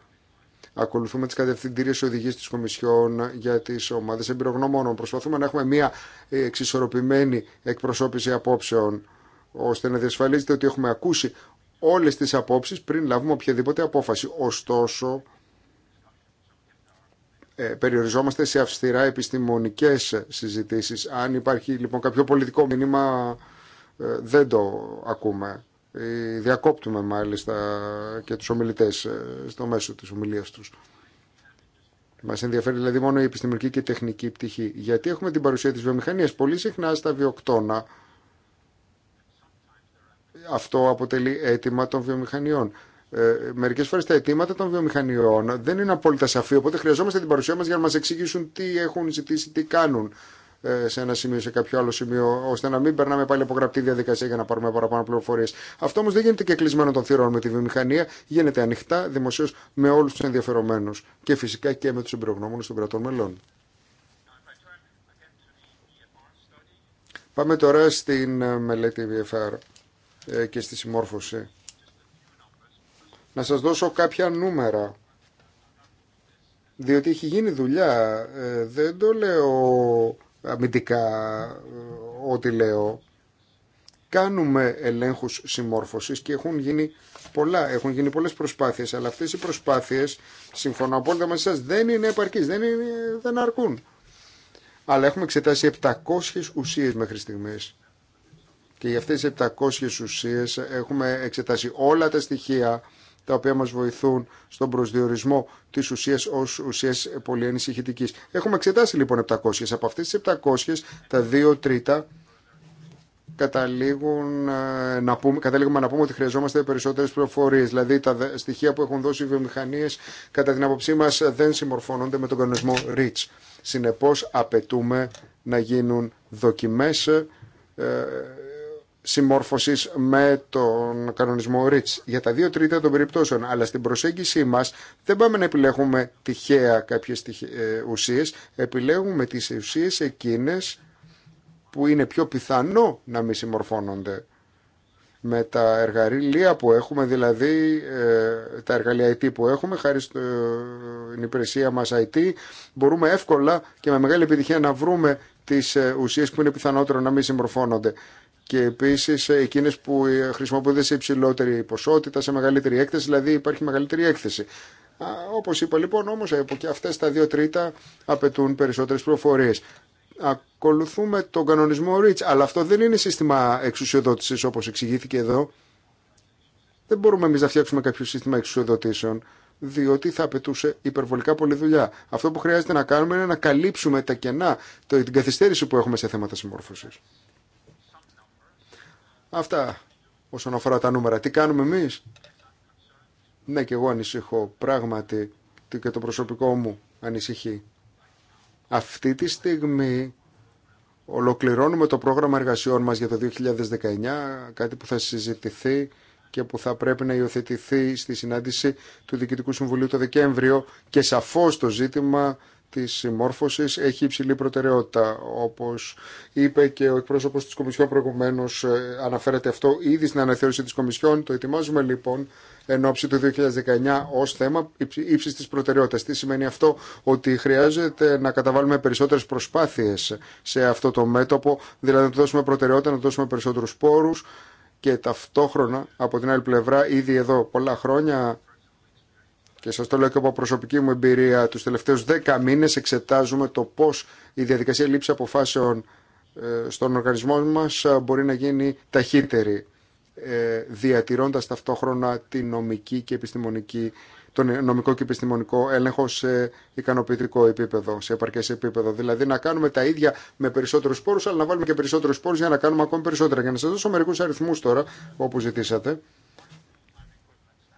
ακολουθούμε τις κατευθυντήριε οδηγίε της Κομισιόν για τι ομάδε. εμπειρογνωμόνων. Προσπαθούμε να έχουμε μια εξισορροπημένη εκπροσώπηση απόψεων, ώστε να διασφαλίζεται ότι έχουμε ακούσει όλες τις απόψεις πριν λάβουμε οποιαδήποτε απόφαση. Ωστόσο, ε, περιοριζόμαστε σε αυστηρά επιστημονικές συζητήσεις. Αν υπάρχει λοιπόν κάποιο πολιτικό μήνυμα ε, δεν το ακούμε. Ε, διακόπτουμε μάλιστα και τους ομιλητές στο μέσο της ομιλίας τους. Μα ενδιαφέρει δηλαδή μόνο η επιστημονική και τεχνική πτυχή. Γιατί έχουμε την παρουσία τη βιομηχανία πολύ συχνά στα βιοκτώνα. Αυτό αποτελεί αίτημα των βιομηχανιών. Ε, μερικές φορές τα αιτήματα των βιομηχανιών δεν είναι απόλυτα σαφή, οπότε χρειαζόμαστε την παρουσία μας για να μας εξηγήσουν τι έχουν ζητήσει, τι κάνουν ε, σε ένα σημείο, σε κάποιο άλλο σημείο, ώστε να μην περνάμε πάλι από γραπτή διαδικασία για να πάρουμε παραπάνω πληροφορίε. Αυτό όμω δεν γίνεται και κλεισμένο των θυρών με τη βιομηχανία, γίνεται ανοιχτά, δημοσίω με όλου του ενδιαφερομένου και φυσικά και με του εμπειρογνώμονε των κρατών μελών. Πάμε τώρα στην ε, μελέτη VFR και στη συμμόρφωση. Να σας δώσω κάποια νούμερα. Διότι έχει γίνει δουλειά. Ε, δεν το λέω αμυντικά ε, ό,τι λέω. Κάνουμε ελέγχους συμμόρφωσης και έχουν γίνει πολλά. Έχουν γίνει πολλές προσπάθειες. Αλλά αυτές οι προσπάθειες, συμφωνώ απόλυτα μαζί σας, δεν είναι επαρκείς. Δεν, δεν αρκούν. Αλλά έχουμε εξετάσει 700 ουσίες μέχρι στιγμής. Και για αυτές τις 700 ουσίες έχουμε εξετάσει όλα τα στοιχεία τα οποία μας βοηθούν στον προσδιορισμό της ουσίας ως ουσίας πολύ Έχουμε εξετάσει λοιπόν 700. Από αυτές τις 700 τα 2 τρίτα καταλήγουν ε, να πούμε, καταλήγουμε να πούμε ότι χρειαζόμαστε περισσότερε πληροφορίε. Δηλαδή, τα στοιχεία που έχουν δώσει οι βιομηχανίε, κατά την άποψή μα, δεν συμμορφώνονται με τον κανονισμό REACH. Συνεπώ, απαιτούμε να γίνουν δοκιμέ ε, συμμόρφωσης με τον κανονισμό REACH για τα δύο τρίτα των περιπτώσεων. Αλλά στην προσέγγιση μας δεν πάμε να επιλέγουμε τυχαία κάποιες ε, ουσίε, επιλέγουμε τις ουσίε εκείνε που είναι πιο πιθανό να μην συμμορφώνονται με τα εργαλεία που έχουμε, δηλαδή ε, τα εργαλεία IT που έχουμε, χάρη ε, στην υπηρεσία μας IT, μπορούμε εύκολα και με μεγάλη επιτυχία να βρούμε τις ουσίες που είναι πιθανότερο να μην συμμορφώνονται και επίση ε, εκείνες που ε, χρησιμοποιούνται σε υψηλότερη ποσότητα, σε μεγαλύτερη έκθεση, δηλαδή υπάρχει μεγαλύτερη έκθεση. Όπω είπα λοιπόν όμως ε, και αυτές τα δύο τρίτα απαιτούν περισσότερε προφορίες. Ακολουθούμε τον κανονισμό REACH, αλλά αυτό δεν είναι σύστημα εξουσιοδότηση όπω εξηγήθηκε εδώ. Δεν μπορούμε εμεί να φτιάξουμε κάποιο σύστημα εξουσιοδοτήσεων, διότι θα απαιτούσε υπερβολικά πολλή δουλειά. Αυτό που χρειάζεται να κάνουμε είναι να καλύψουμε τα κενά, την καθυστέρηση που έχουμε σε θέματα συμμόρφωση. Αυτά όσον αφορά τα νούμερα. Τι κάνουμε εμείς. Ναι και εγώ ανησυχώ πράγματι και το προσωπικό μου ανησυχεί. Αυτή τη στιγμή ολοκληρώνουμε το πρόγραμμα εργασιών μας για το 2019, κάτι που θα συζητηθεί και που θα πρέπει να υιοθετηθεί στη συνάντηση του Διοικητικού Συμβουλίου το Δεκέμβριο και σαφώς το ζήτημα της συμμόρφωσης έχει υψηλή προτεραιότητα. Όπως είπε και ο εκπρόσωπος της Κομισιόν προηγουμένως ε, αναφέρεται αυτό ήδη στην αναθεώρηση της Κομισιόν. Το ετοιμάζουμε λοιπόν εν ώψη του 2019 ως θέμα ύψης της προτεραιότητας. Τι σημαίνει αυτό, ότι χρειάζεται να καταβάλουμε περισσότερες προσπάθειες σε αυτό το μέτωπο, δηλαδή να του δώσουμε προτεραιότητα, να δώσουμε περισσότερους πόρους και ταυτόχρονα από την άλλη πλευρά ήδη εδώ πολλά χρόνια και σα το λέω και από προσωπική μου εμπειρία, του τελευταίους 10 μήνε, εξετάζουμε το πώ η διαδικασία λήψη αποφάσεων ε, στον οργανισμό μα ε, μπορεί να γίνει ταχύτερη, ε, διατηρώντα ταυτόχρονα την νομική και επιστημονική τον νομικό και επιστημονικό έλεγχο σε ικανοποιητικό επίπεδο, σε επαρκέ επίπεδο. Δηλαδή να κάνουμε τα ίδια με περισσότερου πόρου, αλλά να βάλουμε και περισσότερου πόρου για να κάνουμε ακόμη περισσότερα. Για να σα δώσω μερικού αριθμού τώρα, όπω ζητήσατε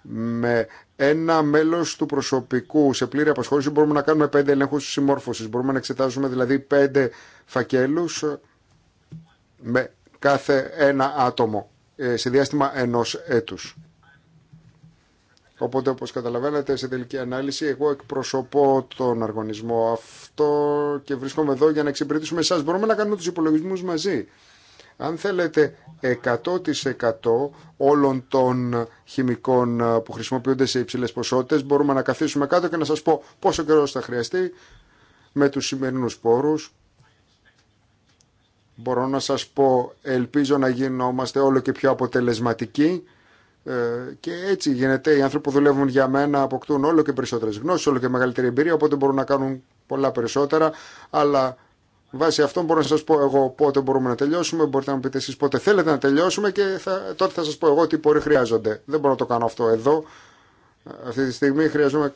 με ένα μέλο του προσωπικού σε πλήρη απασχόληση μπορούμε να κάνουμε πέντε ελέγχου συμμόρφωση. Μπορούμε να εξετάζουμε δηλαδή πέντε φακέλου με κάθε ένα άτομο ε, σε διάστημα ενό έτου. Οπότε, όπως καταλαβαίνετε, σε τελική ανάλυση, εγώ εκπροσωπώ τον οργανισμό αυτό και βρίσκομαι εδώ για να εξυπηρετήσουμε εσά. Μπορούμε να κάνουμε του υπολογισμού μαζί. Αν θέλετε 100% όλων των χημικών ε, που χρησιμοποιούνται σε υψηλές ποσότητες μπορούμε να καθίσουμε κάτω και να σας πω πόσο καιρό θα χρειαστεί με τους σημερινούς πόρους. Μπορώ να σας πω, ελπίζω να γινόμαστε όλο και πιο αποτελεσματικοί ε, και έτσι γίνεται. Οι άνθρωποι που δουλεύουν για μένα αποκτούν όλο και περισσότερες γνώσεις, όλο και μεγαλύτερη εμπειρία, οπότε μπορούν να κάνουν πολλά περισσότερα, αλλά Βάσει αυτό μπορώ να σα πω εγώ πότε μπορούμε να τελειώσουμε, μπορείτε να μου πείτε εσείς πότε θέλετε να τελειώσουμε και θα, τότε θα σα πω εγώ τι πορεία χρειάζονται. Δεν μπορώ να το κάνω αυτό εδώ. Αυτή τη στιγμή χρειαζόμαι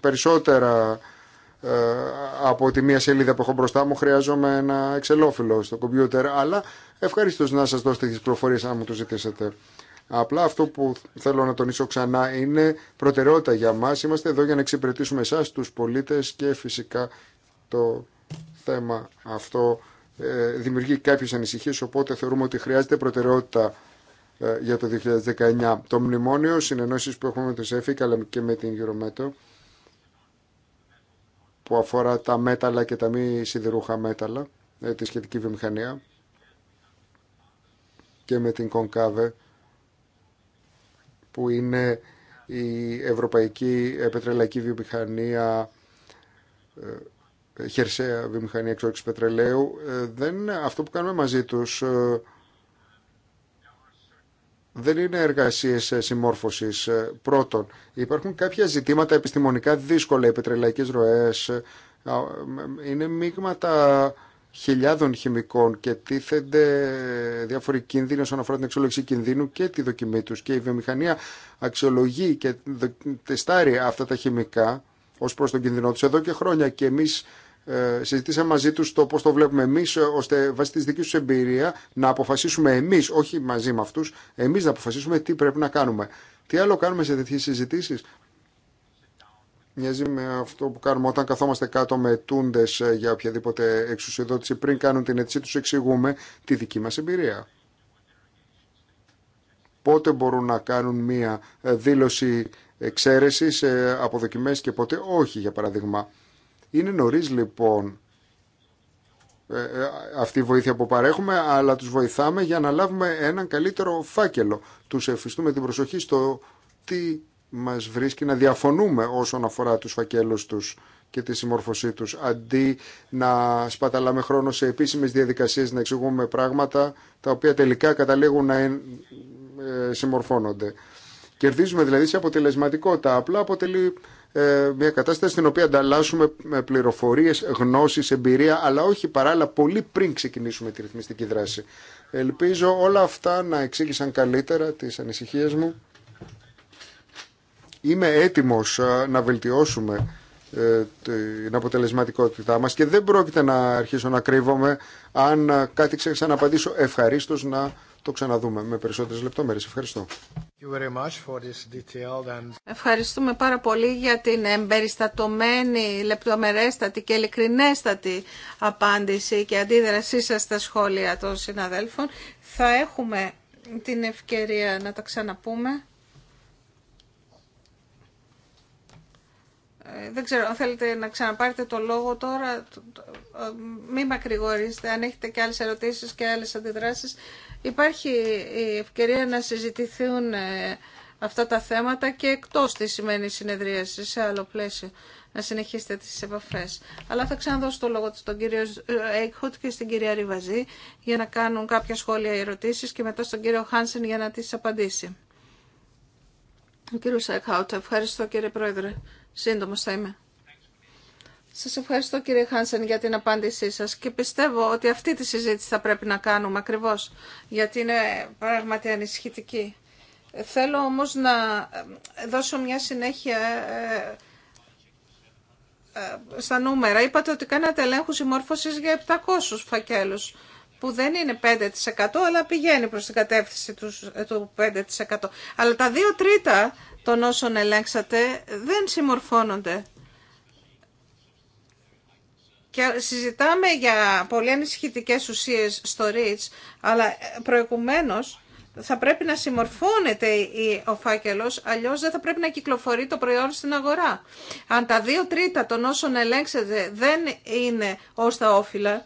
περισσότερα ε, από τη μία σελίδα που έχω μπροστά μου. Χρειάζομαι ένα εξελόφυλλο στο κομπιούτερ, αλλά ευχαριστώ να σα δώσετε τι πληροφορίες αν μου το ζητήσετε. Απλά αυτό που θέλω να τονίσω ξανά είναι προτεραιότητα για μας. Είμαστε εδώ για να εξυπηρετήσουμε εσά του πολίτε και φυσικά το θέμα αυτό ε, δημιουργεί κάποιες ανησυχίες, οπότε θεωρούμε ότι χρειάζεται προτεραιότητα ε, για το 2019. Το μνημόνιο συνενώσεις που έχουμε με το ΣΕΦΙΚ αλλά και με την γυρομέτο, που αφορά τα μέταλλα και τα μη σιδηρούχα μέταλλα, ε, τη σχετική βιομηχανία και με την Κονκάβε που είναι η Ευρωπαϊκή Πετρελαϊκή Βιομηχανία χερσαία βιομηχανία εξόρυξης πετρελαίου, ε, δεν, αυτό που κάνουμε μαζί τους ε, δεν είναι εργασίες ε, συμμόρφωσης. Πρώτον, υπάρχουν κάποια ζητήματα επιστημονικά δύσκολα, οι πετρελαϊκές ροές, είναι μείγματα χιλιάδων χημικών και τίθενται διάφοροι κίνδυνοι όσον αφορά την αξιολόγηση κινδύνου και τη δοκιμή τους και η βιομηχανία αξιολογεί και τεστάρει αυτά τα χημικά Ω προ τον κινδυνό του εδώ και χρόνια και εμεί ε, συζητήσαμε μαζί του το πώ το βλέπουμε εμεί ε, ώστε βάσει τη δική τους εμπειρία να αποφασίσουμε εμεί, όχι μαζί με αυτού, εμεί να αποφασίσουμε τι πρέπει να κάνουμε. Τι άλλο κάνουμε σε τέτοιε συζητήσει. Μοιάζει με αυτό που κάνουμε όταν καθόμαστε κάτω με τούντε ε, για οποιαδήποτε εξουσιοδότηση. Πριν κάνουν την αίτησή του, εξηγούμε τη δική μα εμπειρία. Πότε μπορούν να κάνουν μία δήλωση εξαίρεση σε αποδοκιμές και ποτέ όχι για παράδειγμα. Είναι νωρίς λοιπόν ε, ε, αυτή η βοήθεια που παρέχουμε, αλλά τους βοηθάμε για να λάβουμε έναν καλύτερο φάκελο. Τους εφιστούμε την προσοχή στο τι μας βρίσκει να διαφωνούμε όσον αφορά τους φακέλους τους και τη συμμορφωσή τους, αντί να σπαταλάμε χρόνο σε επίσημες διαδικασίες να εξηγούμε πράγματα τα οποία τελικά καταλήγουν να ε, συμμορφώνονται. Κερδίζουμε δηλαδή σε αποτελεσματικότητα. Απλά αποτελεί ε, μια κατάσταση στην οποία ανταλλάσσουμε ε, πληροφορίες, γνώσει, εμπειρία, αλλά όχι παράλληλα πολύ πριν ξεκινήσουμε τη ρυθμιστική δράση. Ελπίζω όλα αυτά να εξήγησαν καλύτερα τις ανησυχίε μου. Είμαι έτοιμος ε, να βελτιώσουμε την αποτελεσματικότητά μας και δεν πρόκειται να αρχίσω να κρύβομαι αν κάτι ξέχασα να απαντήσω ευχαρίστως να το ξαναδούμε με περισσότερες λεπτομέρειες. Ευχαριστώ. Ευχαριστούμε πάρα πολύ για την εμπεριστατωμένη, λεπτομερέστατη και ειλικρινέστατη απάντηση και αντίδρασή σας στα σχόλια των συναδέλφων. Θα έχουμε την ευκαιρία να τα ξαναπούμε. Ε, δεν ξέρω, αν θέλετε να ξαναπάρτε το λόγο τώρα, ε, μην μακρηγορήσετε, αν έχετε και άλλες ερωτήσεις και άλλες αντιδράσεις. Υπάρχει η ευκαιρία να συζητηθούν ε, αυτά τα θέματα και εκτός της σημαίνει συνεδρίαση, σε άλλο πλαίσιο, να συνεχίσετε τις επαφές. Αλλά θα ξαναδώσω το λόγο στον κύριο Έικχουτ και στην κυρία Ριβαζή για να κάνουν κάποια σχόλια ή ερωτήσεις και μετά στον κύριο Χάνσεν για να τις απαντήσει. Κύριο κύριος ευχαριστώ κύριε Πρόεδρε. Σύντομο θα είμαι. Σας ευχαριστώ κύριε Χάνσεν για την απάντησή σας και πιστεύω ότι αυτή τη συζήτηση θα πρέπει να κάνουμε ακριβώ γιατί είναι πράγματι ανησυχητική. Θέλω όμως να δώσω μια συνέχεια ε, ε, ε, στα νούμερα. Είπατε ότι κάνατε ελέγχου συμμόρφωση για 700 φακέλους που δεν είναι 5% αλλά πηγαίνει προς την κατεύθυνση ε, του 5%. Αλλά τα δύο τρίτα των όσων ελέγξατε δεν συμμορφώνονται. Και συζητάμε για πολύ ανησυχητικέ ουσίες στο REACH, αλλά ε, προηγουμένως θα πρέπει να συμμορφώνεται ο φάκελος, αλλιώς δεν θα πρέπει να κυκλοφορεί το προϊόν στην αγορά. Αν τα δύο τρίτα των όσων ελέγξετε δεν είναι ως τα όφυλα,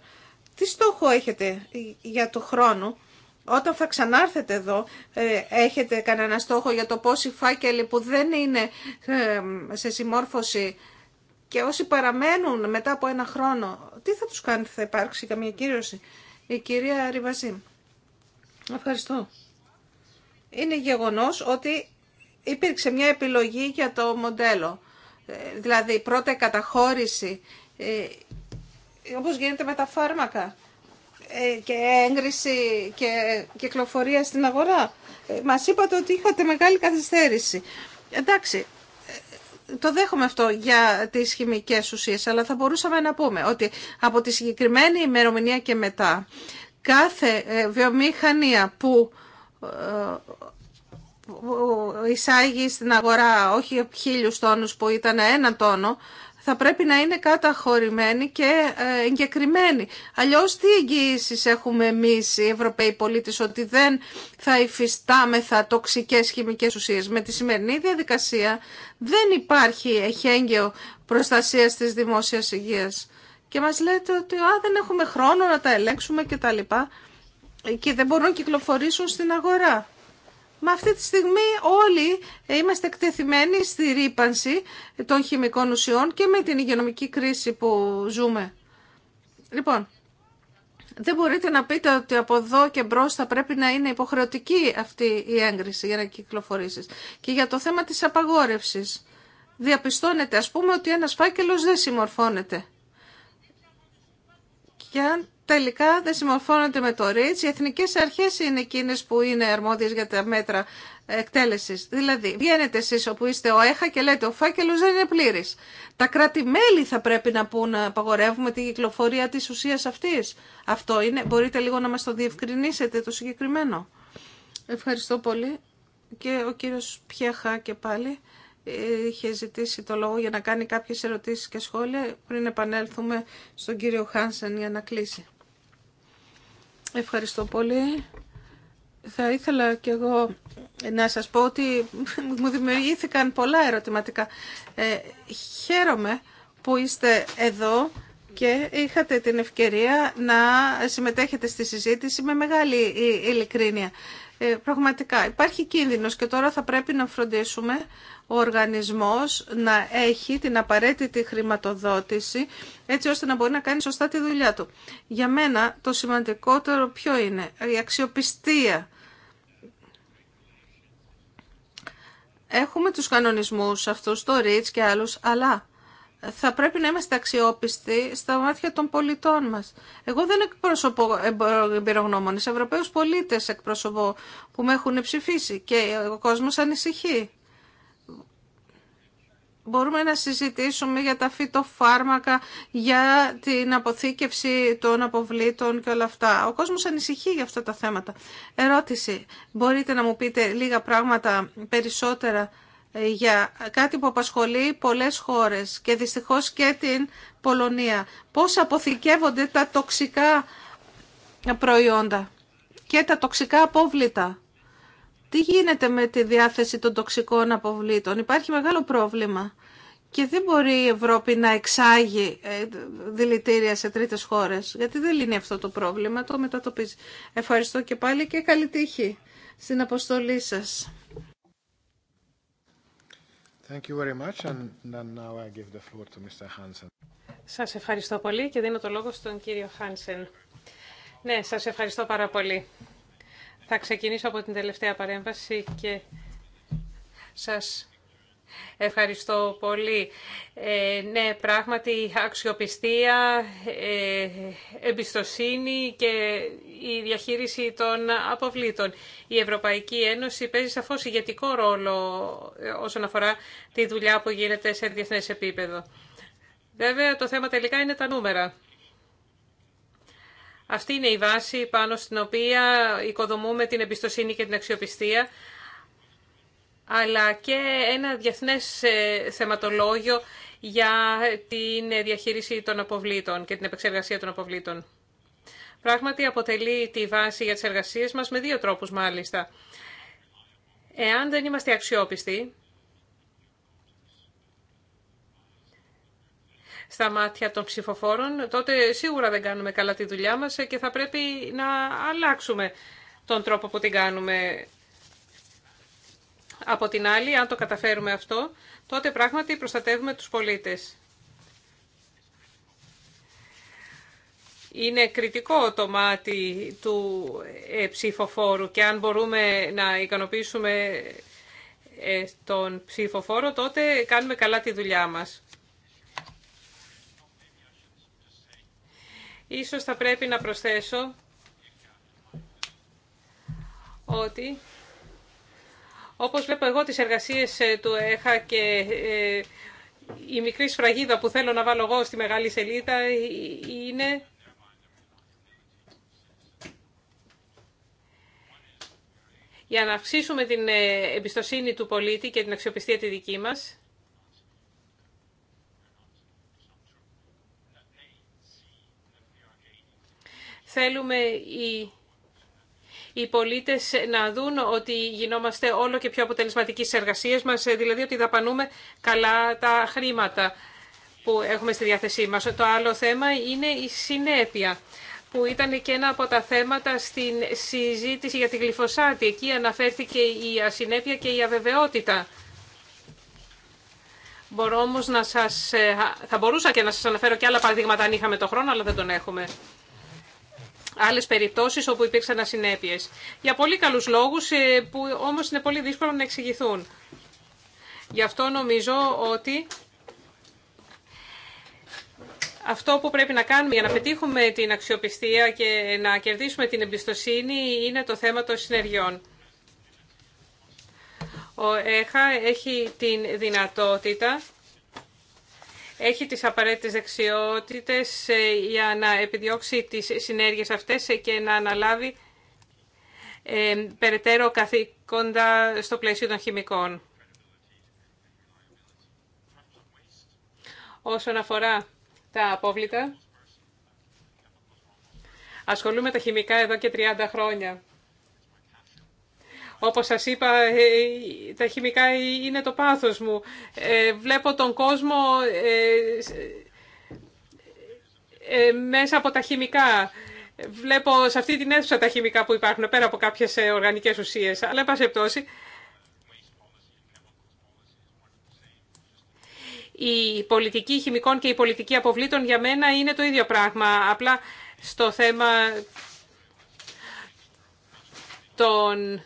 τι στόχο έχετε για το χρόνο, όταν θα ξανάρθετε εδώ, ε, έχετε κανένα στόχο για το πόσοι φάκελοι που δεν είναι ε, σε συμμόρφωση και όσοι παραμένουν μετά από ένα χρόνο, τι θα τους κάνετε, θα υπάρξει καμία κύρωση. Η κυρία Ριβαζή. Ευχαριστώ. Είναι γεγονός ότι υπήρξε μια επιλογή για το μοντέλο. Ε, δηλαδή πρώτα καταχώρηση όπως γίνεται με τα φάρμακα ε, και έγκριση και κυκλοφορία στην αγορά. Ε, μας είπατε ότι είχατε μεγάλη καθυστέρηση. Εντάξει, ε, το δέχομαι αυτό για τις χημικές ουσίες, αλλά θα μπορούσαμε να πούμε ότι από τη συγκεκριμένη ημερομηνία και μετά, κάθε βιομηχανία που εισάγει στην αγορά όχι χίλιους τόνους που ήταν ένα τόνο, θα πρέπει να είναι καταχωρημένοι και ε, εγκεκριμένη. Αλλιώς τι εγγυήσεις έχουμε εμείς οι Ευρωπαίοι πολίτες ότι δεν θα υφιστάμεθα τοξικές χημικές ουσίες. Με τη σημερινή διαδικασία δεν υπάρχει εχέγγυο προστασίας της δημόσιας υγείας. Και μας λέτε ότι δεν έχουμε χρόνο να τα ελέγξουμε κτλ. Και, και δεν μπορούν να κυκλοφορήσουν στην αγορά. Μα αυτή τη στιγμή όλοι είμαστε εκτεθειμένοι στη ρήπανση των χημικών ουσιών και με την υγειονομική κρίση που ζούμε. Λοιπόν, δεν μπορείτε να πείτε ότι από εδώ και μπρο θα πρέπει να είναι υποχρεωτική αυτή η έγκριση για να κυκλοφορήσει. Και για το θέμα της απαγόρευσης. Διαπιστώνεται, ας πούμε, ότι ένας φάκελος δεν συμμορφώνεται. Και τελικά δεν συμμορφώνονται με το ΡΙΤΣ. Οι εθνικέ αρχέ είναι εκείνε που είναι αρμόδιε για τα μέτρα εκτέλεση. Δηλαδή, βγαίνετε εσεί όπου είστε ο ΕΧΑ και λέτε ο φάκελο δεν είναι πλήρη. Τα κράτη-μέλη θα πρέπει να πούν να απαγορεύουμε την κυκλοφορία τη ουσία αυτή. Αυτό είναι. Μπορείτε λίγο να μα το διευκρινίσετε το συγκεκριμένο. Ευχαριστώ πολύ. Και ο κύριο Πιέχα και πάλι ε, είχε ζητήσει το λόγο για να κάνει κάποιες ερωτήσεις και σχόλια πριν επανέλθουμε στον κύριο Χάνσεν για να κλείσει. Ευχαριστώ πολύ. Θα ήθελα κι εγώ να σας πω ότι μου δημιουργήθηκαν πολλά ερωτηματικά. Ε, χαίρομαι που είστε εδώ και είχατε την ευκαιρία να συμμετέχετε στη συζήτηση με μεγάλη ε, ειλικρίνεια. Ε, πραγματικά υπάρχει κίνδυνος και τώρα θα πρέπει να φροντίσουμε ο οργανισμός να έχει την απαραίτητη χρηματοδότηση έτσι ώστε να μπορεί να κάνει σωστά τη δουλειά του. Για μένα το σημαντικότερο ποιο είναι η αξιοπιστία. Έχουμε τους κανονισμούς αυτούς, το REACH και άλλους, αλλά θα πρέπει να είμαστε αξιόπιστοι στα μάτια των πολιτών μας. Εγώ δεν εκπροσωπώ εμπειρογνώμονες, Ευρωπαίους πολίτες εκπροσωπώ που με έχουν ψηφίσει και ο κόσμος ανησυχεί. Μπορούμε να συζητήσουμε για τα φυτοφάρμακα, για την αποθήκευση των αποβλήτων και όλα αυτά. Ο κόσμος ανησυχεί για αυτά τα θέματα. Ερώτηση, μπορείτε να μου πείτε λίγα πράγματα περισσότερα ε, για κάτι που απασχολεί πολλές χώρες και δυστυχώς και την Πολωνία. Πώς αποθηκεύονται τα τοξικά προϊόντα και τα τοξικά απόβλητα. Τι γίνεται με τη διάθεση των τοξικών αποβλήτων. Υπάρχει μεγάλο πρόβλημα και δεν μπορεί η Ευρώπη να εξάγει ε, δηλητήρια σε τρίτες χώρες, γιατί δεν λύνει αυτό το πρόβλημα, το μετατοπίζει. Ευχαριστώ και πάλι και καλή τύχη στην αποστολή σας. Thank Σας ευχαριστώ πολύ και δίνω το λόγο στον κύριο Χάνσεν. Ναι, σας ευχαριστώ πάρα πολύ. Θα ξεκινήσω από την τελευταία παρέμβαση και σας Ευχαριστώ πολύ. Ε, ναι, πράγματι, αξιοπιστία, ε, εμπιστοσύνη και η διαχείριση των αποβλήτων. Η Ευρωπαϊκή Ένωση παίζει σαφώς ηγετικό ρόλο ε, όσον αφορά τη δουλειά που γίνεται σε διεθνέ επίπεδο. Βέβαια, το θέμα τελικά είναι τα νούμερα. Αυτή είναι η βάση πάνω στην οποία οικοδομούμε την εμπιστοσύνη και την αξιοπιστία, αλλά και ένα διεθνές ε, θεματολόγιο για την διαχείριση των αποβλήτων και την επεξεργασία των αποβλήτων. Πράγματι αποτελεί τη βάση για τις εργασίες μας με δύο τρόπους μάλιστα. Εάν δεν είμαστε αξιόπιστοι, στα μάτια των ψηφοφόρων, τότε σίγουρα δεν κάνουμε καλά τη δουλειά μας και θα πρέπει να αλλάξουμε τον τρόπο που την κάνουμε. Από την άλλη, αν το καταφέρουμε αυτό, τότε πράγματι προστατεύουμε τους πολίτες. Είναι κριτικό το μάτι του ε, ψηφοφόρου και αν μπορούμε να ικανοποιήσουμε ε, τον ψηφοφόρο, τότε κάνουμε καλά τη δουλειά μας. Ίσως θα πρέπει να προσθέσω ότι όπως βλέπω εγώ τις εργασίες ε, του ΕΧΑ και ε, η μικρή σφραγίδα που θέλω να βάλω εγώ στη μεγάλη σελίδα ε, είναι... Για να αυξήσουμε την εμπιστοσύνη του πολίτη και την αξιοπιστία τη δική μας, θέλουμε οι οι πολίτε να δουν ότι γινόμαστε όλο και πιο αποτελεσματικοί στι εργασίες μας, ε, δηλαδή ότι δαπανούμε καλά τα χρήματα που έχουμε στη διάθεσή μας. Το άλλο θέμα είναι η συνέπεια που ήταν και ένα από τα θέματα στην συζήτηση για τη γλυφοσάτη. Εκεί αναφέρθηκε η ασυνέπεια και η αβεβαιότητα. Μπορώ όμως να σας... Ε, θα μπορούσα και να σας αναφέρω και άλλα παραδείγματα αν είχαμε το χρόνο, αλλά δεν τον έχουμε άλλες περιπτώσεις όπου υπήρξαν ασυνέπειες. Για πολύ καλούς λόγους ε, που όμως είναι πολύ δύσκολο να εξηγηθούν. Γι' αυτό νομίζω ότι αυτό που πρέπει να κάνουμε για να πετύχουμε την αξιοπιστία και να κερδίσουμε την εμπιστοσύνη είναι το θέμα των συνεργειών. Ο ΕΧΑ έχει την δυνατότητα έχει τις απαραίτητες δεξιότητες ε, για να επιδιώξει τις συνέργειες αυτές ε, και να αναλάβει ε, περαιτέρω καθήκοντα στο πλαίσιο των χημικών. Όσον αφορά τα απόβλητα, ασχολούμαι τα χημικά εδώ και 30 χρόνια. Όπως σας είπα, ε, τα χημικά είναι το πάθος μου. Ε, βλέπω τον κόσμο ε, μέσα από τα χημικά. Βλέπω σε αυτή την αίθουσα τα χημικά που υπάρχουν, πέρα από κάποιες οργανικές ουσίες. Αλλά, εν πάση η πολιτική χημικών και η πολιτική αποβλήτων για μένα είναι το ίδιο πράγμα. Απλά στο θέμα των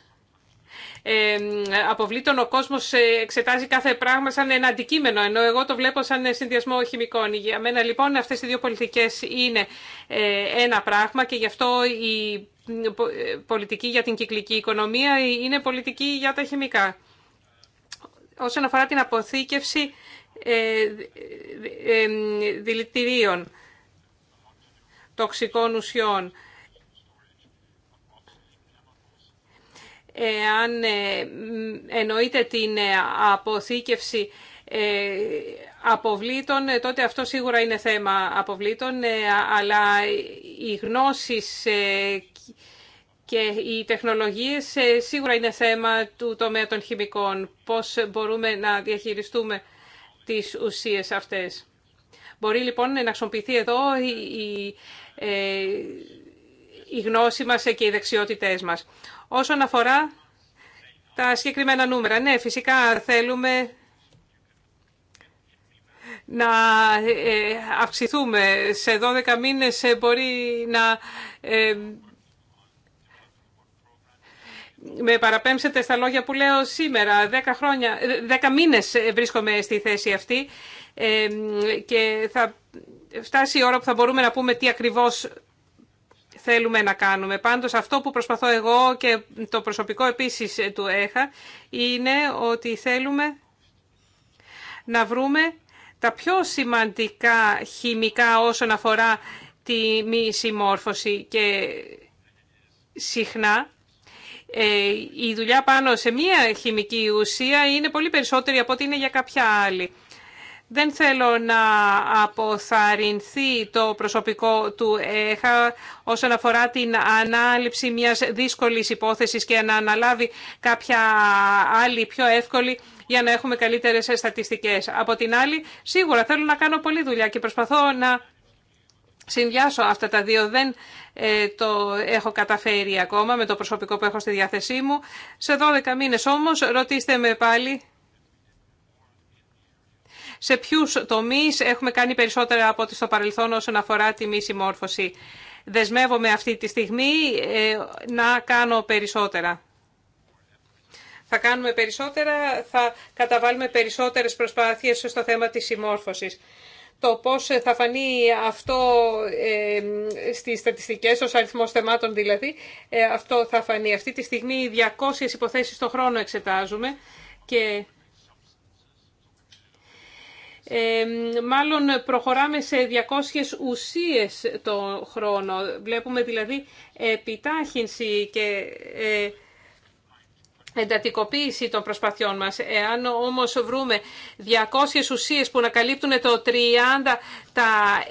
αποβλήτων ο κόσμος ε, εξετάζει κάθε πράγμα σαν ένα αντικείμενο, ενώ εγώ το βλέπω σαν συνδυασμό χημικών. Για μένα λοιπόν αυτές οι δύο πολιτικές είναι ε, ένα πράγμα και γι' αυτό η ε, πολιτική για την κυκλική οικονομία είναι πολιτική για τα χημικά. Όσον αφορά την αποθήκευση δηλητηρίων, τοξικών ουσιών, αν ε, εννοείται την ε, αποθήκευση ε, αποβλήτων, τότε αυτό σίγουρα είναι θέμα αποβλήτων, αλλά οι γνώσεις και οι τεχνολογίες σίγουρα είναι θέμα του τομέα των χημικών. Πώς μπορούμε να διαχειριστούμε τις ουσίες αυτές. Μπορεί λοιπόν να χρησιμοποιηθεί εδώ η, η γνώση μας και οι δεξιότητές μας. Όσον αφορά τα συγκεκριμένα νούμερα, ναι, φυσικά θέλουμε να ε, αυξηθούμε. Σε 12 μήνες ε, μπορεί να ε, με παραπέμψετε στα λόγια που λέω σήμερα. 10 χρόνια, 10 μήνες βρίσκομαι στη θέση αυτή και θα φτάσει η ώρα που θα μπορούμε να πούμε τι ακριβώς θέλουμε να κάνουμε. Πάντως αυτό που προσπαθώ εγώ και το προσωπικό επίσης του ΕΧΑ είναι ότι θέλουμε να βρούμε τα πιο σημαντικά χημικά όσον αφορά τη μη συμμόρφωση και συχνά ε, η δουλειά πάνω σε μία χημική ουσία είναι πολύ περισσότερη από ό,τι είναι για κάποια άλλη. Δεν θέλω να αποθαρρυνθεί το προσωπικό του ΕΧΑ όσον αφορά την ανάληψη μιας δύσκολης υπόθεσης και να αναλάβει κάποια άλλη πιο εύκολη για να έχουμε καλύτερες στατιστικές. Από την άλλη, σίγουρα θέλω να κάνω πολλή δουλειά και προσπαθώ να συνδυάσω αυτά τα δύο. Δεν ε, το έχω καταφέρει ακόμα με το προσωπικό που έχω στη διάθεσή μου. Σε 12 μήνες όμως, ρωτήστε με πάλι σε ποιου τομεί έχουμε κάνει περισσότερα από ό,τι στο παρελθόν όσον αφορά τη μη συμμόρφωση. Δεσμεύομαι αυτή τη στιγμή ε, να κάνω περισσότερα. Θα κάνουμε περισσότερα, θα καταβάλουμε περισσότερες προσπάθειες στο θέμα της συμμόρφωσης. Το πώς θα φανεί αυτό ε, στις στατιστικές, ως αριθμός θεμάτων δηλαδή, ε, αυτό θα φανεί. Αυτή τη στιγμή 200 υποθέσεις το χρόνο εξετάζουμε και μάλλον προχωράμε σε 200 ουσίες το χρόνο. Βλέπουμε δηλαδή επιτάχυνση και ε, εντατικοποίηση των προσπαθειών μας. Εάν όμως βρούμε 200 ουσίες που να καλύπτουν το 30% τα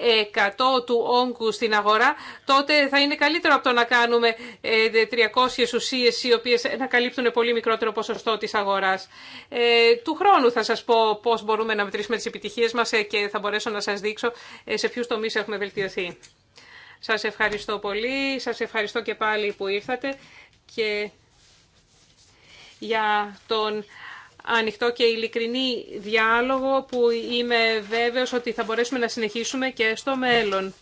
100 του όγκου στην αγορά, τότε θα είναι καλύτερο από το να κάνουμε 300 ε, ουσίες οι οποίες να καλύπτουν πολύ μικρότερο ποσοστό της αγοράς. Ε, του χρόνου θα σας πω πώς μπορούμε να μετρήσουμε τις επιτυχίες μας ε, και θα μπορέσω να σας δείξω ε, σε ποιους τομείς έχουμε βελτιωθεί. Σας ευχαριστώ πολύ, σας ευχαριστώ και πάλι που ήρθατε και για τον ανοιχτό και ειλικρινή διάλογο που είμαι βέβαιος ότι θα μπορέσουμε να συνεχίσουμε και στο μέλλον.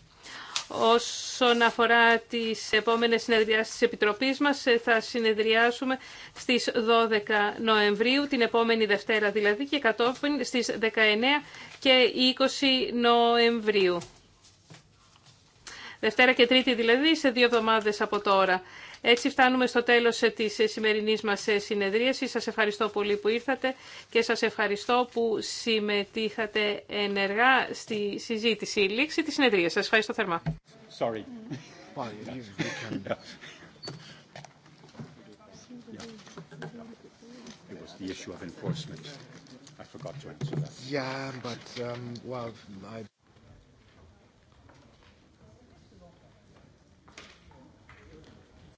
Όσον αφορά τις επόμενες συνεδριάσεις της Επιτροπής μας, ε, θα συνεδριάσουμε στις 12 Νοεμβρίου, την επόμενη Δευτέρα δηλαδή, και κατόπιν στις 19 και 20 Νοεμβρίου. Δευτέρα και Τρίτη δηλαδή, σε δύο εβδομάδες από τώρα. Έτσι φτάνουμε στο τέλος ε, της ε, σημερινής μας ε, συνεδρίασης. Σας ευχαριστώ πολύ που ήρθατε και σας ευχαριστώ που συμμετείχατε ενεργά στη συζήτηση. Λήξη της συνεδρίας. Σας ευχαριστώ θερμά. Sorry. Yeah, but, um, well,